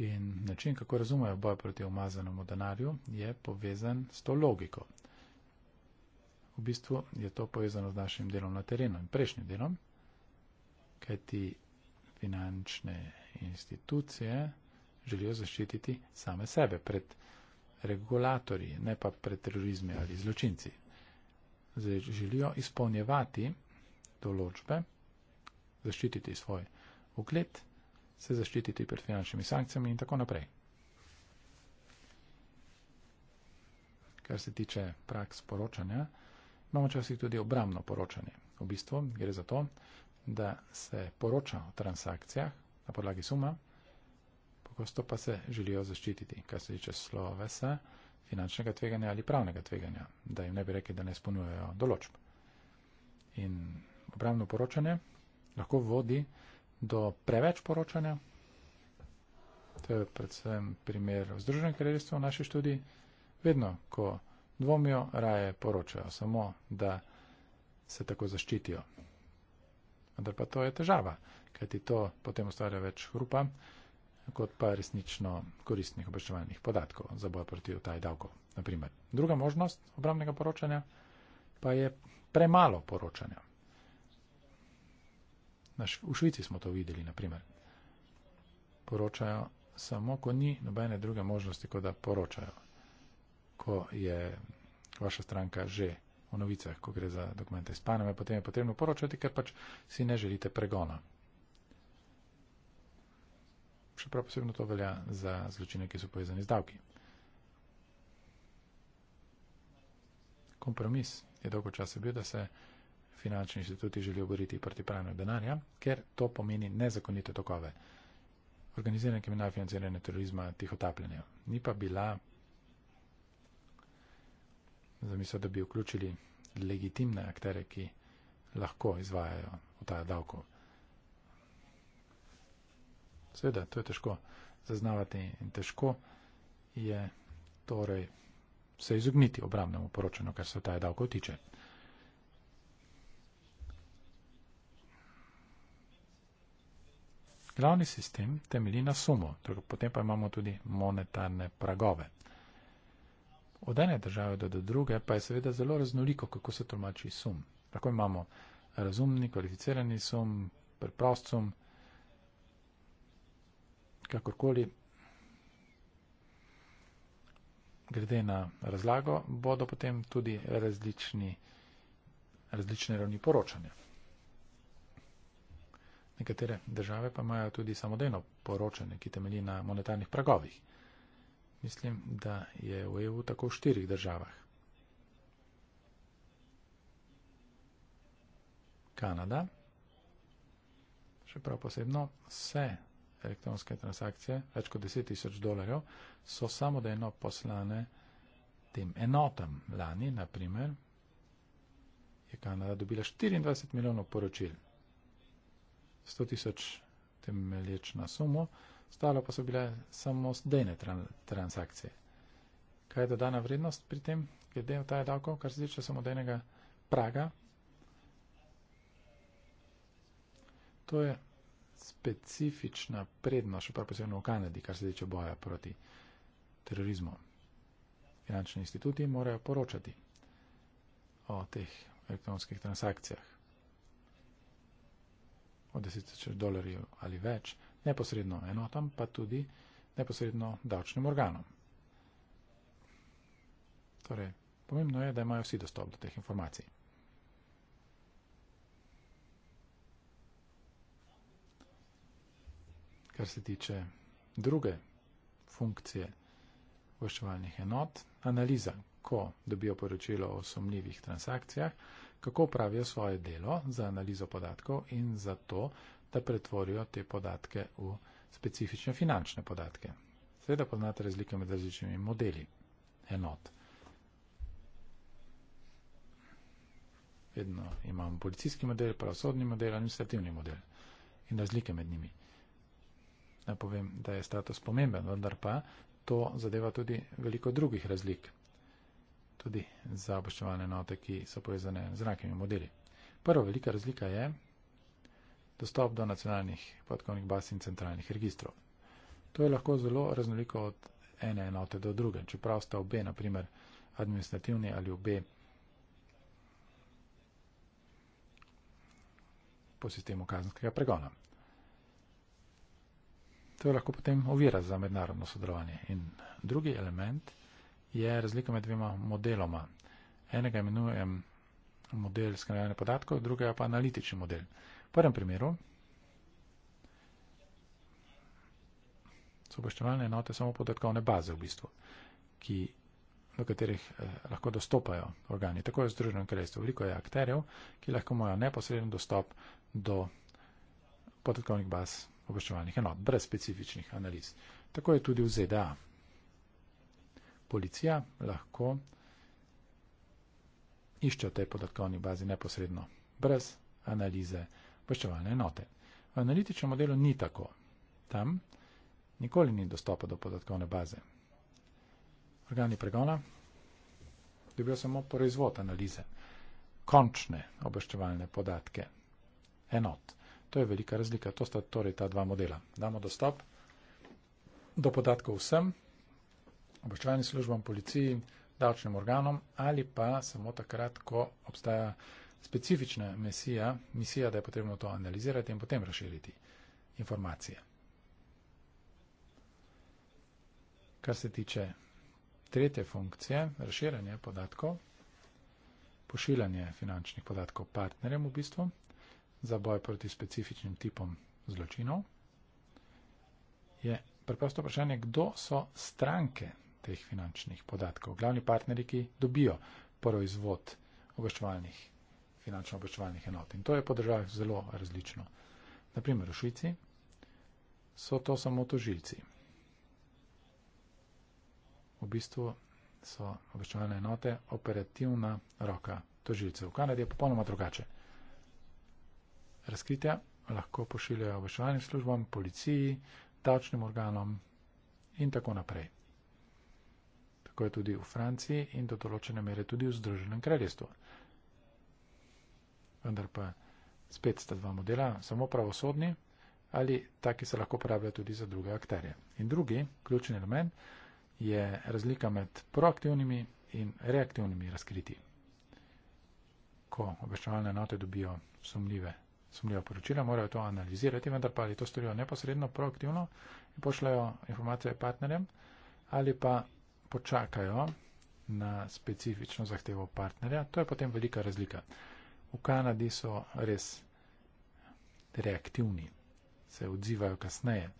B: In način, kako razumejo boj proti umazanemu denarju, je povezan s to logiko. V bistvu je to povezano z našim delom na terenu in prejšnjim delom, kajti finančne institucije želijo zaščititi same sebe pred regulatorji, ne pa pred terorizmi ali zločinci. Zdaj, želijo izpolnjevati določbe, zaščititi svoj ugled se zaščititi pred finančnimi sankcijami in tako naprej. Kar se tiče praks poročanja, imamo včasih tudi obramno poročanje. V bistvu gre za to, da se poroča o transakcijah na podlagi suma, pogosto pa se želijo zaščititi, kar se tiče slovesa, finančnega tveganja ali pravnega tveganja, da jim ne bi rekli, da ne izpolnjujejo določb. In obramno poročanje lahko vodi do preveč poročanja. To je predvsem primer v Združenem kraljestvu v naši študiji. Vedno, ko dvomijo, raje poročajo, samo da se tako zaščitijo. Vendar pa to je težava, kajti to potem ustvarja več hrupa, kot pa resnično koristnih obveščevalnih podatkov za boj proti utaj davkov. Naprimer. Druga možnost obramnega poročanja pa je premalo poročanja. V Švici smo to videli, naprimer. Poročajo samo, ko ni nobene druge možnosti, kot da poročajo. Ko je vaša stranka že v novicah, ko gre za dokumente iz Paname, potem je potrebno poročati, ker pač si ne želite pregona. Še prav posebno to velja za zločine, ki so povezani z davki. Kompromis je dolgo časa bil, da se finančni inštituti želijo boriti proti pranju denarja, ker to pomeni nezakonite tokove. Organizirane kriminal financiranje terorizma tih otapljanja. Ni pa bila zamisel, da bi vključili legitimne aktere, ki lahko izvajajo utaja davkov. Seveda, to je težko zaznavati in težko je torej se izogniti obramnemu poročanju, kar se utaja davkov tiče. Glavni sistem temelji na sumu, potem pa imamo tudi monetarne pragove. Od ene države do, do druge pa je seveda zelo raznoliko, kako se tolmači sum. Lahko imamo razumni, kvalificirani sum, preprost sum, kakorkoli. Glede na razlago bodo potem tudi različni, različne ravni poročanja. Nekatere države pa imajo tudi samodejno poročanje, ki temelji na monetarnih pragovih. Mislim, da je v EU tako v štirih državah. Kanada, še prav posebno, vse elektronske transakcije, več kot 10 tisoč dolarjev, so samodejno poslane tem enotam. Lani, naprimer, je Kanada dobila 24 milijonov poročil. 100 tisoč temelječna sumo, ostalo pa so bile samo dejne transakcije. Kaj je dodana vrednost pri tem, glede v taj davko, kar se tiče samo dejnega praga? To je specifična prednost, še prav posebno v Kanadi, kar se tiče boja proti terorizmu. Finančni instituti morajo poročati o teh elektronskih transakcijah od 10 tisoč dolarjev ali več, neposredno enotam, pa tudi neposredno davčnim organom. Torej, pomembno je, da imajo vsi dostop do teh informacij. Kar se tiče druge funkcije obveščevalnih enot, analiza, ko dobijo poročilo o sumljivih transakcijah, kako pravijo svoje delo za analizo podatkov in za to, da pretvorijo te podatke v specifične finančne podatke. Seveda poznate razlike med različnimi modeli enot. Vedno imamo policijski model, pravosodni model, administrativni model in razlike med njimi. Naj povem, da je status pomemben, vendar pa to zadeva tudi veliko drugih razlik tudi za obveščevalne note, ki so povezane z rakimi modeli. Prva velika razlika je dostop do nacionalnih podkovnih baz in centralnih registrov. To je lahko zelo raznoliko od ene enote do druge, čeprav sta obe, naprimer, administrativni ali obe po sistemu kazenskega pregona. To je lahko potem ovira za mednarodno sodelovanje. In drugi element je razlika med dvema modeloma. Enega imenujem model skanjanja podatkov, drugega pa analitični model. V prvem primeru so obveščevalne enote samo podatkovne baze, v bistvu, ki, do katerih eh, lahko dostopajo organi. Tako je v Združenem kraljestvu. Veliko je akterjev, ki lahko imajo neposreden dostop do podatkovnih baz obveščevalnih enot, brez specifičnih analiz. Tako je tudi v ZDA policija lahko išče v tej podatkovni bazi neposredno, brez analize poščevalne enote. V analitičnem modelu ni tako. Tam nikoli ni dostopa do podatkovne baze. Organi pregona dobijo samo proizvod analize, končne obveščevalne podatke enot. To je velika razlika, to sta torej ta dva modela. Damo dostop do podatkov vsem, obveščevalnim službam, policiji, davčnim organom ali pa samo takrat, ko obstaja specifična misija, misija, da je potrebno to analizirati in potem razširiti informacije. Kar se tiče tretje funkcije, razširanje podatkov, pošiljanje finančnih podatkov partnerjem v bistvu za boj proti specifičnim tipom zločinov, je preprosto vprašanje, kdo so stranke teh finančnih podatkov. Glavni partneri, ki dobijo proizvod obveščevalnih, finančno obveščevalnih enot. In to je po državah zelo različno. Naprimer, v Švici so to samo tožilci. V bistvu so obveščevalne enote operativna roka tožilcev. V Kanadi je popolnoma drugače. Razkritja lahko pošiljajo obveščevalnim službam, policiji, davčnim organom in tako naprej tako je tudi v Franciji in do določene mere tudi v Združenem kraljestvu. Vendar pa spet sta dva modela, samo pravosodni ali ta, ki se lahko uporablja tudi za druge akterje. In drugi ključni element je razlika med proaktivnimi in reaktivnimi razkriti. Ko obveščevalne note dobijo sumljive, sumljiva poročila, morajo to analizirati, vendar pa ali to storijo neposredno proaktivno in pošljajo informacije partnerjem ali pa počakajo na specifično zahtevo partnerja, to je potem velika razlika. V Kanadi so res reaktivni, se odzivajo kasneje.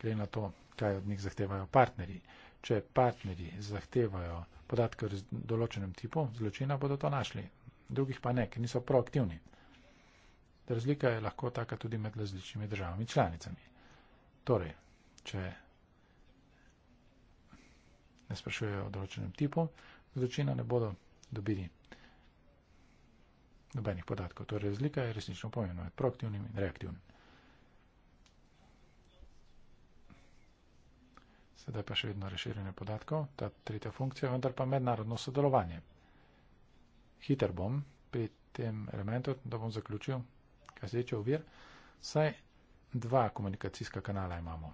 B: Gre na to, kaj od njih zahtevajo partnerji. Če partnerji zahtevajo podatke o določenem tipu zločina, bodo to našli, drugih pa ne, ker niso proaktivni. Razlika je lahko taka tudi med različnimi državami članicami. Torej, če ne sprašujejo o določenem tipu zločina, ne bodo dobili nobenih podatkov. Torej, razlika je resnično pomembna med proaktivnim in reaktivnim. Sedaj pa še vedno reširjenje podatkov, ta tretja funkcija, vendar pa mednarodno sodelovanje. Hiter bom pri tem elementu, da bom zaključil, kaj se reče uvir. Saj dva komunikacijska kanala imamo.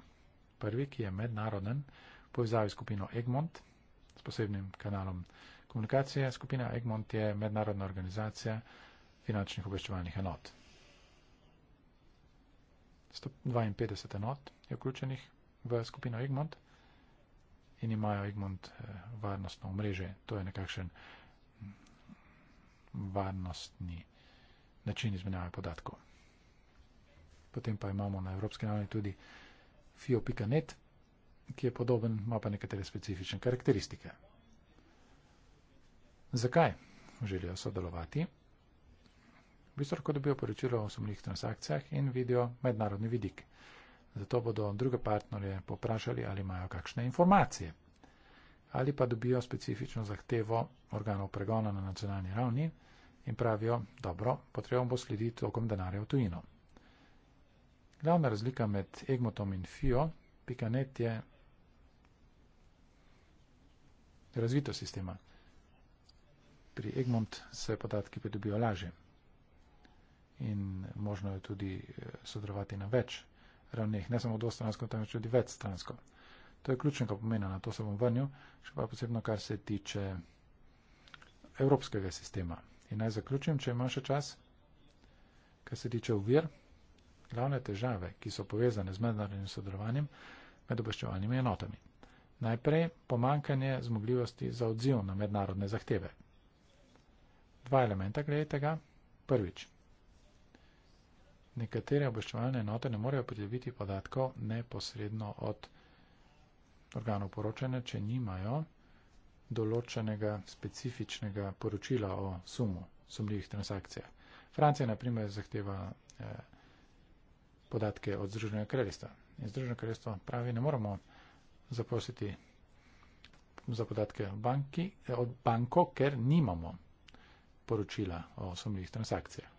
B: Prvi, ki je mednaroden, povezavi s skupino Egmont, s posebnim kanalom komunikacije. Skupina Egmont je mednarodna organizacija finančnih obveščevalnih enot. 152 enot je vključenih v skupino Egmont in imajo Egmont eh, varnostno omrežje. To je nekakšen mm, varnostni način izmenjave podatkov. Potem pa imamo na evropski ravni tudi fio.net, ki je podoben, ima pa nekatere specifične karakteristike. Zakaj želijo sodelovati? V bistvu lahko dobijo poročilo o sumnih transakcijah in vidijo mednarodni vidik. Zato bodo druge partnerje poprašali, ali imajo kakšne informacije. Ali pa dobijo specifično zahtevo organov pregona na nacionalni ravni in pravijo, dobro, potrebno bo slediti okom denarja v tujino. Glavna razlika med Egmotom in FIO, pika net je, razvitost sistema. Pri Egmont se podatki pridobijo lažje in možno je tudi eh, sodelovati na več ravneh, ne samo dvostransko, temveč tudi večstransko. To je ključnega pomena, na to se bom vrnil, še pa posebno, kar se tiče evropskega sistema. In naj zaključim, če imam še čas, kar se tiče uvir, glavne težave, ki so povezane z mednarodnim sodelovanjem med obveščevalnimi enotami. Najprej pomankanje zmogljivosti za odziv na mednarodne zahteve. Dva elementa glede tega. Prvič. Nekatere obveščevalne enote ne morejo pridobiti podatkov neposredno od organov poročanja, če nimajo določenega specifičnega poročila o sumu, sumljivih transakcijah. Francija, na primer, zahteva eh, podatke od Združenega kraljestva. In Združeno kraljestvo pravi, ne moramo zaprositi za podatke banki, eh, od banko, ker nimamo poročila o sumljivih transakcijah.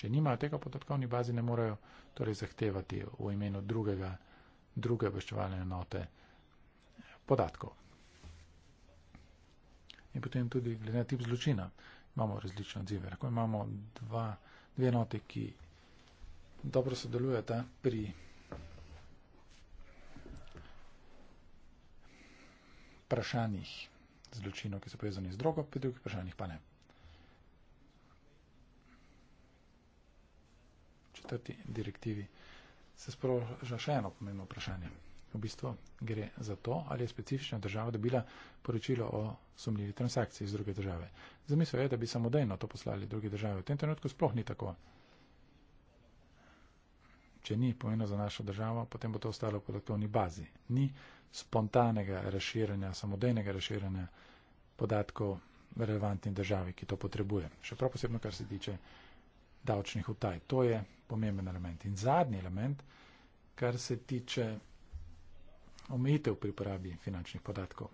B: Če nimajo tega podatkovni bazi, ne morejo torej zahtevati v imenu drugega, druge obveščevalne enote eh, podatkov. In potem tudi glede na tip zločina imamo različne odzive. Lahko imamo dva, dve enote, ki dobro sodelujeta pri vprašanjih zločinov, ki so povezani z drogo, pri drugih vprašanjih pa ne. Četrti direktivi se sproža še eno pomembno vprašanje. V bistvu gre za to, ali je specifična država dobila poročilo o sumljivi transakciji z druge države. Zamisel je, da bi samodejno to poslali druge države. V tem trenutku sploh ni tako. Če ni pomeno za našo državo, potem bo to ostalo v podatkovni bazi. Ni spontanega reširanja, samodejnega reširanja podatkov v relevantni državi, ki to potrebuje. Še prav posebno, kar se tiče davčnih utaj. To je pomemben element. In zadnji element, kar se tiče omejitev pri uporabi finančnih podatkov.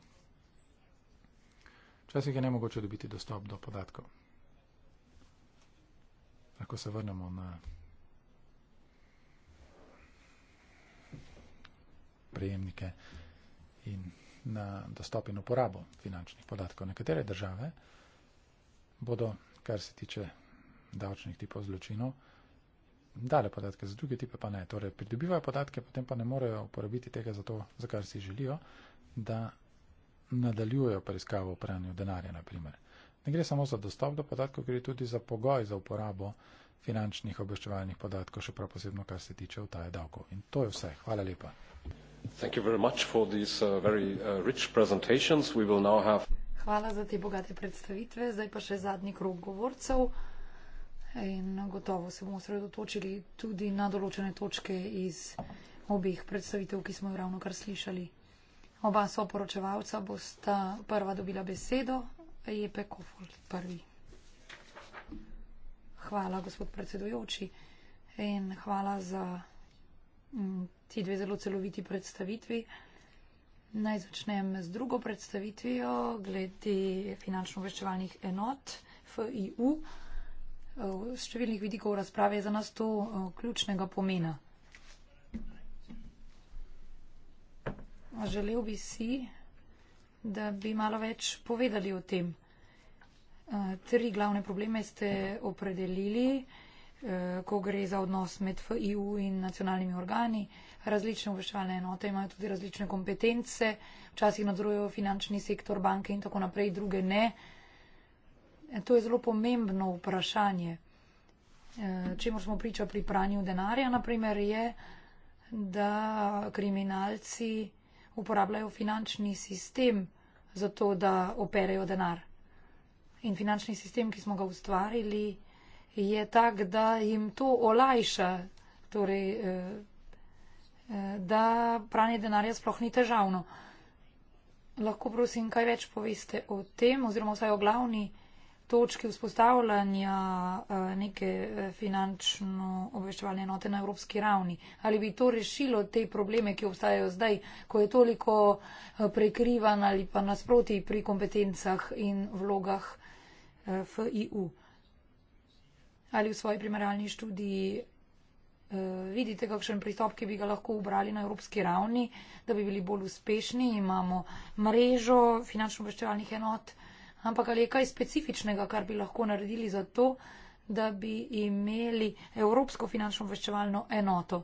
B: Včasih je ne mogoče dobiti dostop do podatkov. Lahko se vrnemo na prejemnike in na dostop in uporabo finančnih podatkov. Nekatere države bodo, kar se tiče davčnih tipov zločinov, dale podatke, za druge tipe pa ne. Torej, pridobivajo podatke, potem pa ne morejo uporabiti tega za to, za kar si želijo, da nadaljujejo preiskavo o pranju denarja, naprimer. Ne gre samo za dostop do podatkov, gre tudi za pogoj za uporabo finančnih obveščevalnih podatkov, še prav posebno, kar se tiče vtaje davkov. In to je vse. Hvala lepa.
A: Thank you very much for these uh, very uh, rich presentations. We will now have
D: Hvala za te bogate predstavitve. Zdaj pa še zadnji krog govorcev. In gotovo se bomo sredotočili tudi na določene točke iz obih predstavitev, ki smo jo ravno kar slišali. Oba soporočevalca bosta prva dobila besedo, je Pekofol prvi. Hvala, gospod predsedujoči, in hvala za mm, ti dve zelo celoviti predstavitvi. Naj začnem z drugo predstavitvijo glede finančno-obveščevalnih enot FIU. Z številnih vidikov razprave je za nas to eh, ključnega pomena. Želel bi si, da bi malo več povedali o tem. Eh, tri glavne probleme ste opredelili. Eh, ko gre za odnos med EU in nacionalnimi organi. Različne obveščevalne enote imajo tudi različne kompetence, včasih nadzorujejo finančni sektor, banke in tako naprej, druge ne. Eh, to je zelo pomembno vprašanje. Eh, Čemu smo priča pri pranju denarja, naprimer, je, da kriminalci uporabljajo finančni sistem za to, da operejo denar. In finančni sistem, ki smo ga ustvarili, je tak, da jim to olajša, torej, eh, eh, da pranje denarja sploh ni težavno. Lahko prosim, kaj več poveste o tem, oziroma vsaj o glavni točki vzpostavljanja eh, neke finančno obveščevalne enote na evropski ravni. Ali bi to rešilo te probleme, ki obstajajo zdaj, ko je toliko prekrivan ali pa nasproti pri kompetencah in vlogah FIU? ali v svoji primarni študiji eh, vidite, kakšen pristop, ki bi ga lahko ubrali na evropski ravni, da bi bili bolj uspešni. Imamo mrežo finančno-obveščevalnih enot, ampak ali je kaj specifičnega, kar bi lahko naredili za to, da bi imeli evropsko finančno-obveščevalno enoto?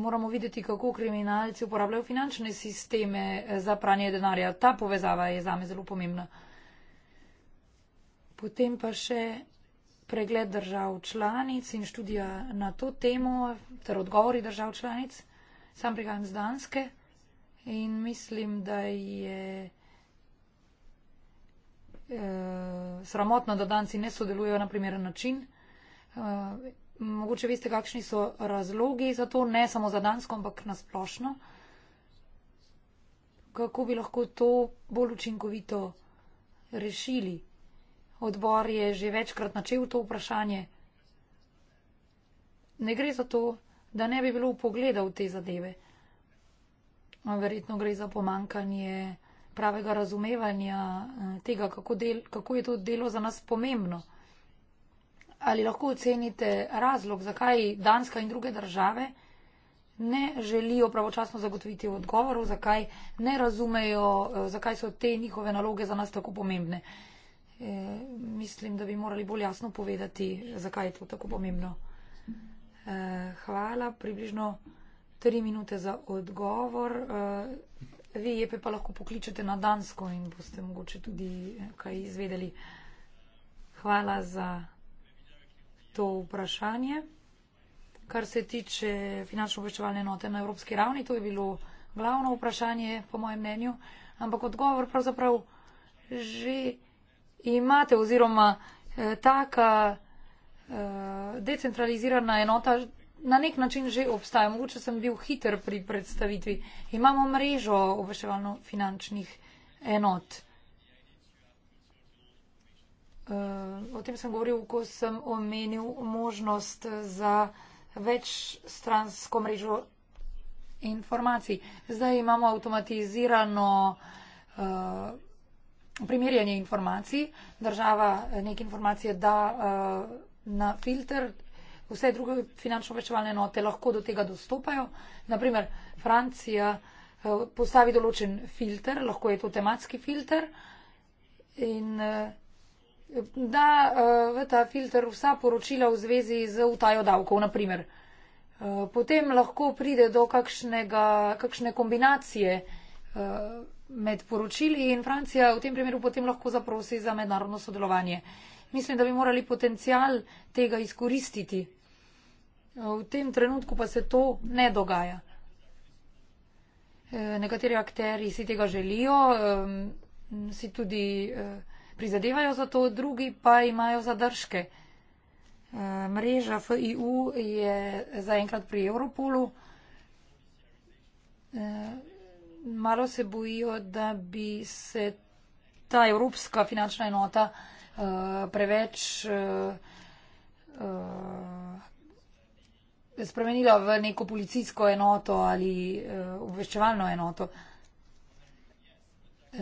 D: Moramo videti, kako kriminalci uporabljajo finančne sisteme eh, za pranje denarja. Ta povezava je zame zelo pomembna. Potem pa še pregled držav članic in študija na to temo ter odgovori držav članic. Sam prihajam z Danske in mislim, da je e, sramotno, da Danci ne sodelujejo na primeren način. E, mogoče veste, kakšni so razlogi za to, ne samo za Dansko, ampak nasplošno. Kako bi lahko to bolj učinkovito rešili? odbor je že večkrat načel to vprašanje. Ne gre za to, da ne bi bilo upogleda v te zadeve. Verjetno gre za pomankanje pravega razumevanja eh, tega, kako, del, kako je to delo za nas pomembno. Ali lahko ocenite razlog, zakaj Danska in druge države ne želijo pravočasno zagotoviti odgovorov, zakaj ne razumejo, eh, zakaj so te njihove naloge za nas tako pomembne. E, mislim, da bi morali bolj jasno povedati, zakaj je to tako pomembno. E, hvala, približno tri minute za odgovor. E, vi jepe pa lahko pokličete na Dansko in boste mogoče tudi kaj izvedeli. Hvala za to vprašanje. Kar se tiče finančno obveščevalne note na evropski ravni, to je bilo glavno vprašanje, po mojem mnenju, ampak odgovor pravzaprav že imate oziroma eh, taka eh, decentralizirana enota na nek način že obstaja. Mogoče sem bil hiter pri predstavitvi. Imamo mrežo obveševalno finančnih enot. Eh, o tem sem govoril, ko sem omenil možnost eh, za več stransko mrežo informacij. Zdaj imamo avtomatizirano uh, primerjanje informacij. Država neke informacije da uh, na filter, vse druge finančno obveščevalne note lahko do tega dostopajo. Naprimer, Francija uh, postavi določen filter, lahko je to tematski filter in uh, da uh, v ta filter vsa poročila v zvezi z utajo davkov, naprimer. Potem lahko pride do kakšnega, kakšne kombinacije med poročili in Francija v tem primeru potem lahko zaprosi za mednarodno sodelovanje. Mislim, da bi morali potencial tega izkoristiti. V tem trenutku pa se to ne dogaja. Eh, nekateri akteri si tega želijo, si tudi eh, prizadevajo za to, drugi pa imajo zadržke. Eh, mreža FIU je zaenkrat pri Europolu malo se bojijo, da bi se ta evropska finančna enota uh, preveč uh, uh, spremenila v neko policijsko enoto ali uh, obveščevalno enoto. Uh,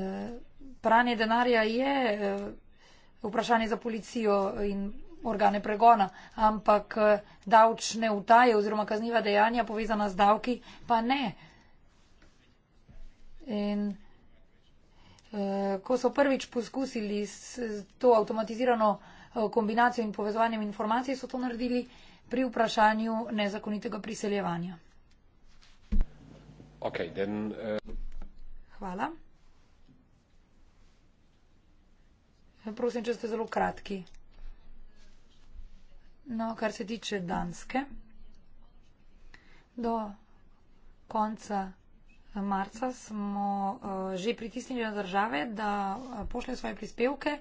D: pranje denarja je uh, vprašanje za policijo in organe pregona, ampak davčne utaje oziroma kazniva dejanja povezana z davki pa ne. Uh, In eh, ko so prvič poskusili s to avtomatizirano eh, kombinacijo in povezovanjem informacij, so to naredili pri vprašanju nezakonitega priseljevanja.
A: Okay, then, uh...
D: Hvala. Prosim, če ste zelo kratki. No, kar se tiče Danske, do konca marca smo eh, že pritisnili na države, da eh, pošljajo svoje prispevke.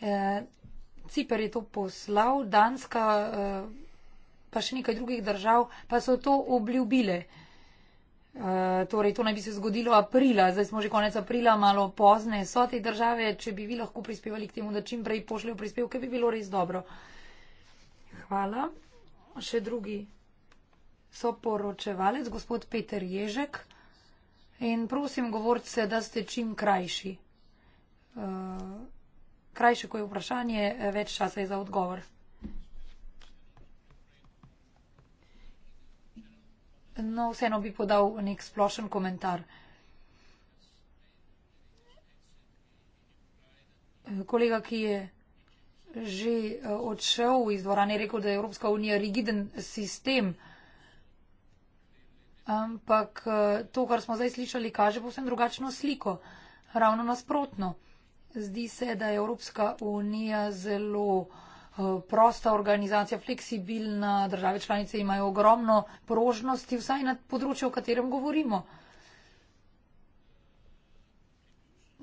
D: Eh, Ciper je to poslal, Danska, pa še nekaj drugih držav, pa so to obljubile. Torej, to naj bi se zgodilo aprila, zdaj smo že konec aprila, malo pozne so te države, če bi vi lahko prispevali k temu, da čim prej pošljajo prispevke, bi bilo res dobro. Hvala. Še drugi. Soporočevalec, gospod Peter Ježek, In prosim, govorite, da ste čim krajši. Uh, krajše, ko je vprašanje, eh, več časa je za odgovor. No, vseeno bi podal nek splošen komentar. Kolega, ki je že eh, odšel iz dvorane, je rekel, da je Evropska unija rigiden sistem. Uh, Ampak eh, to, kar smo zdaj slišali, kaže povsem drugačno sliko. Ravno nasprotno. Zdi se, da je Evropska unija zelo eh, prosta organizacija, fleksibilna, države članice imajo ogromno prožnosti, vsaj na področju, o katerem govorimo.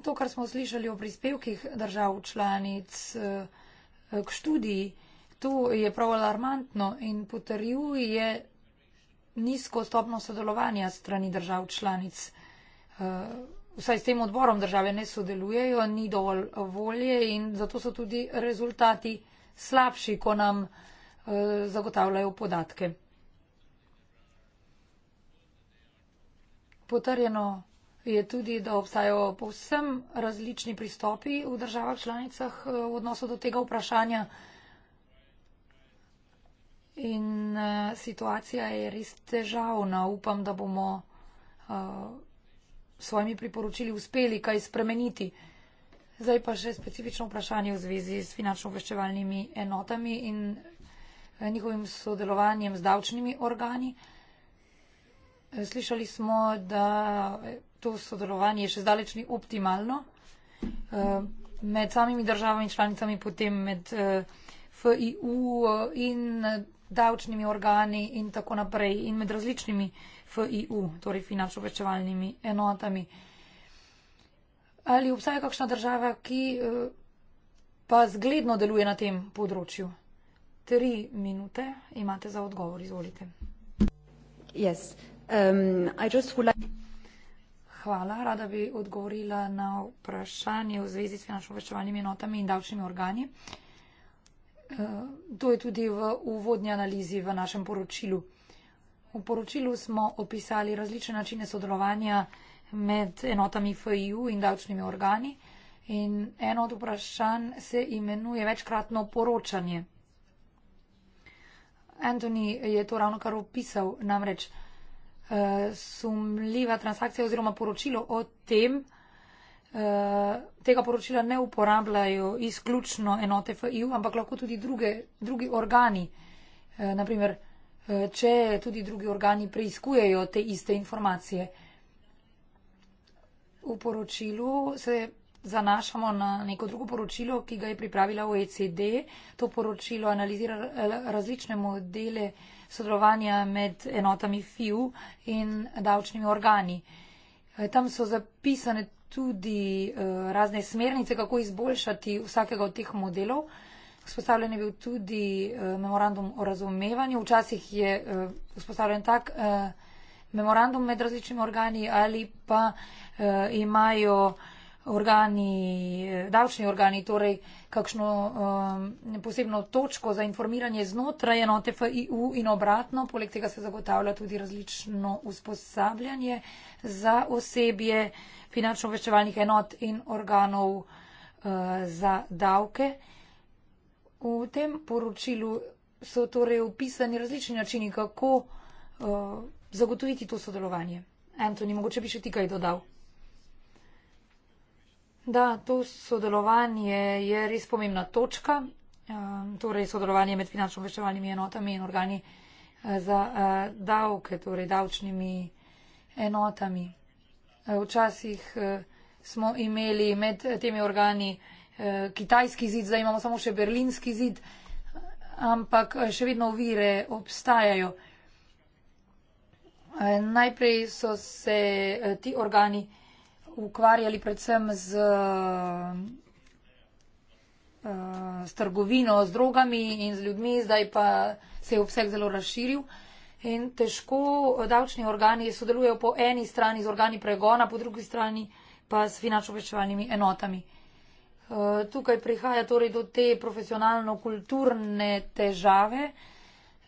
D: To, kar smo slišali o prispevkih držav članic eh, k študiji, to je prav alarmantno in potrjuje nizko stopno sodelovanja strani držav članic. Eh, vsaj s tem odborom države ne sodelujejo, ni dovolj volje in zato so tudi rezultati slabši, ko nam eh, zagotavljajo podatke. Potrjeno je tudi, da obstajajo povsem različni pristopi v državah članicah eh, v odnosu do tega vprašanja. In uh, situacija je res težavna. Upam, da bomo uh, svojimi priporočili uspeli kaj spremeniti. Zdaj pa še specifično vprašanje v zvezi s finančno obveščevalnimi enotami in eh, njihovim sodelovanjem z davčnimi organi. Slišali smo, da to sodelovanje še zdaleč ni optimalno. Med samimi državami članicami, potem med FIU in davčnimi organi in tako naprej in med različnimi FIU, torej finančno obveščevalnimi enotami. Ali obstaja kakšna država, ki eh, pa zgledno deluje na tem področju? Tri minute imate za odgovor, izvolite.
E: Yes. Um,
D: like... Hvala, rada bi odgovorila na vprašanje v zvezi s finančno obveščevalnimi enotami in davčnimi organi. Uh, Eh, to je tudi v uvodni analizi v našem poročilu. V poročilu smo opisali različne načine sodelovanja med enotami FIU in davčnimi organi in eno od vprašanj se imenuje večkratno poročanje. Antoni je to ravno kar opisal, namreč eh, sumljiva transakcija oziroma poročilo o tem, Eh, tega poročila ne uporabljajo izključno enote FIU, ampak lahko tudi druge, drugi organi. Eh, Naprimer, eh, če tudi drugi organi preiskujejo te iste informacije. V poročilu se zanašamo na neko drugo poročilo, ki ga je pripravila OECD. To poročilo analizira različne modele sodelovanja med enotami FIU in davčnimi organi. Tam so zapisane tudi uh, razne smernice, kako izboljšati vsakega od teh modelov. Vzpostavljen je bil tudi uh, memorandum o razumevanju. Včasih je uh, vzpostavljen tak uh, memorandum med različnimi organi ali pa uh, imajo uh, organi, davčni organi, torej kakšno um, posebno točko za informiranje znotraj enote FIU in obratno. Poleg tega se zagotavlja tudi različno usposabljanje za osebje finančno-veščevalnih enot in organov uh, za davke. V tem poročilu so torej opisani različni načini, kako uh, zagotoviti to sodelovanje. Antoni, mogoče bi še ti kaj dodal. Da, to sodelovanje je res pomembna točka, eh, torej sodelovanje med finančno obveščevalnimi enotami in organi eh, za eh, davke, torej davčnimi enotami. Včasih smo imeli med temi organi kitajski zid, zdaj imamo samo še berlinski zid, ampak še vedno ovire obstajajo. Najprej so se ti organi ukvarjali predvsem z, z eh, trgovino, z drogami in z ljudmi, zdaj pa se je obseg zelo razširil. In težko davčni organi sodelujejo po eni strani z organi pregona, po drugi strani pa s finančno-veščevalnimi enotami. Eh, tukaj prihaja torej do te profesionalno-kulturne težave.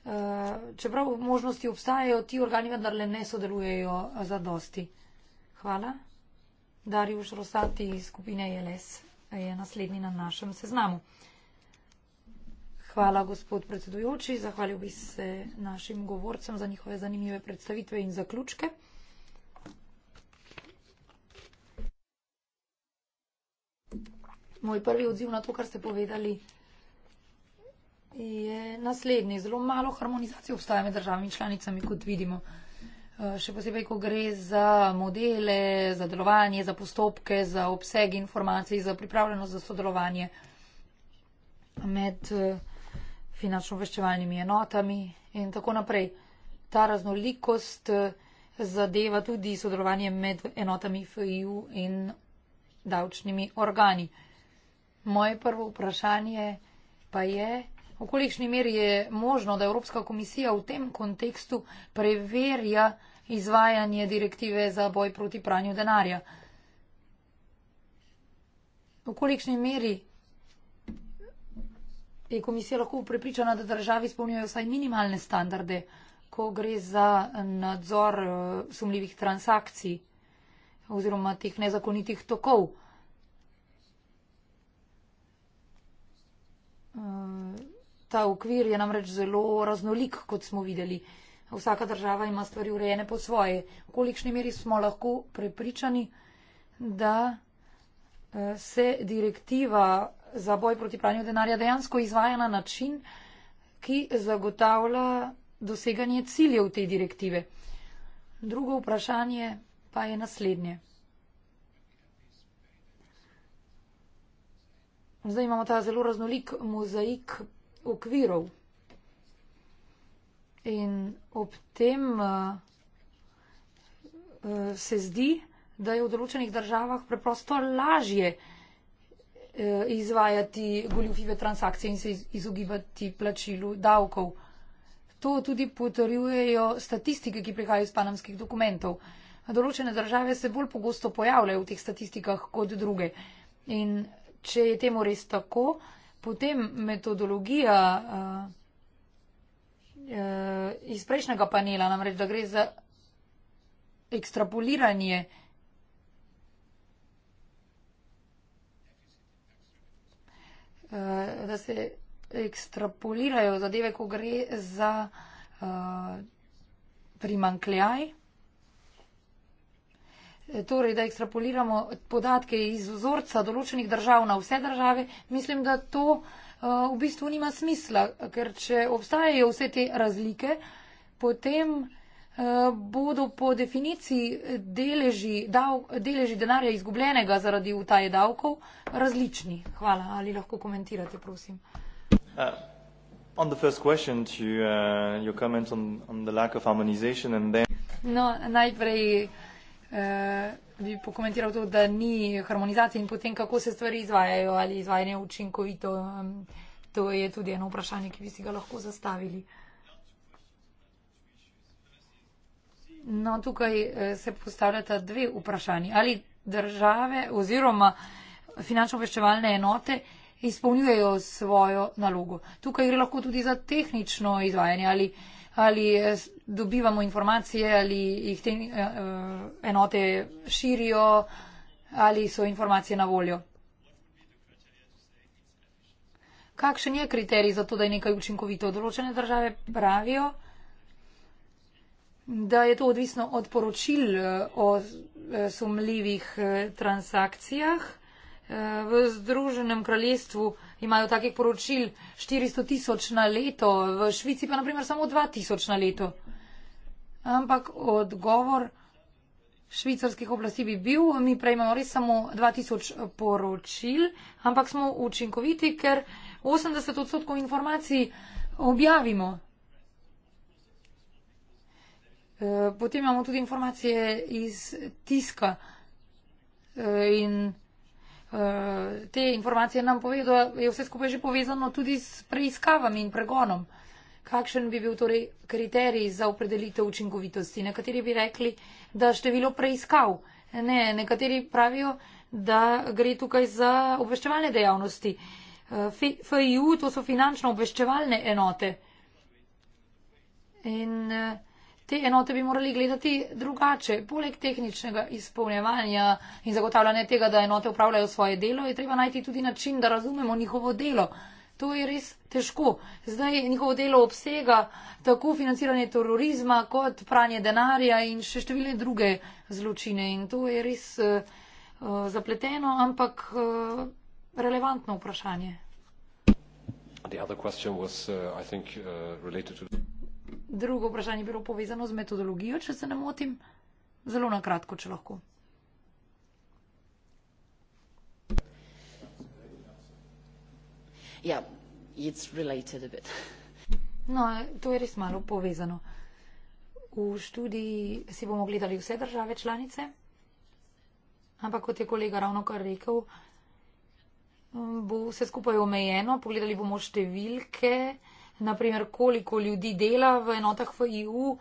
D: Eh, čeprav možnosti obstajajo, ti organi vendarle ne sodelujejo za dosti. Hvala. Darius Rosati iz skupine JLS je naslednji na našem seznamu. Hvala, gospod predsedujoči. Zahvalil bi se našim govorcem za njihove zanimive predstavitve in zaključke. Moj prvi odziv na to, kar ste povedali, je naslednji. Zelo malo harmonizacije obstaja med državami in članicami, kot vidimo. Eh, še posebej, ko gre za modele, za delovanje, za postopke, za obseg informacij, za pripravljenost za sodelovanje med eh, finančno veščevalnimi enotami in tako naprej. Ta raznolikost eh, zadeva tudi sodelovanje med enotami FIU in davčnimi organi. Moje prvo vprašanje pa je, v kolikšni meri je možno, da Evropska komisija v tem kontekstu preverja, izvajanje direktive za boj proti pranju denarja. V kolikšni meri je komisija lahko prepričana, da države izpolnjujejo vsaj minimalne standarde, ko gre za nadzor eh, sumljivih transakcij oziroma teh nezakonitih tokov. Eh, ta okvir je namreč zelo raznolik, kot smo videli. Vsaka država ima stvari urejene po svoje. V kolikšni meri smo lahko prepričani, da eh, se direktiva za boj proti pranju denarja dejansko izvaja na način, ki zagotavlja doseganje ciljev te direktive. Drugo vprašanje pa je naslednje. Zdaj imamo ta zelo raznolik mozaik okvirov. In ob tem uh, se zdi, da je v določenih državah preprosto lažje uh, izvajati goljufive transakcije in se izogibati plačilu davkov. To tudi potrjujejo statistike, ki prihajajo iz panamskih dokumentov. Določene države se bolj pogosto pojavljajo v teh statistikah kot druge. In če je temu res tako, potem metodologija. Uh, Eh, iz prejšnjega panela, namreč da gre za ekstrapoliranje eh, da se ekstrapolirajo zadeve, ko gre za uh, primankljaj. Torej, da ekstrapoliramo podatke iz vzorca določenih držav na vse države, mislim, da to uh, Eh, v bistvu nima smisla, ker če obstajajo vse te razlike, potem eh, bodo po definiciji deleži, dav, deleži denarja izgubljenega zaradi utaje davkov različni. Hvala. Ali lahko komentirate, prosim?
C: Uh. On the first question to uh, your comment on, on the lack of harmonization and then...
D: No, najprej uh, bi pokomentiral to, da ni harmonizacije in potem kako se stvari izvajajo ali izvajanje učinkovito. To je tudi eno vprašanje, ki bi si ga lahko zastavili. No, tukaj eh, se postavljata dve vprašanji. Ali države oziroma finančno obveščevalne enote izpolnjujejo svojo nalogo. Tukaj gre lahko tudi za tehnično izvajanje ali, ali eh, dobivamo informacije, ali jih te eh, eh, enote širijo, ali so informacije na voljo. Kakšen je kriterij za to, da je nekaj učinkovito? Določene države pravijo, da je to odvisno od poročil eh, o sumljivih transakcijah. V Združenem kraljestvu imajo takih poročil 400 tisoč na leto, v Švici pa naprimer samo 2 tisoč na leto ampak odgovor švicarskih oblasti bi bil, mi prejmemo res samo 2000 poročil, ampak smo učinkoviti, ker 80 odstotkov informacij objavimo. E, potem imamo tudi informacije iz tiska e, in e, te informacije nam povedo, je vse skupaj že povezano tudi s preiskavami in pregonom kakšen bi bil torej kriterij za opredelitev učinkovitosti. Nekateri bi rekli, da število preiskav. Ne, nekateri pravijo, da gre tukaj za obveščevalne dejavnosti. FIU, to so finančno obveščevalne enote. In te enote bi morali gledati drugače. Poleg tehničnega izpolnjevanja in zagotavljanja tega, da enote upravljajo svoje delo, je treba najti tudi način, da razumemo njihovo delo. To je res težko. Zdaj njihovo delo obsega tako financiranje terorizma, kot pranje denarja in še številne druge zločine. In to je res uh, zapleteno, ampak uh, relevantno vprašanje.
A: Was, uh, think, uh,
D: Drugo vprašanje je bilo povezano z metodologijo, če se ne motim. Zelo na kratko, če lahko.
C: Ja, it's related a bit.
D: No, to je res malo povezano. V študiji si bomo gledali vse države članice, ampak kot je kolega ravno kar rekel, bo vse skupaj omejeno. Pogledali bomo številke, naprimer koliko ljudi dela v enotah v EU,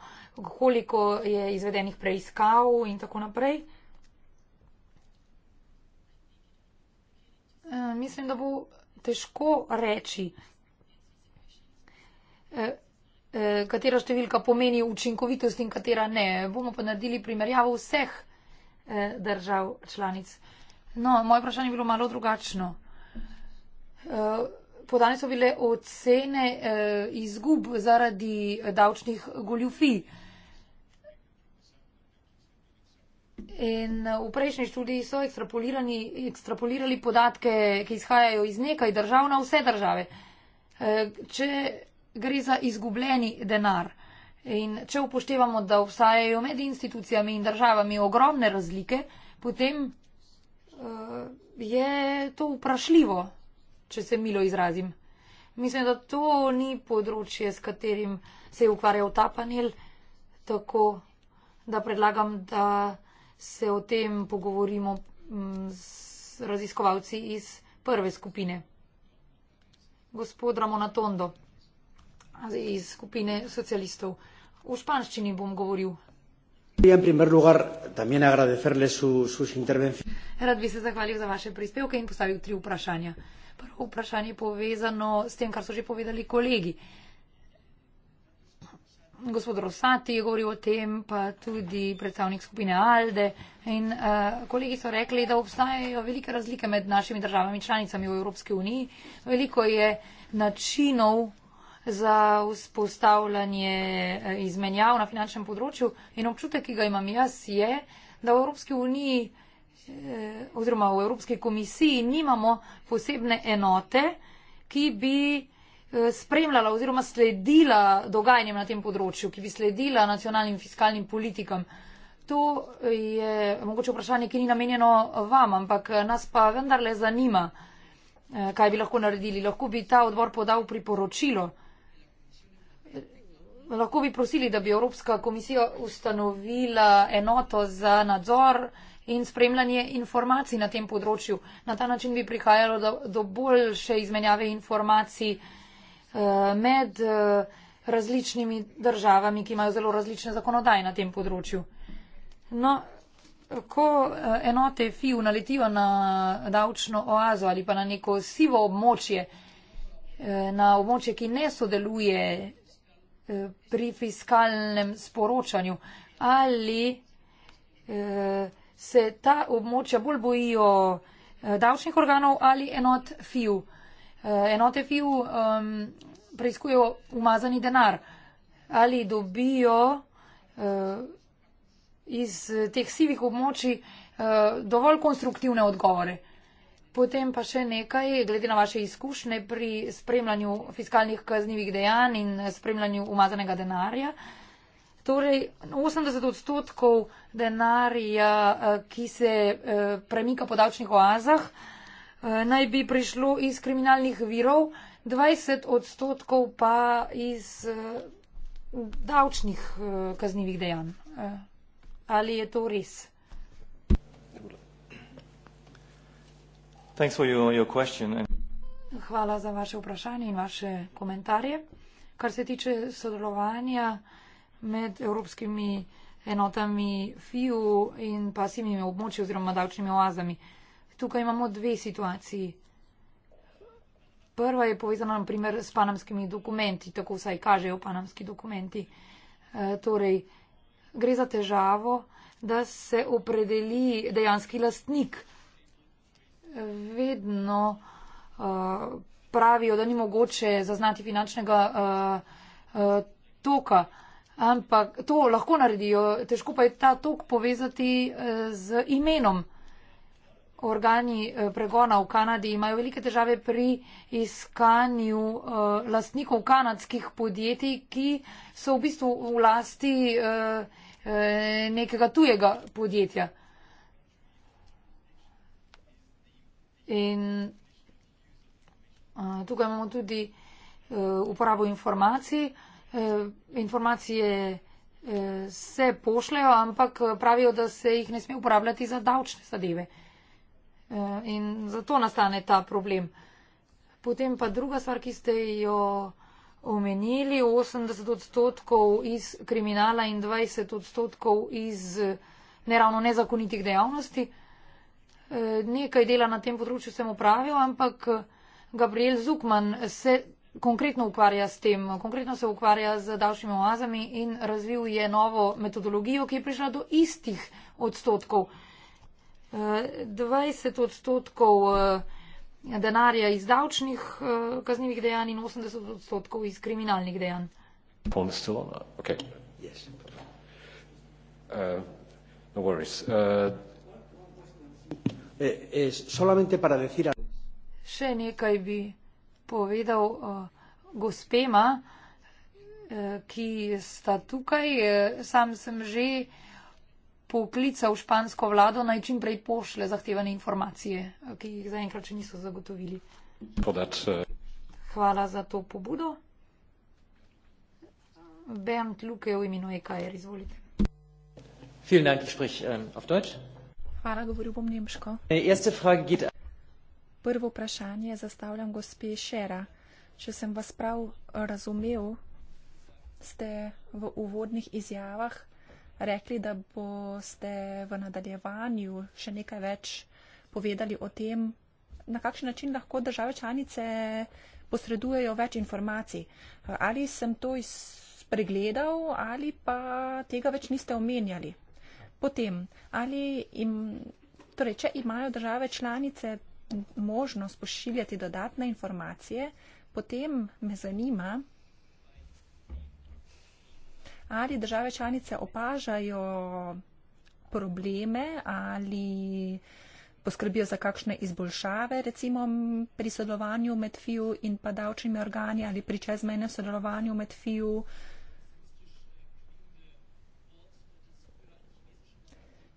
D: koliko je izvedenih preiskav in tako naprej. Eh, mislim, da bo težko reči, eh, eh, katera številka pomeni učinkovitost in katera ne. Bomo pa naredili primerjavo vseh eh, držav članic. No, moje vprašanje je bilo malo drugačno. Podane so bile ocene izgub zaradi davčnih goljufij. In eh, v prejšnji študiji so ekstrapolirali podatke, ki izhajajo iz nekaj držav na vse države. Eh, če gre za izgubljeni denar in če upoštevamo, da obstajajo med institucijami in državami ogromne razlike, potem eh, je to vprašljivo, če se milo izrazim. Mislim, da to ni področje, s katerim se je ukvarjal ta panel, tako da predlagam, da se o tem pogovorimo z mm, raziskovalci iz prve skupine. Gospod Ramon Atondo iz skupine socialistov. V španščini bom govoril. Rad bi se zahvalil za vaše prispevke in postavil tri vprašanja. Prvo vprašanje je povezano s tem, kar so že povedali kolegi. Uh, gospod Rosati je govoril o tem, pa tudi predstavnik skupine Alde. In uh, kolegi so rekli, da obstajajo velike razlike med našimi državami članicami v Evropski uniji. Veliko je načinov za vzpostavljanje eh, izmenjav na finančnem področju in občutek, ki ga imam jaz, je, da v Evropski uniji eh, oziroma v Evropski komisiji nimamo posebne enote, ki bi Eh, spremljala oziroma sledila dogajanjem na tem področju, ki bi sledila nacionalnim fiskalnim politikam. To je mogoče vprašanje, ki ni namenjeno vam, ampak eh, nas pa vendarle zanima, eh, kaj bi lahko naredili. Lahko bi ta odbor podal priporočilo. Lahko bi prosili, da bi Evropska komisija ustanovila enoto za nadzor in spremljanje informacij na tem področju. Na ta način bi prihajalo do, do boljše izmenjave informacij. Eh, med eh, različnimi državami, ki imajo zelo različne zakonodaje na tem področju. No, ko eh, enote FIU naletijo na davčno oazo ali pa na neko sivo območje, na območje, ki ne sodeluje pri fiskalnem sporočanju, ali se ta območja bolj bojijo davčnih organov ali enot FIU. Eh, enote FIU um, preizkujejo umazani denar. Ali dobijo uh, iz teh sivih območij uh, dovolj konstruktivne odgovore. Potem pa še nekaj, glede na vaše izkušnje pri spremljanju fiskalnih kaznjivih dejanj in spremljanju umazanega denarja. Torej, 80 odstotkov denarja, ki se premika po davčnih oazah, Eh, naj bi prišlo iz kriminalnih virov, 20 odstotkov pa iz eh, davčnih eh, kaznjivih dejanj. Ali je to res? Hvala za vaše vprašanje in vaše komentarje. Kar se tiče sodelovanja med evropskimi enotami FIU in pasivnimi območji oziroma davčnimi oazami tukaj imamo dve situaciji. Prva je povezana, na primer, s panamskimi dokumenti, tako vsaj kažejo panamski dokumenti. E, torej, gre za težavo, da se opredeli dejanski lastnik. Vedno e, pravijo, da ni mogoče zaznati finančnega e, e, toka, ampak to lahko naredijo, težko pa je ta tok povezati e, z imenom organi eh, pregona v Kanadi imajo velike težave pri iskanju uh, lastnikov kanadskih podjetij, ki so v bistvu v lasti uh, uh, nekega tujega podjetja. In uh, tukaj imamo tudi uh, uporabo informacij. Uh, informacije uh, se pošljajo, ampak pravijo, da se jih ne sme uporabljati za davčne zadeve. Eh, in zato nastane ta problem. Potem pa druga stvar, ki ste jo omenili, 80 odstotkov iz kriminala in 20 odstotkov iz neravno nezakonitih dejavnosti. Eh, nekaj dela na tem področju sem upravil, ampak Gabriel Zukman se konkretno ukvarja s tem, konkretno se ukvarja z davčnimi oazami in razvil je novo metodologijo, ki je prišla do istih odstotkov. 20 odstotkov eh, denarja iz davčnih eh, kaznjivih dejanj in 80 odstotkov iz kriminalnih dejanj.
A: Uh, no uh, eh,
D: Še nekaj bi povedal uh, gospema, uh, ki sta tukaj. Uh, sam sem že uh, poklical špansko vlado, naj čim prej pošle zahtevane informacije, ki jih zaenkrat še niso zagotovili.
A: Podat, uh... Eh.
D: Hvala za to pobudo. Bernd Luke v imenu EKR, izvolite.
C: Dank, sprich, uh,
E: Hvala, govoril bom nemško.
C: Äh, geht...
E: Prvo vprašanje zastavljam gospe Šera. Če sem vas prav razumel, ste v uvodnih izjavah rekli, da boste v nadaljevanju še nekaj več povedali o tem, na kakšen način lahko države članice posredujejo več informacij. Ali sem to spregledal ali pa tega več niste omenjali. Potem, ali im, torej, če imajo države članice možnost pošiljati dodatne informacije, potem me zanima, ali države članice opažajo probleme ali poskrbijo za kakšne izboljšave, recimo pri sodelovanju med FIU in pa davčnimi organi ali pri čezmejnem sodelovanju med FIU.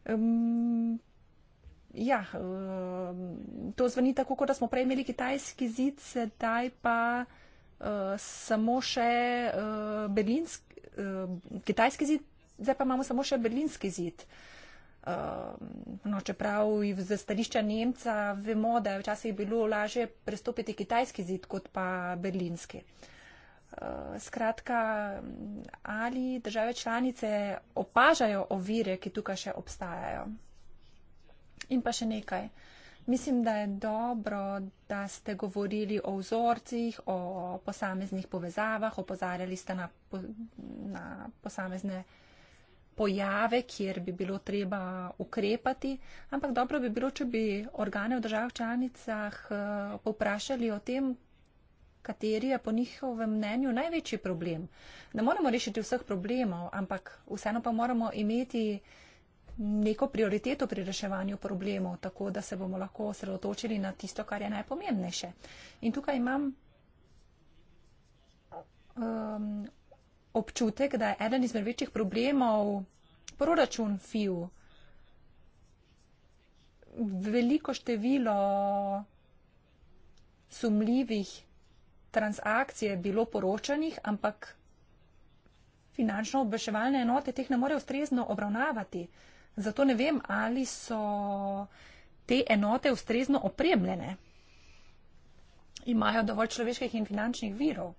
E: Um, ja, um, to zveni tako, kot da smo prej imeli kitajski zid, sedaj pa uh, samo še uh, berlinski, uh, kitajski zid, zdaj pa imamo samo še berlinski zid. Uh, no, čeprav iz stališča Nemca vemo, da je včasih bilo lažje prestopiti kitajski zid kot pa berlinski. Eh, skratka, ali države članice opažajo ovire, ki tukaj še obstajajo? In pa še nekaj. Uh, Mislim, da je dobro, da ste govorili o vzorcih, o posameznih povezavah, opozarjali ste na, na posamezne pojave, kjer bi bilo treba ukrepati, ampak dobro bi bilo, če bi organe v državah članicah eh, poprašali o tem, kateri je po njihovem mnenju največji problem. Ne moremo rešiti vseh problemov, ampak vseeno pa moramo imeti neko prioriteto pri reševanju problemov, tako da se bomo lahko osredotočili na tisto, kar je najpomembnejše. In tukaj imam um, občutek, da je eden izmed večjih problemov proračun FIU. Veliko število sumljivih transakcij je bilo poročanih, ampak finančno obveševalne enote teh ne more ustrezno obravnavati. Uh, Zato ne vem, ali so te enote ustrezno opremljene, imajo dovolj človeških in finančnih virov.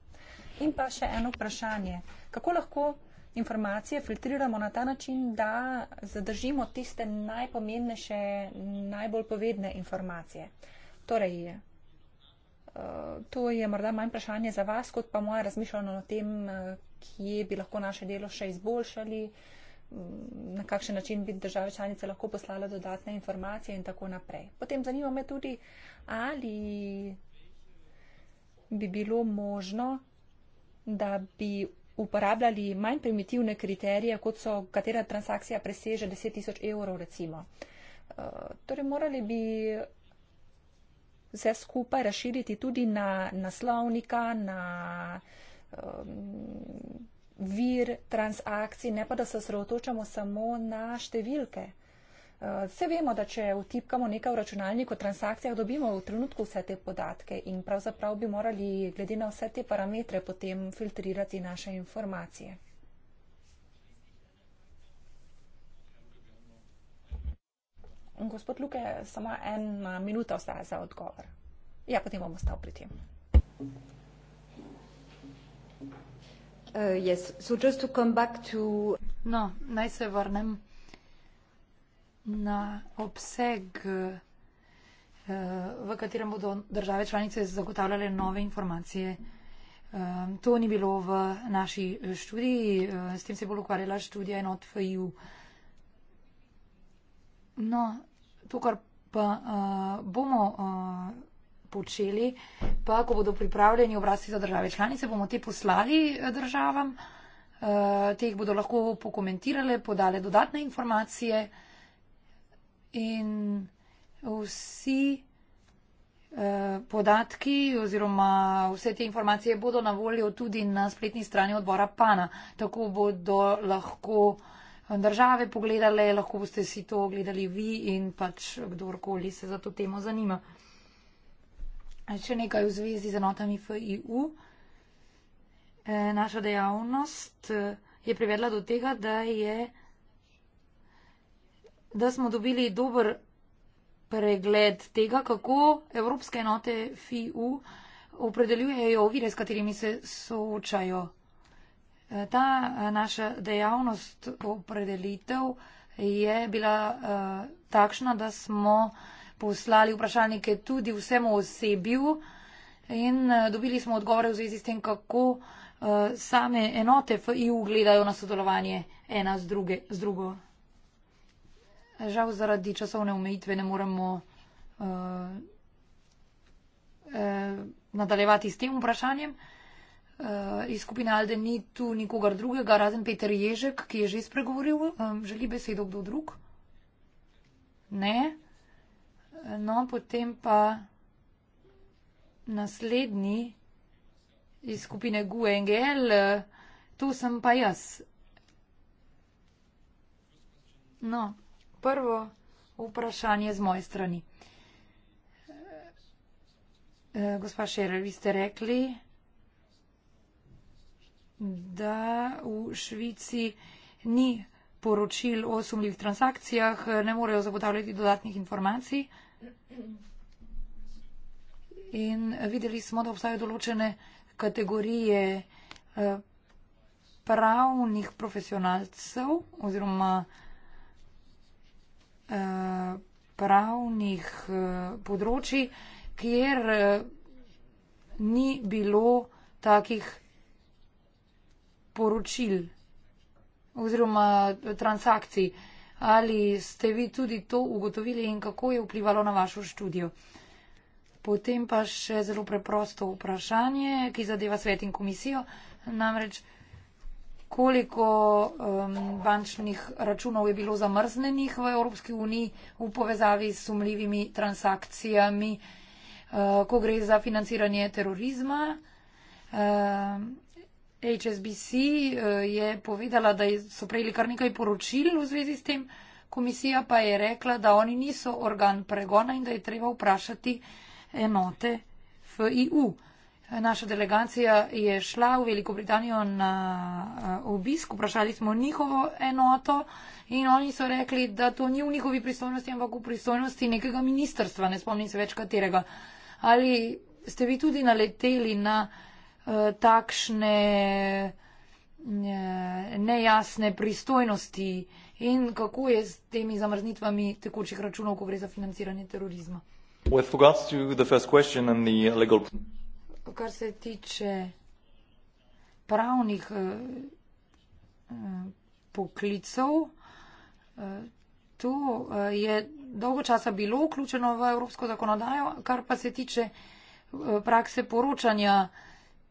E: In pa še eno vprašanje. Kako lahko informacije filtriramo na ta način, da zadržimo tiste najpomembnejše, najbolj povedne informacije? Torej, eh, to je morda manj vprašanje za vas, kot pa moje razmišljanje o tem, eh, kje bi lahko naše delo še izboljšali na kakšen način bi države članice lahko poslale dodatne informacije in tako naprej. Potem zanima me tudi, ali bi bilo možno, da bi uporabljali manj primitivne kriterije, kot so katera transakcija preseže 10 tisoč evrov recimo. Eh, torej morali bi vse skupaj razširiti tudi na naslovnika, na um, vir transakcij, ne pa da se osredotočamo samo na številke. Vse eh, vemo, da če vtipkamo nekaj v računalniku, v transakcijah dobimo v trenutku vse te podatke in pravzaprav bi morali glede na vse te parametre potem filtrirati naše informacije. Gospod Luke, samo ena minuta ostaja za odgovor. Ja, potem bom ostal pri tem. Thank you. Uh, yes.
D: So just to come back to... No, naj se vrnem na obseg, uh, v katerem bodo države članice zagotavljale nove informacije. Um, to ni bilo v naši uh, študiji, uh, s tem se je bolj ukvarjala študija enot FIU. No, to, kar pa uh, bomo. Uh, počeli, pa ko bodo pripravljeni obrazci za države članice, bomo te poslali eh, državam, eh, te jih bodo lahko pokomentirale, podale dodatne informacije in vsi eh, podatki oziroma vse te informacije bodo na voljo tudi na spletni strani odbora PANA. Tako bodo lahko države pogledale, lahko boste si to gledali vi in pač kdorkoli se za to temo zanima. Še nekaj v zvezi z enotami FIU. E, naša dejavnost e, je privedla do tega, da, je, da smo dobili dober pregled tega, kako evropske enote FIU opredeljujejo ovire, s katerimi se soočajo. E, ta naša dejavnost opredelitev je bila uh, takšna, da smo uh, poslali vprašalnike tudi vsemu osebju in eh, dobili smo odgovore v zvezi s tem, kako eh, same enote FIU gledajo na sodelovanje ena z, druge, z drugo. Žal zaradi časovne omejitve ne moremo uh, uh, nadaljevati s tem vprašanjem. Uh, iz skupine Alde ni tu nikogar drugega, razen Peter Ježek, ki je že spregovoril. Um, želi besedo kdo drug? Ne. No, potem pa naslednji iz skupine GUNGL, tu sem pa jaz. No, prvo vprašanje z moje strani. Eh, gospa Šerer, vi ste rekli, da v Švici ni poročil o sumljivih transakcijah, ne morejo zagotavljati dodatnih informacij. In videli smo, da obstajajo določene kategorije eh, pravnih profesionalcev oziroma eh, pravnih eh, področji, kjer ni bilo takih poročil oziroma transakcij. Ali ste vi tudi to ugotovili in kako je vplivalo na vašo študijo? Potem pa še zelo preprosto vprašanje, ki zadeva svet in komisijo. Namreč, koliko um, bančnih računov je bilo zamrznenih v Evropski uniji v povezavi s sumljivimi transakcijami, uh, ko gre za financiranje terorizma? Uh, HSBC eh, je povedala, da so prejeli kar nekaj poročil v zvezi s tem. Komisija pa je rekla, da oni niso organ pregona in da je treba vprašati enote FIU. Naša delegacija je šla v Veliko Britanijo na eh, obisk, vprašali smo njihovo enoto in oni so rekli, da to ni v njihovi pristojnosti, ampak v pristojnosti nekega ministrstva, ne spomnim se več katerega. Ali ste vi tudi naleteli na. Eh, takšne eh, nejasne pristojnosti in kako je s temi zamrznitvami tekočih računov, ko gre za financiranje terorizma. Legal... Kar se tiče pravnih eh, poklicov, to je dolgo časa bilo vključeno v evropsko zakonodajo, kar pa se tiče prakse poročanja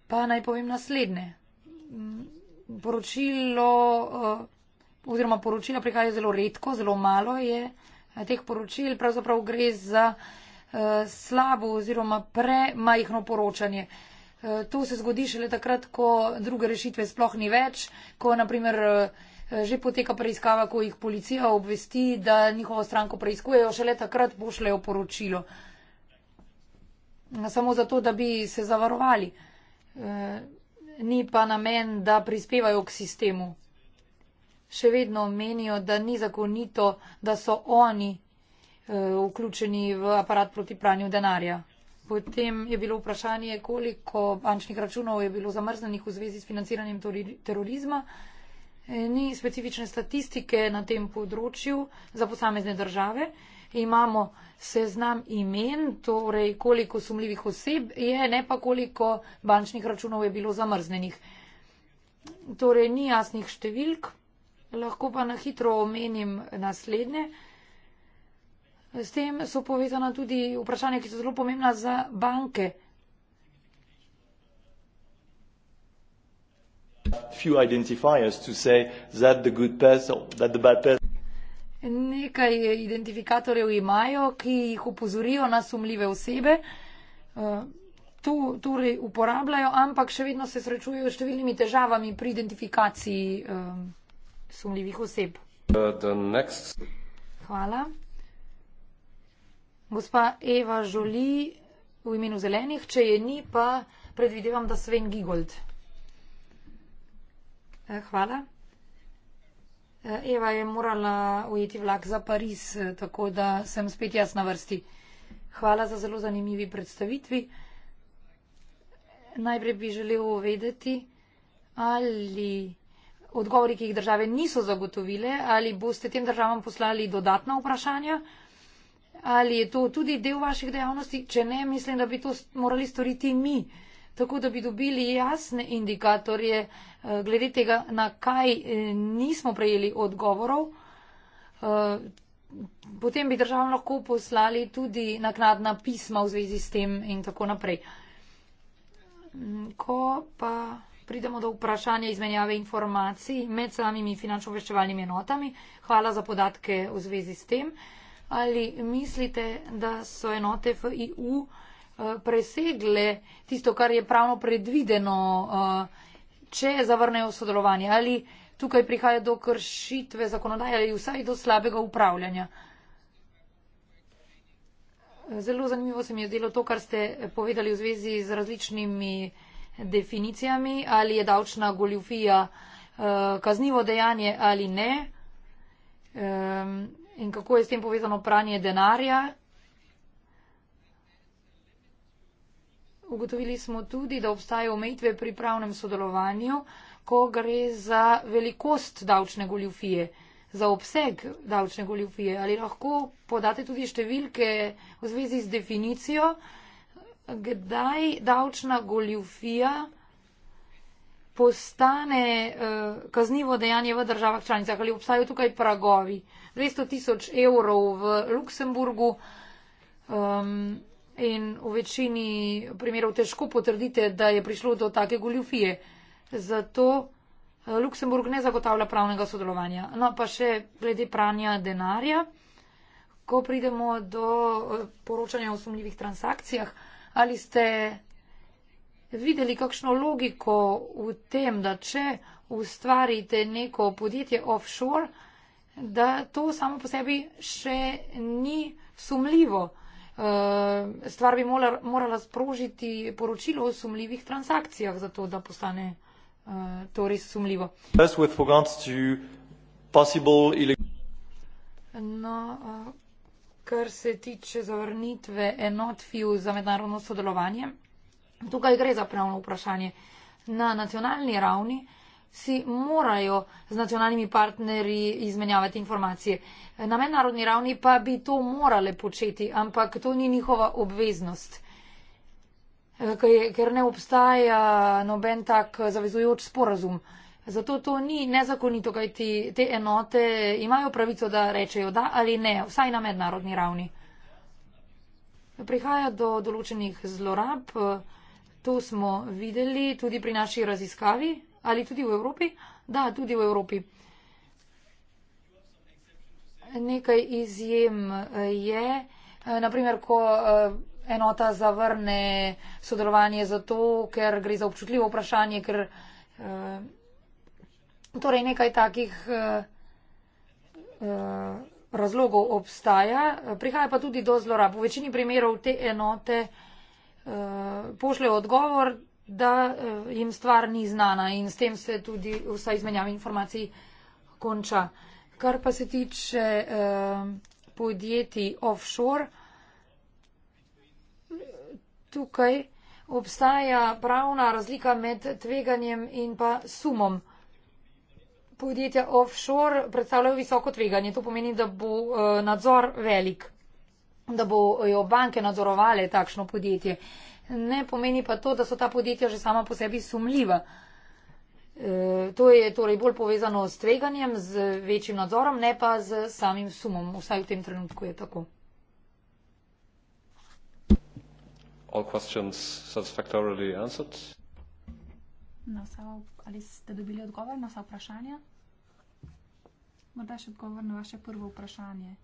D: Pa naj povem naslednje. Poročilo, eh, oziroma poročila prihaja zelo redko, zelo malo je teh poročil, pravzaprav gre za eh, slabo oziroma premajhno poročanje. Eh, to se zgodi šele takrat, ko druge rešitve sploh ni več, ko naprimer že poteka preiskava, ko jih policija obvesti, da njihovo stranko preiskujejo, šele takrat pošljajo poročilo. Samo zato, da bi se zavarovali. Eh, ni pa namen, da prispevajo k sistemu. Še vedno menijo, da ni zakonito, da so oni eh, vključeni v aparat proti pranju denarja. Potem je bilo vprašanje, koliko bančnih računov je bilo zamrznenih v zvezi s financiranjem terorizma. Eh, ni specifične statistike na tem področju za posamezne države imamo seznam imen, torej koliko sumljivih oseb je, ne pa koliko bančnih računov je bilo zamrznenih. Torej, ni jasnih številk, lahko pa na hitro omenim naslednje. S tem so povezana tudi vprašanja, ki so zelo pomembna za banke.
C: Few identifiers to say that the good person, that the bad person.
D: Nekaj identifikatorjev imajo, ki jih upozorijo na sumljive osebe. Eh, tu torej uporabljajo, ampak še vedno se srečujejo s številnimi težavami pri identifikaciji eh, sumljivih oseb.
A: Uh,
D: hvala. Gospa Eva Žoli v imenu zelenih, če je ni, pa predvidevam, da Sven Gigold. Eh, hvala. Eva je morala ujeti vlak za Pariz, tako da sem spet jaz na vrsti. Hvala za zelo zanimivi predstavitvi. Najprej bi želel vedeti, ali odgovori, ki jih države niso zagotovile, ali boste tem državam poslali dodatna vprašanja, ali je to tudi del vaših dejavnosti, če ne, mislim, da bi to morali storiti mi tako da bi dobili jasne indikatorje eh, glede tega, na kaj eh, nismo prejeli odgovorov. Eh, potem bi državam lahko poslali tudi nakladna pisma v zvezi s tem in tako naprej. Mm, ko pa pridemo do vprašanja izmenjave informacij med samimi finančno-veščevalnimi enotami, hvala za podatke v zvezi s tem. Ali mislite, da so enote FIU? Eh, presegle tisto, kar je pravno predvideno, eh, če zavrnejo sodelovanje. Ali tukaj prihaja do kršitve zakonodaje ali vsaj do slabega upravljanja. Zelo zanimivo se mi je zdelo to, kar ste povedali v zvezi z različnimi definicijami, ali je davčna goljufija eh, kaznivo dejanje ali ne. In kako je s tem povezano pranje denarja Ugotovili smo tudi, da obstajajo omejitve pri pravnem sodelovanju, ko gre za velikost davčne goljufije, za obseg davčne goljufije. Ali lahko podate tudi številke v zvezi z definicijo, kdaj davčna goljufija postane uh, kaznivo dejanje v državah članicah, ali obstajajo tukaj pragovi. 200 tisoč evrov v Luksemburgu. Um, in v večini primerov težko potrdite, da je prišlo do take goljufije. Zato eh, Luksemburg ne zagotavlja pravnega sodelovanja. No, pa še glede pranja denarja, ko pridemo do eh, poročanja o sumljivih transakcijah, ali ste videli kakšno logiko v tem, da če ustvarite neko podjetje offshore, da to samo po sebi še ni sumljivo. Eh, stvar bi morala sprožiti poročilo o sumljivih transakcijah, zato da postane eh, to res sumljivo. No, eh, kar se tiče zavrnitve enot FIU za mednarodno sodelovanje, tukaj gre za pravno vprašanje. Na nacionalni ravni uh, si morajo z nacionalnimi partnerji izmenjavati informacije. Na mednarodni ravni pa bi to morale početi, ampak to ni njihova obveznost, eh, ker ne obstaja noben tak zavezujoč sporazum. Zato to ni nezakonito, kajti te enote imajo pravico, da rečejo da ali ne, vsaj na mednarodni ravni. Prihaja do določenih zlorab, eh, to smo videli tudi pri naši raziskavi ali tudi v Evropi? Da, tudi v Evropi. Nekaj izjem eh, je, eh, naprimer, ko eh, enota zavrne sodelovanje zato, ker gre za občutljivo vprašanje, ker torej nekaj takih razlogov obstaja. Prihaja pa tudi do zlorab. V večini primerov te enote pošljajo odgovor, da eh, jim stvar ni znana in s tem se tudi vsa izmenjava informacij konča. Kar pa se tiče eh, podjetij offshore, tukaj obstaja pravna razlika med tveganjem in pa sumom. Podjetja offshore predstavljajo visoko tveganje, to pomeni, da bo eh, nadzor velik, da bojo banke nadzorovali takšno podjetje ne pomeni pa to, da so ta podjetja že sama po sebi sumljiva. E, to je torej bolj povezano s tveganjem, z večjim nadzorom, ne pa z samim sumom. Vsaj v tem trenutku je tako.
E: Vsa, ali ste dobili odgovor na vsa vprašanja? Morda še odgovor na vaše prvo vprašanje.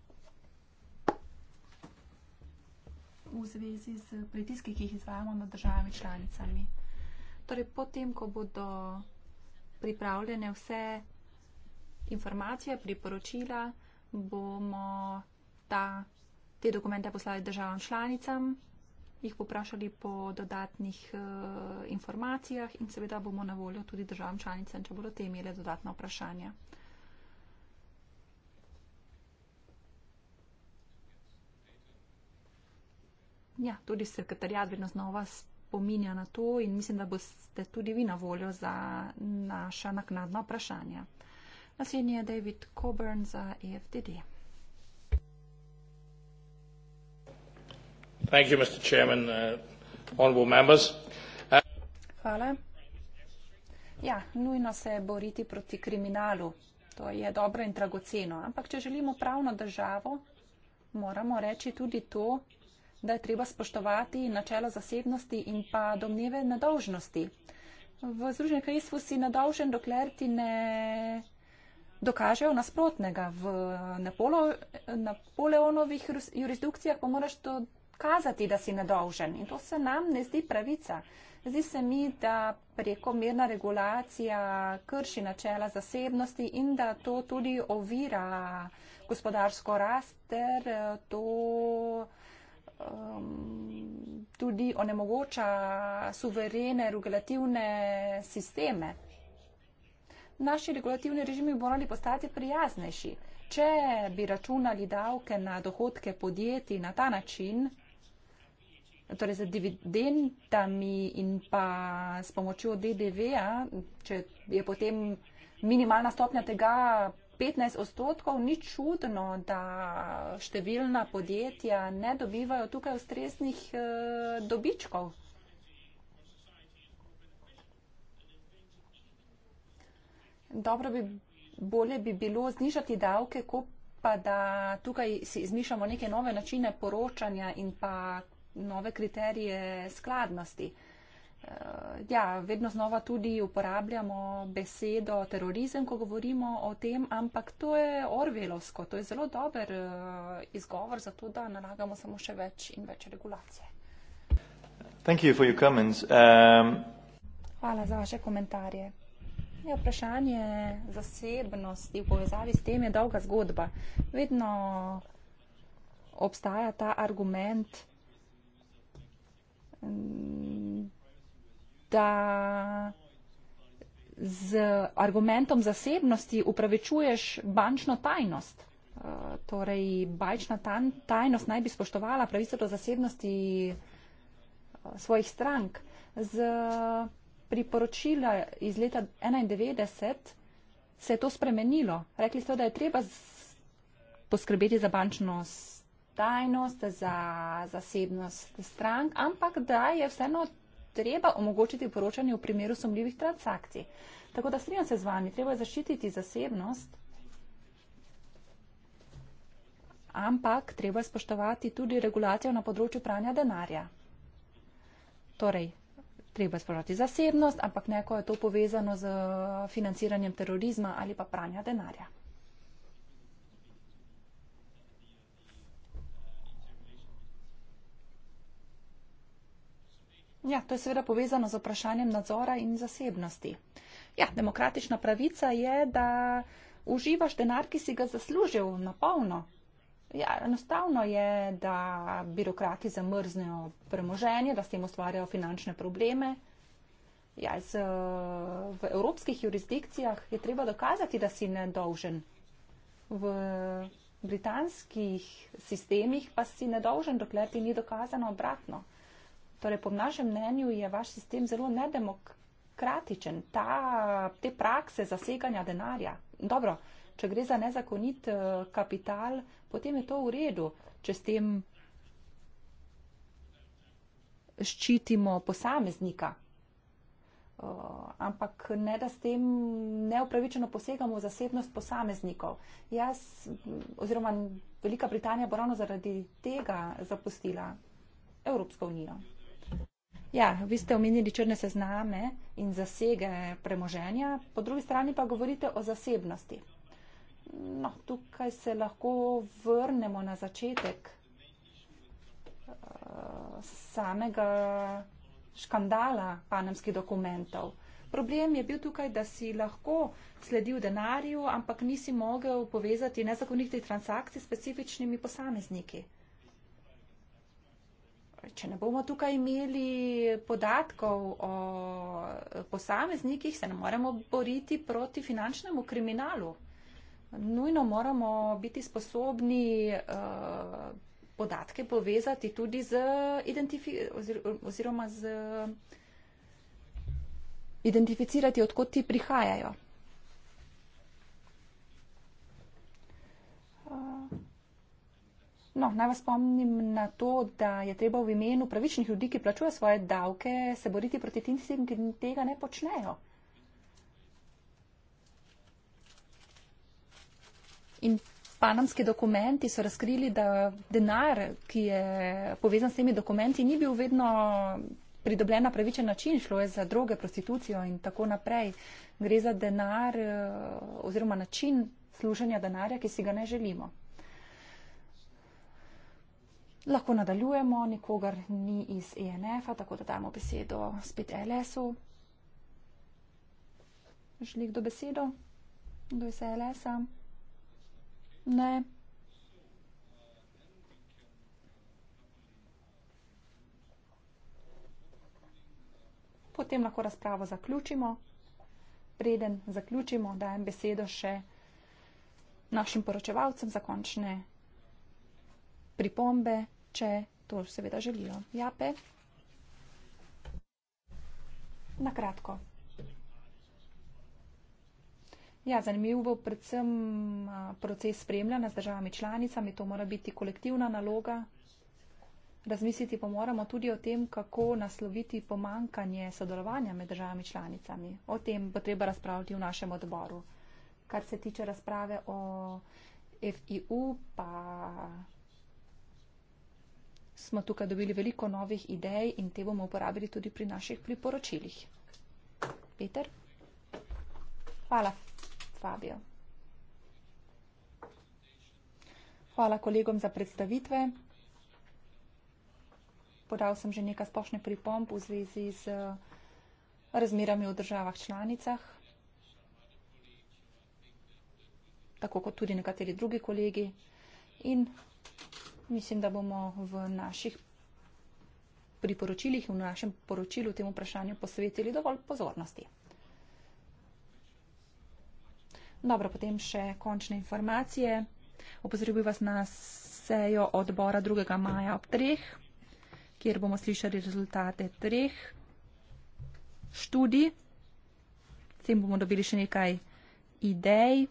E: v zvezi z pritiski, ki jih izvajamo nad državami članicami. Torej, potem, ko bodo pripravljene vse informacije, priporočila, bomo ta, te dokumente poslali državam članicam, jih poprašali po dodatnih uh, informacijah in seveda bomo na voljo tudi državam članicam, če bodo te imele dodatna vprašanja. Ja, tudi sekretarjat vedno znova spominja na to in mislim, da boste tudi vi na voljo za naša naknadna vprašanja. Naslednji je David Coburn za EFDD.
A: Thank you, Mr. Chairman, uh, honorable members.
E: Uh, Hvala. Ja, nujno se boriti proti kriminalu. To je dobro in dragoceno. Ampak če želimo pravno državo, moramo reči tudi to, da je treba spoštovati načelo zasebnosti in pa domneve nedolžnosti. V Združenem kraljestvu si nedolžen, dokler ti ne dokažejo nasprotnega. V Napolo, Napoleonovih jurisdikcijah pa moraš to kazati, da si nedolžen. In to se nam ne zdi pravica. Zdi se mi, da prekomerna regulacija krši načela zasebnosti in da to tudi ovira gospodarsko rast, ter eh, to uh, um, tudi onemogoča suverene regulativne sisteme. Naši regulativni režimi morali postati prijaznejši. Če bi računali davke na dohodke podjetij na ta način, torej z dividendami in pa s pomočjo DDV-a, če je potem minimalna stopnja tega 15 odstotkov, ni čudno, da številna podjetja ne dobivajo tukaj ustreznih eh, dobičkov. Dobro bi, bolje bi bilo znižati davke, ko pa da tukaj si izmišljamo neke nove načine poročanja in pa nove kriterije skladnosti. Eh, ja, vedno znova tudi uporabljamo besedo terorizem, ko govorimo o tem, ampak to je orvelovsko, to je zelo dober eh, izgovor za to, da nalagamo samo še več in več regulacije.
C: You um...
E: Hvala za vaše komentarje. Ja, vprašanje zasebnosti v povezavi s tem je dolga zgodba. Vedno obstaja ta argument. Um, da z argumentom zasebnosti upravičuješ bančno tajnost. Eh, torej, bančna tajnost naj bi spoštovala pravico do zasebnosti eh, svojih strank. Z priporočila iz leta 1991 se je to spremenilo. Rekli ste, da je treba poskrbeti za bančno tajnost, za zasebnost strank, ampak da je vseeno treba omogočiti poročanje v primeru sumljivih transakcij. Tako da strinjam se z vami, treba je zaščititi zasebnost, ampak treba je spoštovati tudi regulacijo na področju pranja denarja. Torej, treba je spoštovati zasebnost, ampak ne, ko je to povezano z financiranjem terorizma ali pa pranja denarja. Ja, to je seveda povezano z vprašanjem nadzora in zasebnosti. Ja, demokratična pravica je, da uživaš denar, ki si ga zaslužil na polno. Ja, enostavno je, da birokrati zamrznejo premoženje, da s tem ustvarjajo finančne probleme. Ja, z, v evropskih jurisdikcijah je treba dokazati, da si nedolžen. V britanskih sistemih pa si nedolžen, dokler ti ni dokazano obratno. Torej, po našem mnenju je vaš sistem zelo nedemokratičen. Ta, te prakse zaseganja denarja. Dobro, če gre za nezakonit eh, kapital, potem je to v redu, če s tem ščitimo posameznika. Uh, ampak ne, da s tem neupravičeno posegamo v zasebnost posameznikov. Jaz oziroma Velika Britanija bo ravno zaradi tega zapustila Evropsko unijo. Ja, vi ste omenili črne sezname in zasege premoženja, po drugi strani pa govorite o zasebnosti. No, tukaj se lahko vrnemo na začetek eh, samega škandala panemskih dokumentov. Problem je bil tukaj, da si lahko sledil denarju, ampak nisi mogel povezati nezakonitih transakcij s specifičnimi posamezniki če ne bomo tukaj imeli podatkov o posameznikih, se ne moremo boriti proti finančnemu kriminalu. Nujno moramo biti sposobni uh, podatke povezati tudi z, identifi oziroma z identificirati, odkot ti prihajajo. Uh. No, naj vas spomnim na to, da je treba v imenu pravičnih ljudi, ki plačujejo svoje davke, se boriti proti tistim, ki tega ne počnejo. In panamski dokumenti so razkrili, da denar, ki je povezan s temi dokumenti, ni bil vedno pridobljen na pravičen način, šlo je za droge, prostitucijo in tako naprej. Gre za denar eh, oziroma način služenja denarja, ki si ga ne želimo lahko nadaljujemo, nikogar ni iz ENF-a, tako da damo besedo spet LS-u. Želi kdo besedo? Kdo je se LS-a? Ne. Potem lahko razpravo zaključimo. Preden zaključimo, dajem besedo še našim poročevalcem za končne pripombe če to seveda želijo. Jape, na kratko. Ja, zanimivo, predvsem proces spremljanja z državami članicami, to mora biti kolektivna naloga. Razmisliti pa moramo tudi o tem, kako nasloviti pomankanje sodelovanja med državami članicami. O tem bo treba razpravljati v našem odboru. Kar se tiče razprave o FIU, pa smo tukaj dobili veliko novih idej in te bomo uporabili tudi pri naših priporočilih. Peter? Hvala, Fabio. Hvala kolegom za predstavitve. Podal sem že nekaj splošne pripomp v zvezi z razmerami v državah članicah, tako kot tudi nekateri drugi kolegi. In mislim, da bomo v naših priporočilih in v našem poročilu temu vprašanju posvetili dovolj pozornosti. Dobro, potem še končne informacije. Opozoril bi vas na sejo odbora 2. maja ob 3., kjer bomo slišali rezultate treh študij. S tem bomo dobili še nekaj idej.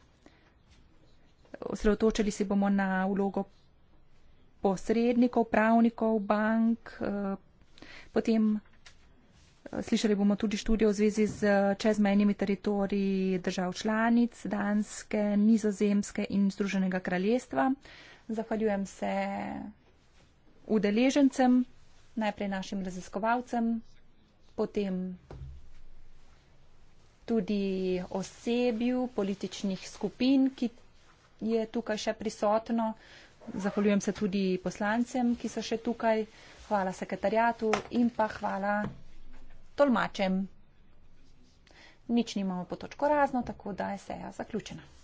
E: Osredotočili se bomo na vlogo posrednikov, pravnikov, bank. Eh, potem eh, slišali bomo tudi študijo v zvezi z čezmejnimi teritoriji držav članic, Danske, Nizozemske in Združenega kraljestva. Zahvaljujem se udeležencem, najprej našim raziskovalcem, potem tudi osebju političnih skupin, ki je tukaj še prisotno. Zahvaljujem se tudi poslancem, ki so še tukaj. Hvala sekretarjatu in pa hvala tolmačem. Nič nimamo po točko razno, tako da je seja zaključena.